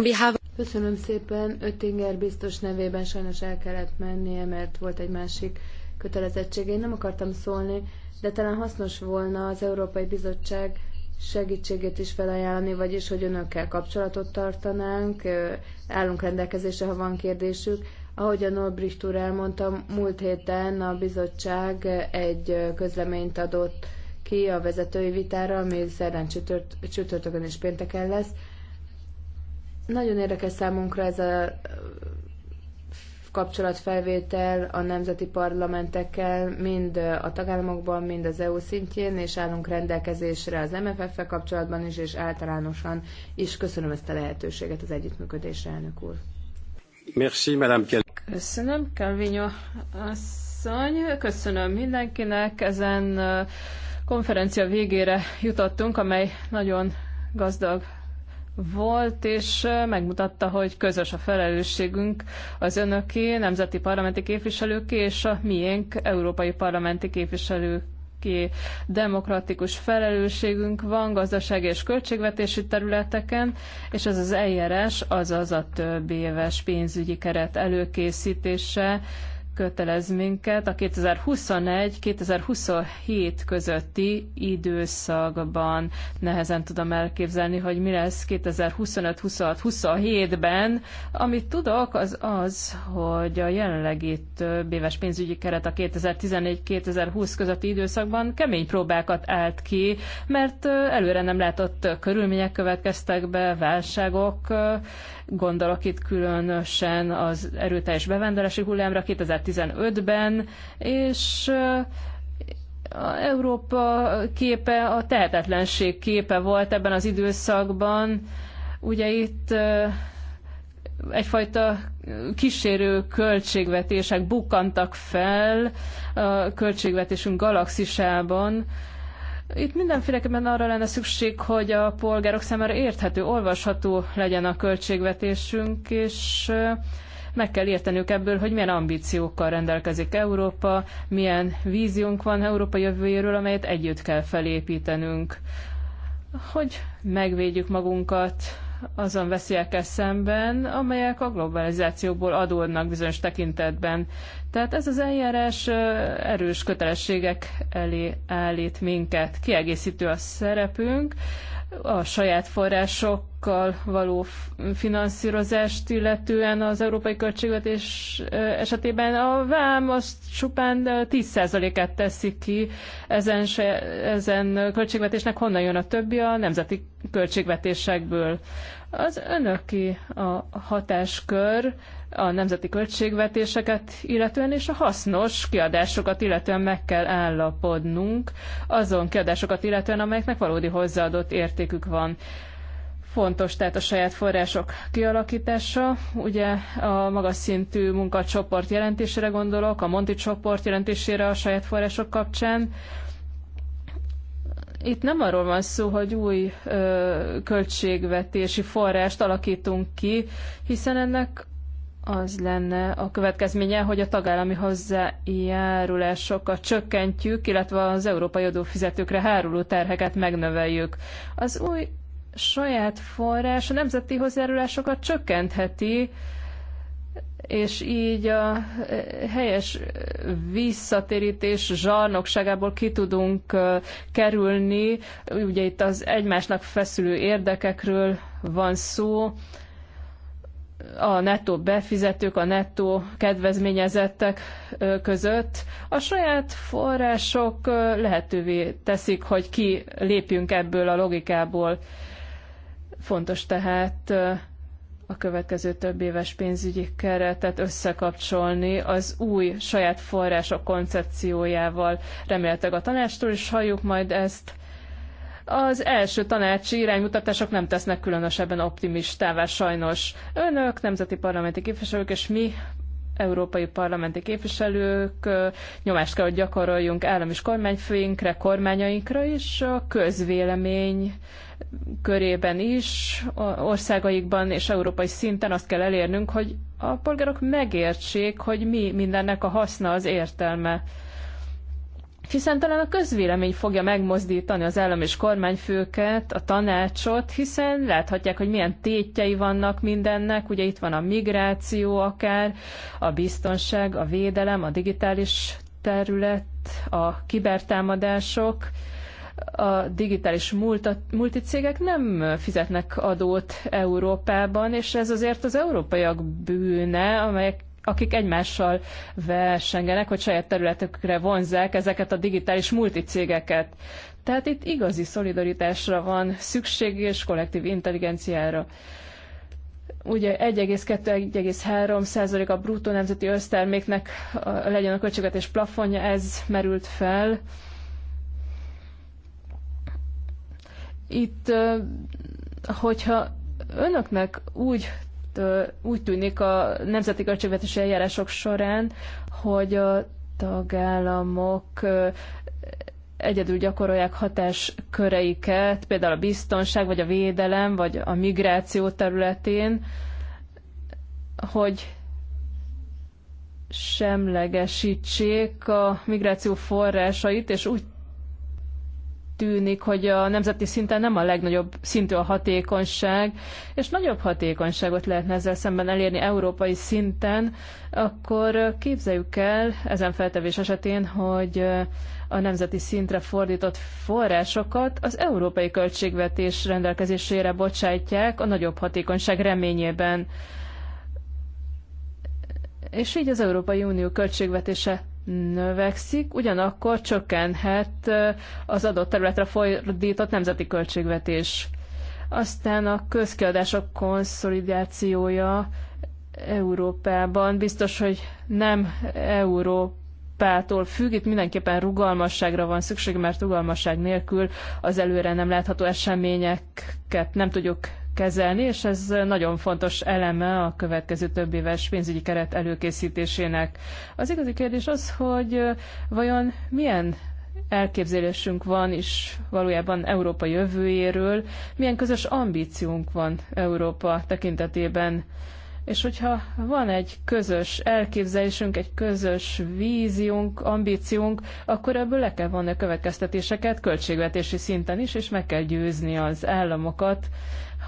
Köszönöm szépen. Öttinger biztos nevében sajnos el kellett mennie, mert volt egy másik kötelezettség. Én nem akartam szólni, de talán hasznos volna az Európai Bizottság segítségét is felajánlani, vagyis hogy önökkel kapcsolatot tartanánk, állunk rendelkezésre, ha van kérdésük. Ahogy a Norbricht úr elmondta, múlt héten a bizottság egy közleményt adott ki a vezetői vitára, ami szerdán csütört, csütörtökön és pénteken lesz. Nagyon érdekes számunkra ez a kapcsolatfelvétel a nemzeti parlamentekkel, mind a tagállamokban, mind az EU szintjén, és állunk rendelkezésre az MFF-fel kapcsolatban is, és általánosan is. Köszönöm ezt a lehetőséget az együttműködésre, elnök úr. Merci, Madame Köszönöm, Calvino asszony. Köszönöm mindenkinek. Ezen konferencia végére jutottunk, amely nagyon gazdag volt, és megmutatta, hogy közös a felelősségünk az önöké, nemzeti parlamenti képviselőké és a miénk, európai parlamenti képviselők ki demokratikus felelősségünk van gazdasági és költségvetési területeken, és ez az eljárás, azaz a több éves pénzügyi keret előkészítése kötelez minket a 2021-2027 közötti időszakban. Nehezen tudom elképzelni, hogy mi lesz 2025-26-27-ben. Amit tudok, az az, hogy a jelenlegi több éves pénzügyi keret a 2014-2020 közötti időszakban kemény próbákat állt ki, mert előre nem látott körülmények következtek be, válságok, Gondolok itt különösen az erőteljes bevándorlási hullámra 2015-ben, és a Európa képe a tehetetlenség képe volt ebben az időszakban. Ugye itt egyfajta kísérő költségvetések bukkantak fel a költségvetésünk galaxisában, itt mindenféleképpen arra lenne szükség, hogy a polgárok számára érthető, olvasható legyen a költségvetésünk, és meg kell értenünk ebből, hogy milyen ambíciókkal rendelkezik Európa, milyen víziunk van Európa jövőjéről, amelyet együtt kell felépítenünk. Hogy megvédjük magunkat azon veszélyekkel szemben, amelyek a globalizációból adódnak bizonyos tekintetben. Tehát ez az eljárás erős kötelességek elé állít minket. Kiegészítő a szerepünk, a saját forrásokkal való finanszírozást illetően az európai költségvetés esetében a vám az csupán 10%-át teszi ki ezen, ezen költségvetésnek. Honnan jön a többi? A nemzeti költségvetésekből. Az önöki a hatáskör, a nemzeti költségvetéseket illetően és a hasznos kiadásokat illetően meg kell állapodnunk, azon kiadásokat illetően, amelyeknek valódi hozzáadott értékük van. Fontos tehát a saját források kialakítása. Ugye a magas szintű munkacsoport jelentésére gondolok, a Monti csoport jelentésére a saját források kapcsán itt nem arról van szó, hogy új ö, költségvetési forrást alakítunk ki, hiszen ennek az lenne a következménye, hogy a tagállami hozzájárulásokat csökkentjük, illetve az európai adófizetőkre háruló terheket megnöveljük. Az új saját forrás a nemzeti hozzájárulásokat csökkentheti, és így a helyes visszatérítés zsarnokságából ki tudunk kerülni. Ugye itt az egymásnak feszülő érdekekről van szó, a nettó befizetők, a nettó kedvezményezettek között. A saját források lehetővé teszik, hogy ki lépjünk ebből a logikából. Fontos tehát a következő több éves pénzügyi keretet összekapcsolni az új saját források koncepciójával. Remélhetőleg a tanácstól is halljuk majd ezt az első tanácsi iránymutatások nem tesznek különösebben optimistává sajnos. Önök, nemzeti parlamenti képviselők és mi európai parlamenti képviselők nyomást kell, hogy gyakoroljunk állam és kormányfőinkre, kormányainkra és a közvélemény körében is, országaikban és európai szinten azt kell elérnünk, hogy a polgárok megértsék, hogy mi mindennek a haszna, az értelme hiszen talán a közvélemény fogja megmozdítani az állam és kormányfőket, a tanácsot, hiszen láthatják, hogy milyen tétjei vannak mindennek, ugye itt van a migráció akár, a biztonság, a védelem, a digitális terület, a kibertámadások, a digitális multicégek nem fizetnek adót Európában, és ez azért az európaiak bűne, amelyek akik egymással versengenek, hogy saját területükre vonzák ezeket a digitális multicégeket. Tehát itt igazi szolidaritásra van szükség és kollektív intelligenciára. Ugye 1,2-1,3 százalék a bruttó nemzeti összterméknek legyen a költségvetés plafonja, ez merült fel. Itt, hogyha önöknek úgy úgy tűnik a nemzeti költségvetési eljárások során, hogy a tagállamok egyedül gyakorolják hatásköreiket, például a biztonság, vagy a védelem, vagy a migráció területén, hogy semlegesítsék a migráció forrásait, és úgy tűnik, hogy a nemzeti szinten nem a legnagyobb szintű a hatékonyság, és nagyobb hatékonyságot lehetne ezzel szemben elérni európai szinten, akkor képzeljük el ezen feltevés esetén, hogy a nemzeti szintre fordított forrásokat az európai költségvetés rendelkezésére bocsátják a nagyobb hatékonyság reményében. És így az Európai Unió költségvetése növekszik, ugyanakkor csökkenhet az adott területre fordított nemzeti költségvetés. Aztán a közkiadások konszolidációja Európában biztos, hogy nem Európától pártól függ, itt mindenképpen rugalmasságra van szükség, mert rugalmasság nélkül az előre nem látható eseményeket nem tudjuk kezelni, és ez nagyon fontos eleme a következő több éves pénzügyi keret előkészítésének. Az igazi kérdés az, hogy vajon milyen elképzelésünk van is valójában Európa jövőjéről, milyen közös ambíciónk van Európa tekintetében. És hogyha van egy közös elképzelésünk, egy közös víziunk, ambíciunk, akkor ebből le kell vonni a következtetéseket költségvetési szinten is, és meg kell győzni az államokat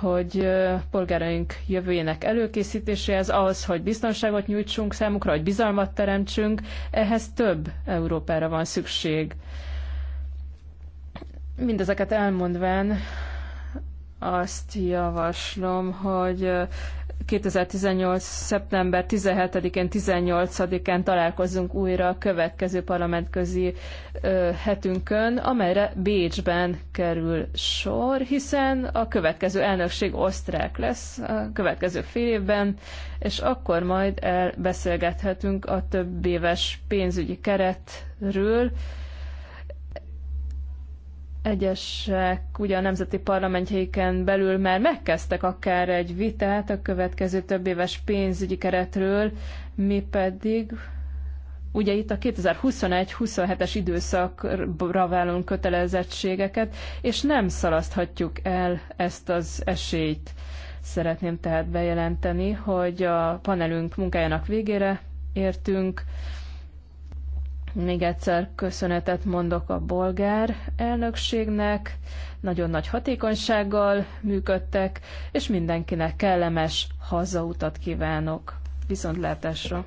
hogy polgáraink jövőjének előkészítéséhez, ahhoz, hogy biztonságot nyújtsunk számukra, hogy bizalmat teremtsünk, ehhez több Európára van szükség. Mindezeket elmondván azt javaslom, hogy 2018. szeptember 17-én, 18-án találkozunk újra a következő parlamentközi hetünkön, amelyre Bécsben kerül sor, hiszen a következő elnökség osztrák lesz a következő fél évben, és akkor majd elbeszélgethetünk a több éves pénzügyi keretről, Egyesek ugye a nemzeti parlamentjeiken belül már megkezdtek akár egy vitát a következő több éves pénzügyi keretről, mi pedig ugye itt a 2021-27-es időszakra vállalunk kötelezettségeket, és nem szalaszthatjuk el ezt az esélyt. Szeretném tehát bejelenteni, hogy a panelünk munkájának végére értünk. Még egyszer köszönetet mondok a bolgár elnökségnek, nagyon nagy hatékonysággal működtek, és mindenkinek kellemes hazautat kívánok. Viszontlátásra!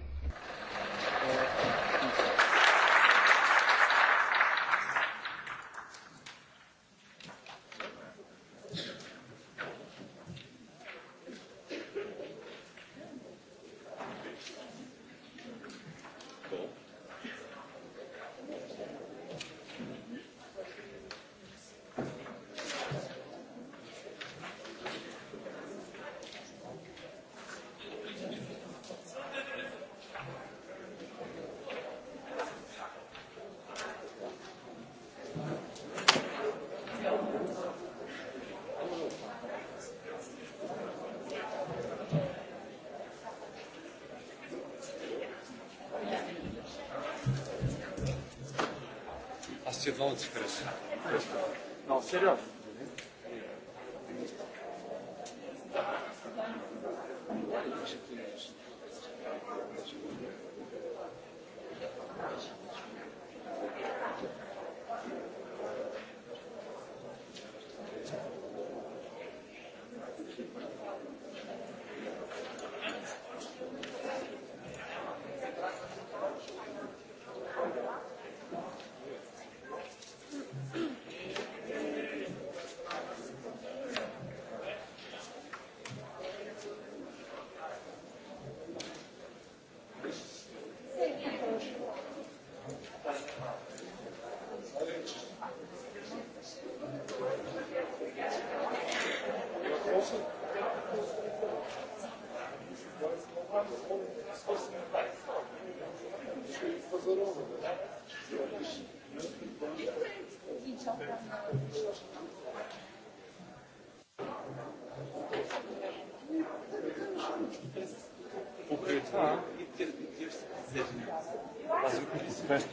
Best